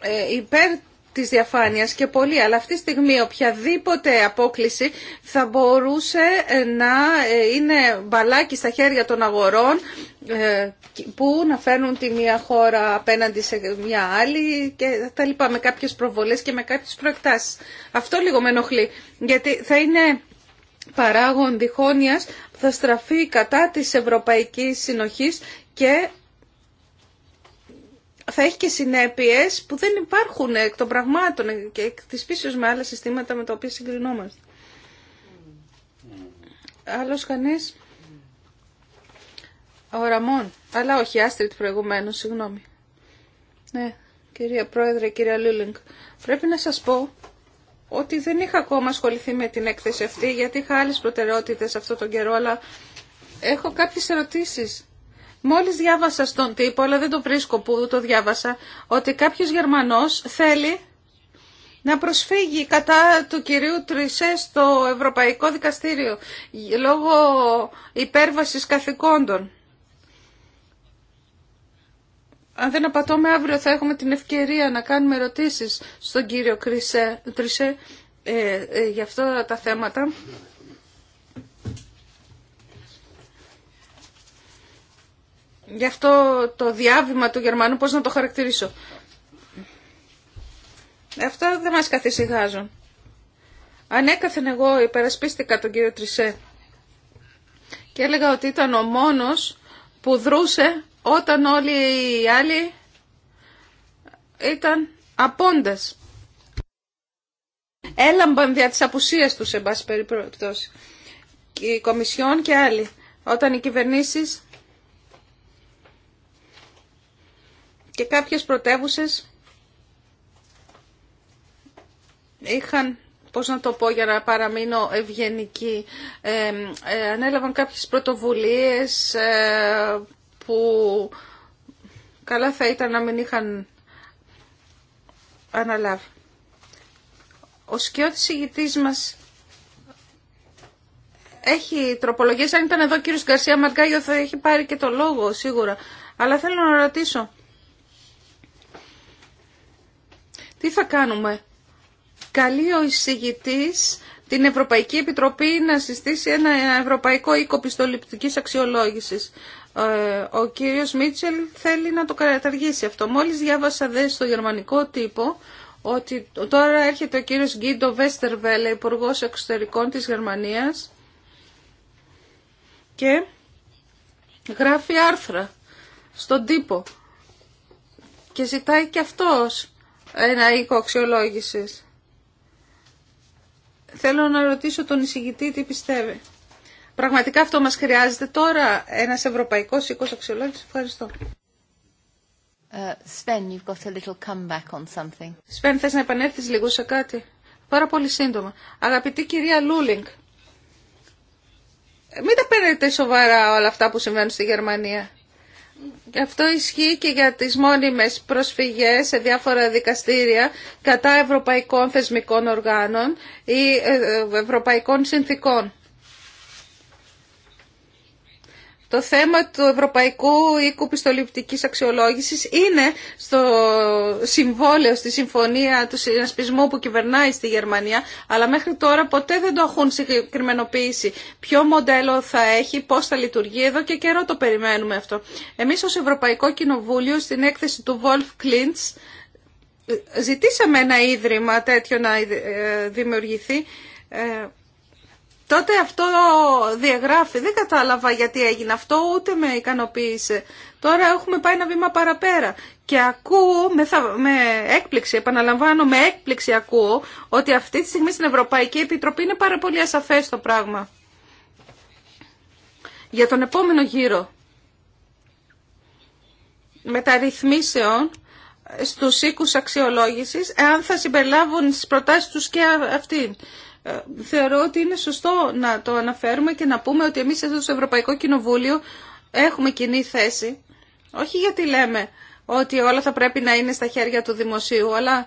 ε, υπέρ Τη διαφάνεια και πολύ, αλλά αυτή τη στιγμή οποιαδήποτε απόκληση θα μπορούσε ε, να ε, είναι μπαλάκι στα χέρια των αγορών ε, που να φέρνουν τη μία χώρα απέναντι σε μια άλλη και τα λοιπά με κάποιες προβολές και με κάποιες προεκτάσεις. Αυτό λίγο με ενοχλεί, γιατί θα είναι παράγον διχόνοιας που θα στραφεί κατά της Ευρωπαϊκής Συνοχής και θα έχει και συνέπειε που δεν υπάρχουν εκ των πραγμάτων και εκ της πίσω με άλλα συστήματα με τα οποία συγκρινόμαστε. Mm. Άλλος κανείς. Ο Αλλά όχι, Άστριτ προηγουμένω, συγγνώμη. Ναι, κυρία Πρόεδρε, κυρία Λούλινγκ. Πρέπει να σας πω ότι δεν είχα ακόμα ασχοληθεί με την έκθεση αυτή, γιατί είχα άλλε προτεραιότητε αυτόν τον καιρό, αλλά έχω κάποιες ερωτήσεις Μόλις διάβασα στον τύπο, αλλά δεν το βρίσκω που το διάβασα, ότι κάποιος Γερμανός θέλει να προσφύγει κατά του κυρίου Τρισέ στο Ευρωπαϊκό Δικαστήριο λόγω υπέρβασης καθηκόντων. Αν δεν απατώμε αύριο θα έχουμε την ευκαιρία να κάνουμε ερωτήσεις στον κύριο Τρισέ ε, ε, για αυτά τα θέματα. Γι' αυτό το διάβημα του Γερμανού, πώς να το χαρακτηρίσω. Αυτά δεν μας καθησυχάζουν. έκαθεν εγώ υπερασπίστηκα τον κύριο Τρισέ και έλεγα ότι ήταν ο μόνος που δρούσε όταν όλοι οι άλλοι ήταν απόντες. Έλαμπαν δια της απουσίας τους, σε πάση περιπτώσει, οι Κομισιόν και άλλοι, όταν οι κυβερνήσεις και κάποιες πρωτεύουσες είχαν, πώς να το πω για να παραμείνω ευγενική, ε, ε, ανέλαβαν κάποιες πρωτοβουλίες ε, που καλά θα ήταν να μην είχαν αναλάβει. Ο σκιώτης ηγητής μας έχει τροπολογίες. Αν ήταν εδώ ο κύριος Γκαρσία Μαργκάγιο θα έχει πάρει και το λόγο σίγουρα. Αλλά θέλω να ρωτήσω. Τι θα κάνουμε. Καλεί ο εισηγητής την Ευρωπαϊκή Επιτροπή να συστήσει ένα ευρωπαϊκό οίκο πιστοληπτικής αξιολόγησης. Ε, ο κύριος Μίτσελ θέλει να το καταργήσει αυτό. Μόλις διάβασα δε στο γερμανικό τύπο ότι τώρα έρχεται ο κύριος Γκίντο Βέστερβέλε, υπουργό Εξωτερικών της Γερμανίας και γράφει άρθρα στον τύπο και ζητάει και αυτός ένα οίκο αξιολόγηση. Θέλω να ρωτήσω τον εισηγητή τι πιστεύει. Πραγματικά αυτό μας χρειάζεται τώρα, ένας ευρωπαϊκός οίκος αξιολόγηση. Ευχαριστώ. Σπεν, got a little comeback on something. θες να επανέλθεις λίγο σε κάτι. Πάρα πολύ σύντομα. Αγαπητή κυρία Λούλινγκ, μην τα παίρνετε σοβαρά όλα αυτά που συμβαίνουν στη Γερμανία. Αυτό ισχύει και για τις μόνιμες προσφυγές σε διάφορα δικαστήρια κατά ευρωπαϊκών θεσμικών οργάνων ή ε, ε, ευρωπαϊκών συνθήκων το θέμα του Ευρωπαϊκού Οίκου Πιστοληπτικής Αξιολόγησης είναι στο συμβόλαιο, στη συμφωνία του συνασπισμού που κυβερνάει στη Γερμανία, αλλά μέχρι τώρα ποτέ δεν το έχουν συγκεκριμενοποιήσει. Ποιο μοντέλο θα έχει, πώς θα λειτουργεί, εδώ και καιρό το περιμένουμε αυτό. Εμείς ως Ευρωπαϊκό Κοινοβούλιο στην έκθεση του Wolf Klintz ζητήσαμε ένα ίδρυμα τέτοιο να ε, δημιουργηθεί ε, Τότε αυτό διαγράφει. Δεν κατάλαβα γιατί έγινε αυτό, ούτε με ικανοποίησε. Τώρα έχουμε πάει ένα βήμα παραπέρα. Και ακούω, με, με έκπληξη, επαναλαμβάνω, με έκπληξη ακούω, ότι αυτή τη στιγμή στην Ευρωπαϊκή Επιτροπή είναι πάρα πολύ ασαφές το πράγμα. Για τον επόμενο γύρο μεταρρυθμίσεων στους οίκους αξιολόγησης, εάν θα συμπεριλάβουν στις προτάσεις τους και αυτή θεωρώ ότι είναι σωστό να το αναφέρουμε και να πούμε ότι εμείς εδώ στο Ευρωπαϊκό Κοινοβούλιο έχουμε κοινή θέση. Όχι γιατί λέμε ότι όλα θα πρέπει να είναι στα χέρια του δημοσίου, αλλά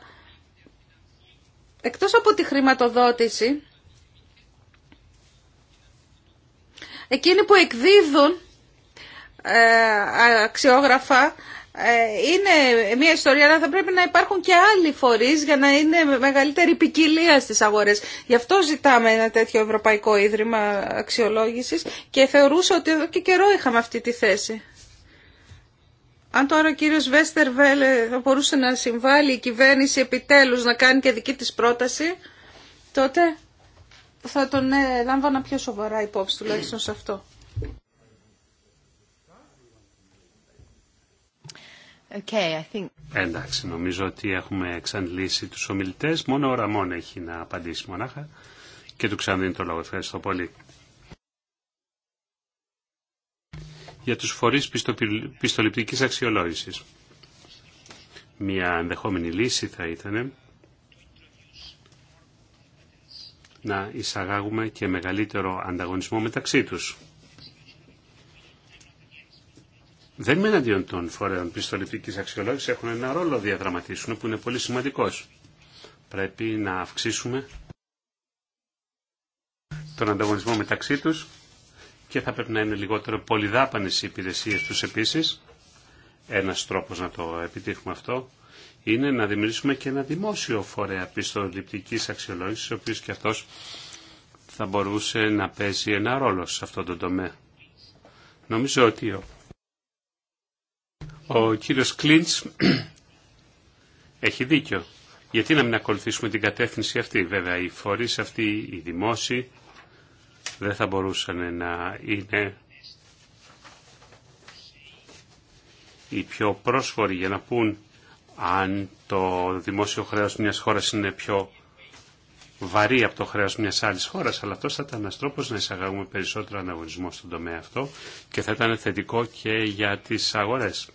εκτός από τη χρηματοδότηση, εκείνοι που εκδίδουν ε, αξιόγραφα ε, είναι μια ιστορία, αλλά θα πρέπει να υπάρχουν και άλλοι φορεί για να είναι μεγαλύτερη ποικιλία στι αγορέ. Γι' αυτό ζητάμε ένα τέτοιο Ευρωπαϊκό Ίδρυμα αξιολόγηση και θεωρούσα ότι εδώ και καιρό είχαμε αυτή τη θέση. Αν τώρα ο κύριος Βέστερ θα μπορούσε να συμβάλλει η κυβέρνηση επιτέλους να κάνει και δική της πρόταση, τότε θα τον ε, λάμβανα πιο σοβαρά υπόψη τουλάχιστον σε αυτό. Okay, I Εντάξει, νομίζω ότι έχουμε εξαντλήσει τους ομιλητές. Μόνο ο Ραμόν έχει να απαντήσει μονάχα και του ξαναδίνει το λόγο. Ευχαριστώ πολύ. Για τους φορείς πιστοληπτικής αξιολόγησης. Μια ενδεχόμενη λύση θα ήταν να εισαγάγουμε και μεγαλύτερο ανταγωνισμό μεταξύ τους. Δεν είμαι εναντίον των φορέων πιστοληπτικής αξιολόγησης, έχουν ένα ρόλο διαδραματίσουν που είναι πολύ σημαντικός. Πρέπει να αυξήσουμε τον ανταγωνισμό μεταξύ τους και θα πρέπει να είναι λιγότερο πολυδάπανες οι υπηρεσίε τους επίσης. Ένας τρόπος να το επιτύχουμε αυτό είναι να δημιουργήσουμε και ένα δημόσιο φορέα πιστοληπτικής αξιολόγηση, ο οποίο και αυτός θα μπορούσε να παίζει ένα ρόλο σε αυτό το τομέα. Νομίζω ότι ο κύριος Κλίντς έχει δίκιο. Γιατί να μην ακολουθήσουμε την κατεύθυνση αυτή. Βέβαια οι φορείς αυτοί, οι δημόσιοι, δεν θα μπορούσαν να είναι οι πιο πρόσφοροι για να πούν αν το δημόσιο χρέος μιας χώρας είναι πιο βαρύ από το χρέος μιας άλλης χώρας, αλλά αυτό θα ήταν ένας τρόπος να εισαγάγουμε περισσότερο αναγωνισμό στον τομέα αυτό και θα ήταν θετικό και για τις αγορές.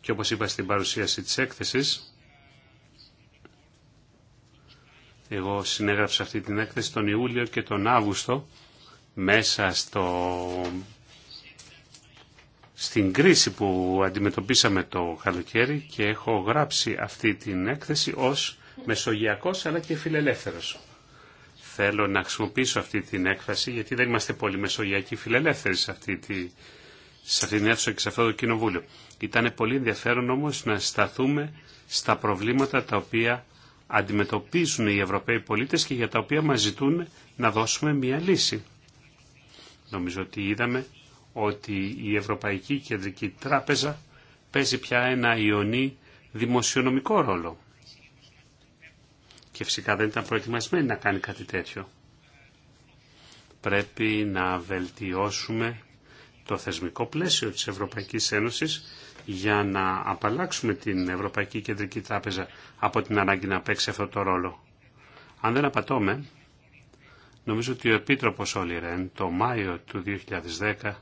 και όπως είπα στην παρουσίαση της έκθεσης, εγώ συνέγραψα αυτή την έκθεση τον Ιούλιο και τον Αύγουστο μέσα στο... στην κρίση που αντιμετωπίσαμε το καλοκαίρι και έχω γράψει αυτή την έκθεση ως μεσογειακός αλλά και φιλελεύθερος. Θέλω να χρησιμοποιήσω αυτή την έκφραση γιατί δεν είμαστε πολύ μεσογειακοί φιλελεύθεροι σε αυτή, την αίθουσα και σε αυτό το κοινοβούλιο. Ήταν πολύ ενδιαφέρον όμως να σταθούμε στα προβλήματα τα οποία αντιμετωπίζουν οι Ευρωπαίοι πολίτες και για τα οποία μας ζητούν να δώσουμε μια λύση. Νομίζω ότι είδαμε ότι η Ευρωπαϊκή Κεντρική Τράπεζα παίζει πια ένα ιονί δημοσιονομικό ρόλο. Και φυσικά δεν ήταν προετοιμασμένη να κάνει κάτι τέτοιο. Πρέπει να βελτιώσουμε το θεσμικό πλαίσιο της Ευρωπαϊκής Ένωσης για να απαλλάξουμε την Ευρωπαϊκή Κεντρική Τράπεζα από την ανάγκη να παίξει αυτό το ρόλο. Αν δεν απατώμε, νομίζω ότι ο Επίτροπος ολιρέν, το Μάιο του 2010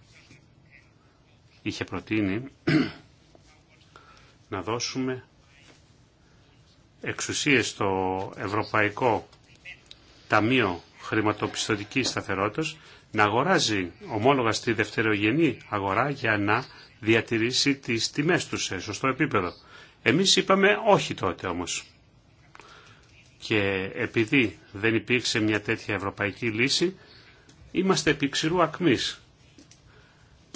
είχε προτείνει να δώσουμε εξουσίες στο Ευρωπαϊκό Ταμείο Χρηματοπιστωτικής Σταθερότητας να αγοράζει ομόλογα στη δευτερογενή αγορά για να διατηρήσει τις τιμές τους σε σωστό επίπεδο. Εμείς είπαμε όχι τότε όμως. Και επειδή δεν υπήρξε μια τέτοια ευρωπαϊκή λύση, είμαστε επί ξηρού ακμής.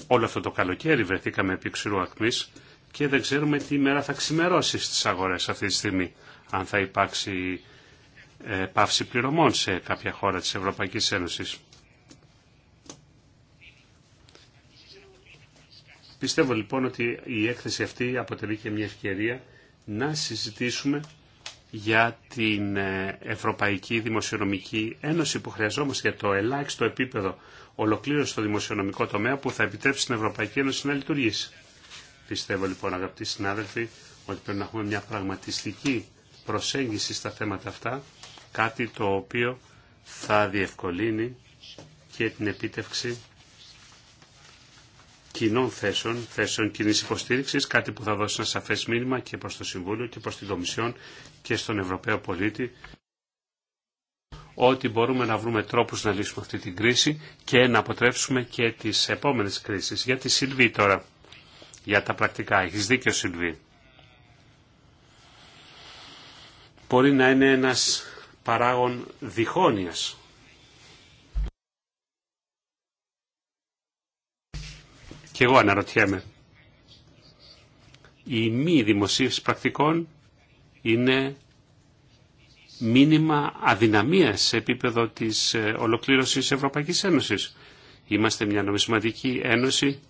Όλο αυτό το καλοκαίρι βρεθήκαμε επί ξηρού ακμής και δεν ξέρουμε τι μέρα θα ξημερώσει στις αγορές αυτή τη στιγμή, αν θα υπάρξει ε, πάυση πληρωμών σε κάποια χώρα της Ευρωπαϊκής Ένωσης. Πιστεύω λοιπόν ότι η έκθεση αυτή αποτελεί και μια ευκαιρία να συζητήσουμε για την ε, Ευρωπαϊκή Δημοσιονομική Ένωση που χρειαζόμαστε για το ελάχιστο επίπεδο ολοκλήρωση στο δημοσιονομικό τομέα που θα επιτρέψει στην Ευρωπαϊκή Ένωση να λειτουργήσει. Πιστεύω λοιπόν αγαπητοί συνάδελφοι ότι πρέπει να έχουμε μια πραγματιστική προσέγγιση στα θέματα αυτά, κάτι το οποίο θα διευκολύνει και την επίτευξη κοινών θέσεων, θέσεων κοινή υποστήριξη, κάτι που θα δώσει ένα σαφέ μήνυμα και προ το Συμβούλιο και προ την Κομισιόν και στον Ευρωπαίο πολίτη ότι μπορούμε να βρούμε τρόπους να λύσουμε αυτή την κρίση και να αποτρέψουμε και τις επόμενες κρίσεις. Για τη Σιλβή τώρα, για τα πρακτικά. Έχεις δίκιο Σιλβή. Μπορεί να είναι ένας παράγων διχόνοιας Και εγώ αναρωτιέμαι. Η μη δημοσίευση πρακτικών είναι μήνυμα αδυναμίας σε επίπεδο της ε, ολοκλήρωσης Ευρωπαϊκής Ένωσης. Είμαστε μια νομισματική ένωση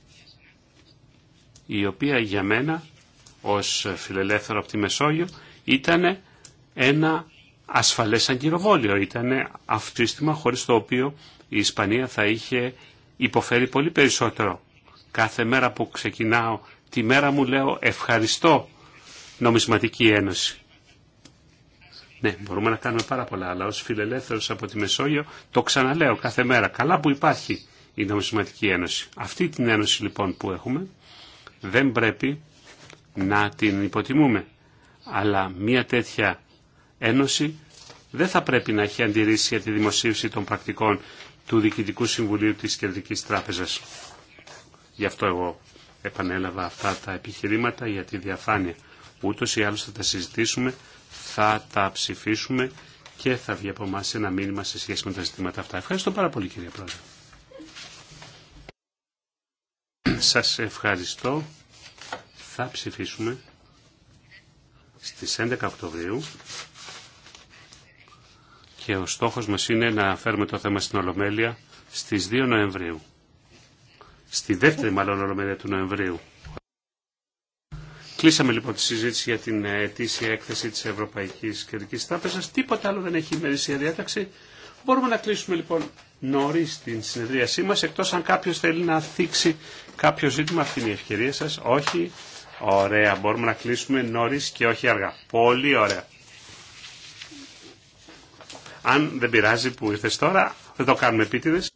η οποία για μένα ως φιλελεύθερο από τη Μεσόγειο ήταν ένα ασφαλές αγκυροβόλιο. Ήταν αυτοίστημα χωρίς το οποίο η Ισπανία θα είχε υποφέρει πολύ περισσότερο. Κάθε μέρα που ξεκινάω τη μέρα μου λέω ευχαριστώ νομισματική ένωση. Ναι, μπορούμε να κάνουμε πάρα πολλά, αλλά ως φιλελεύθερος από τη Μεσόγειο το ξαναλέω κάθε μέρα. Καλά που υπάρχει η νομισματική ένωση. Αυτή την ένωση λοιπόν που έχουμε δεν πρέπει να την υποτιμούμε. Αλλά μια τέτοια ένωση δεν θα πρέπει να έχει αντιρρήσει για τη δημοσίευση των πρακτικών του Διοικητικού Συμβουλίου της Κεντρικής Τράπεζας. Γι' αυτό εγώ επανέλαβα αυτά τα επιχειρήματα για τη διαφάνεια. ούτω, ή άλλω θα τα συζητήσουμε, θα τα ψηφίσουμε και θα βγει από εμά ένα μήνυμα σε σχέση με τα ζητήματα αυτά. Ευχαριστώ πάρα πολύ κύριε Πρόεδρε. Σας ευχαριστώ. Θα ψηφίσουμε στις 11 Οκτωβρίου και ο στόχος μας είναι να φέρουμε το θέμα στην Ολομέλεια στις 2 Νοεμβρίου στη δεύτερη μάλλον ολομέλεια του Νοεμβρίου. Κλείσαμε λοιπόν τη συζήτηση για την ε, ετήσια έκθεση της Ευρωπαϊκής Κεντρικής Τράπεζας. Τίποτα άλλο δεν έχει ημερησία διάταξη. Μπορούμε να κλείσουμε λοιπόν νωρί την συνεδρίασή μας, εκτός αν κάποιος θέλει να θίξει κάποιο ζήτημα. Αυτή είναι η ευκαιρία σας. Όχι. Ωραία. Μπορούμε να κλείσουμε νωρί και όχι αργά. Πολύ ωραία. Αν δεν πειράζει που ήρθες τώρα, δεν το κάνουμε επίτηδες.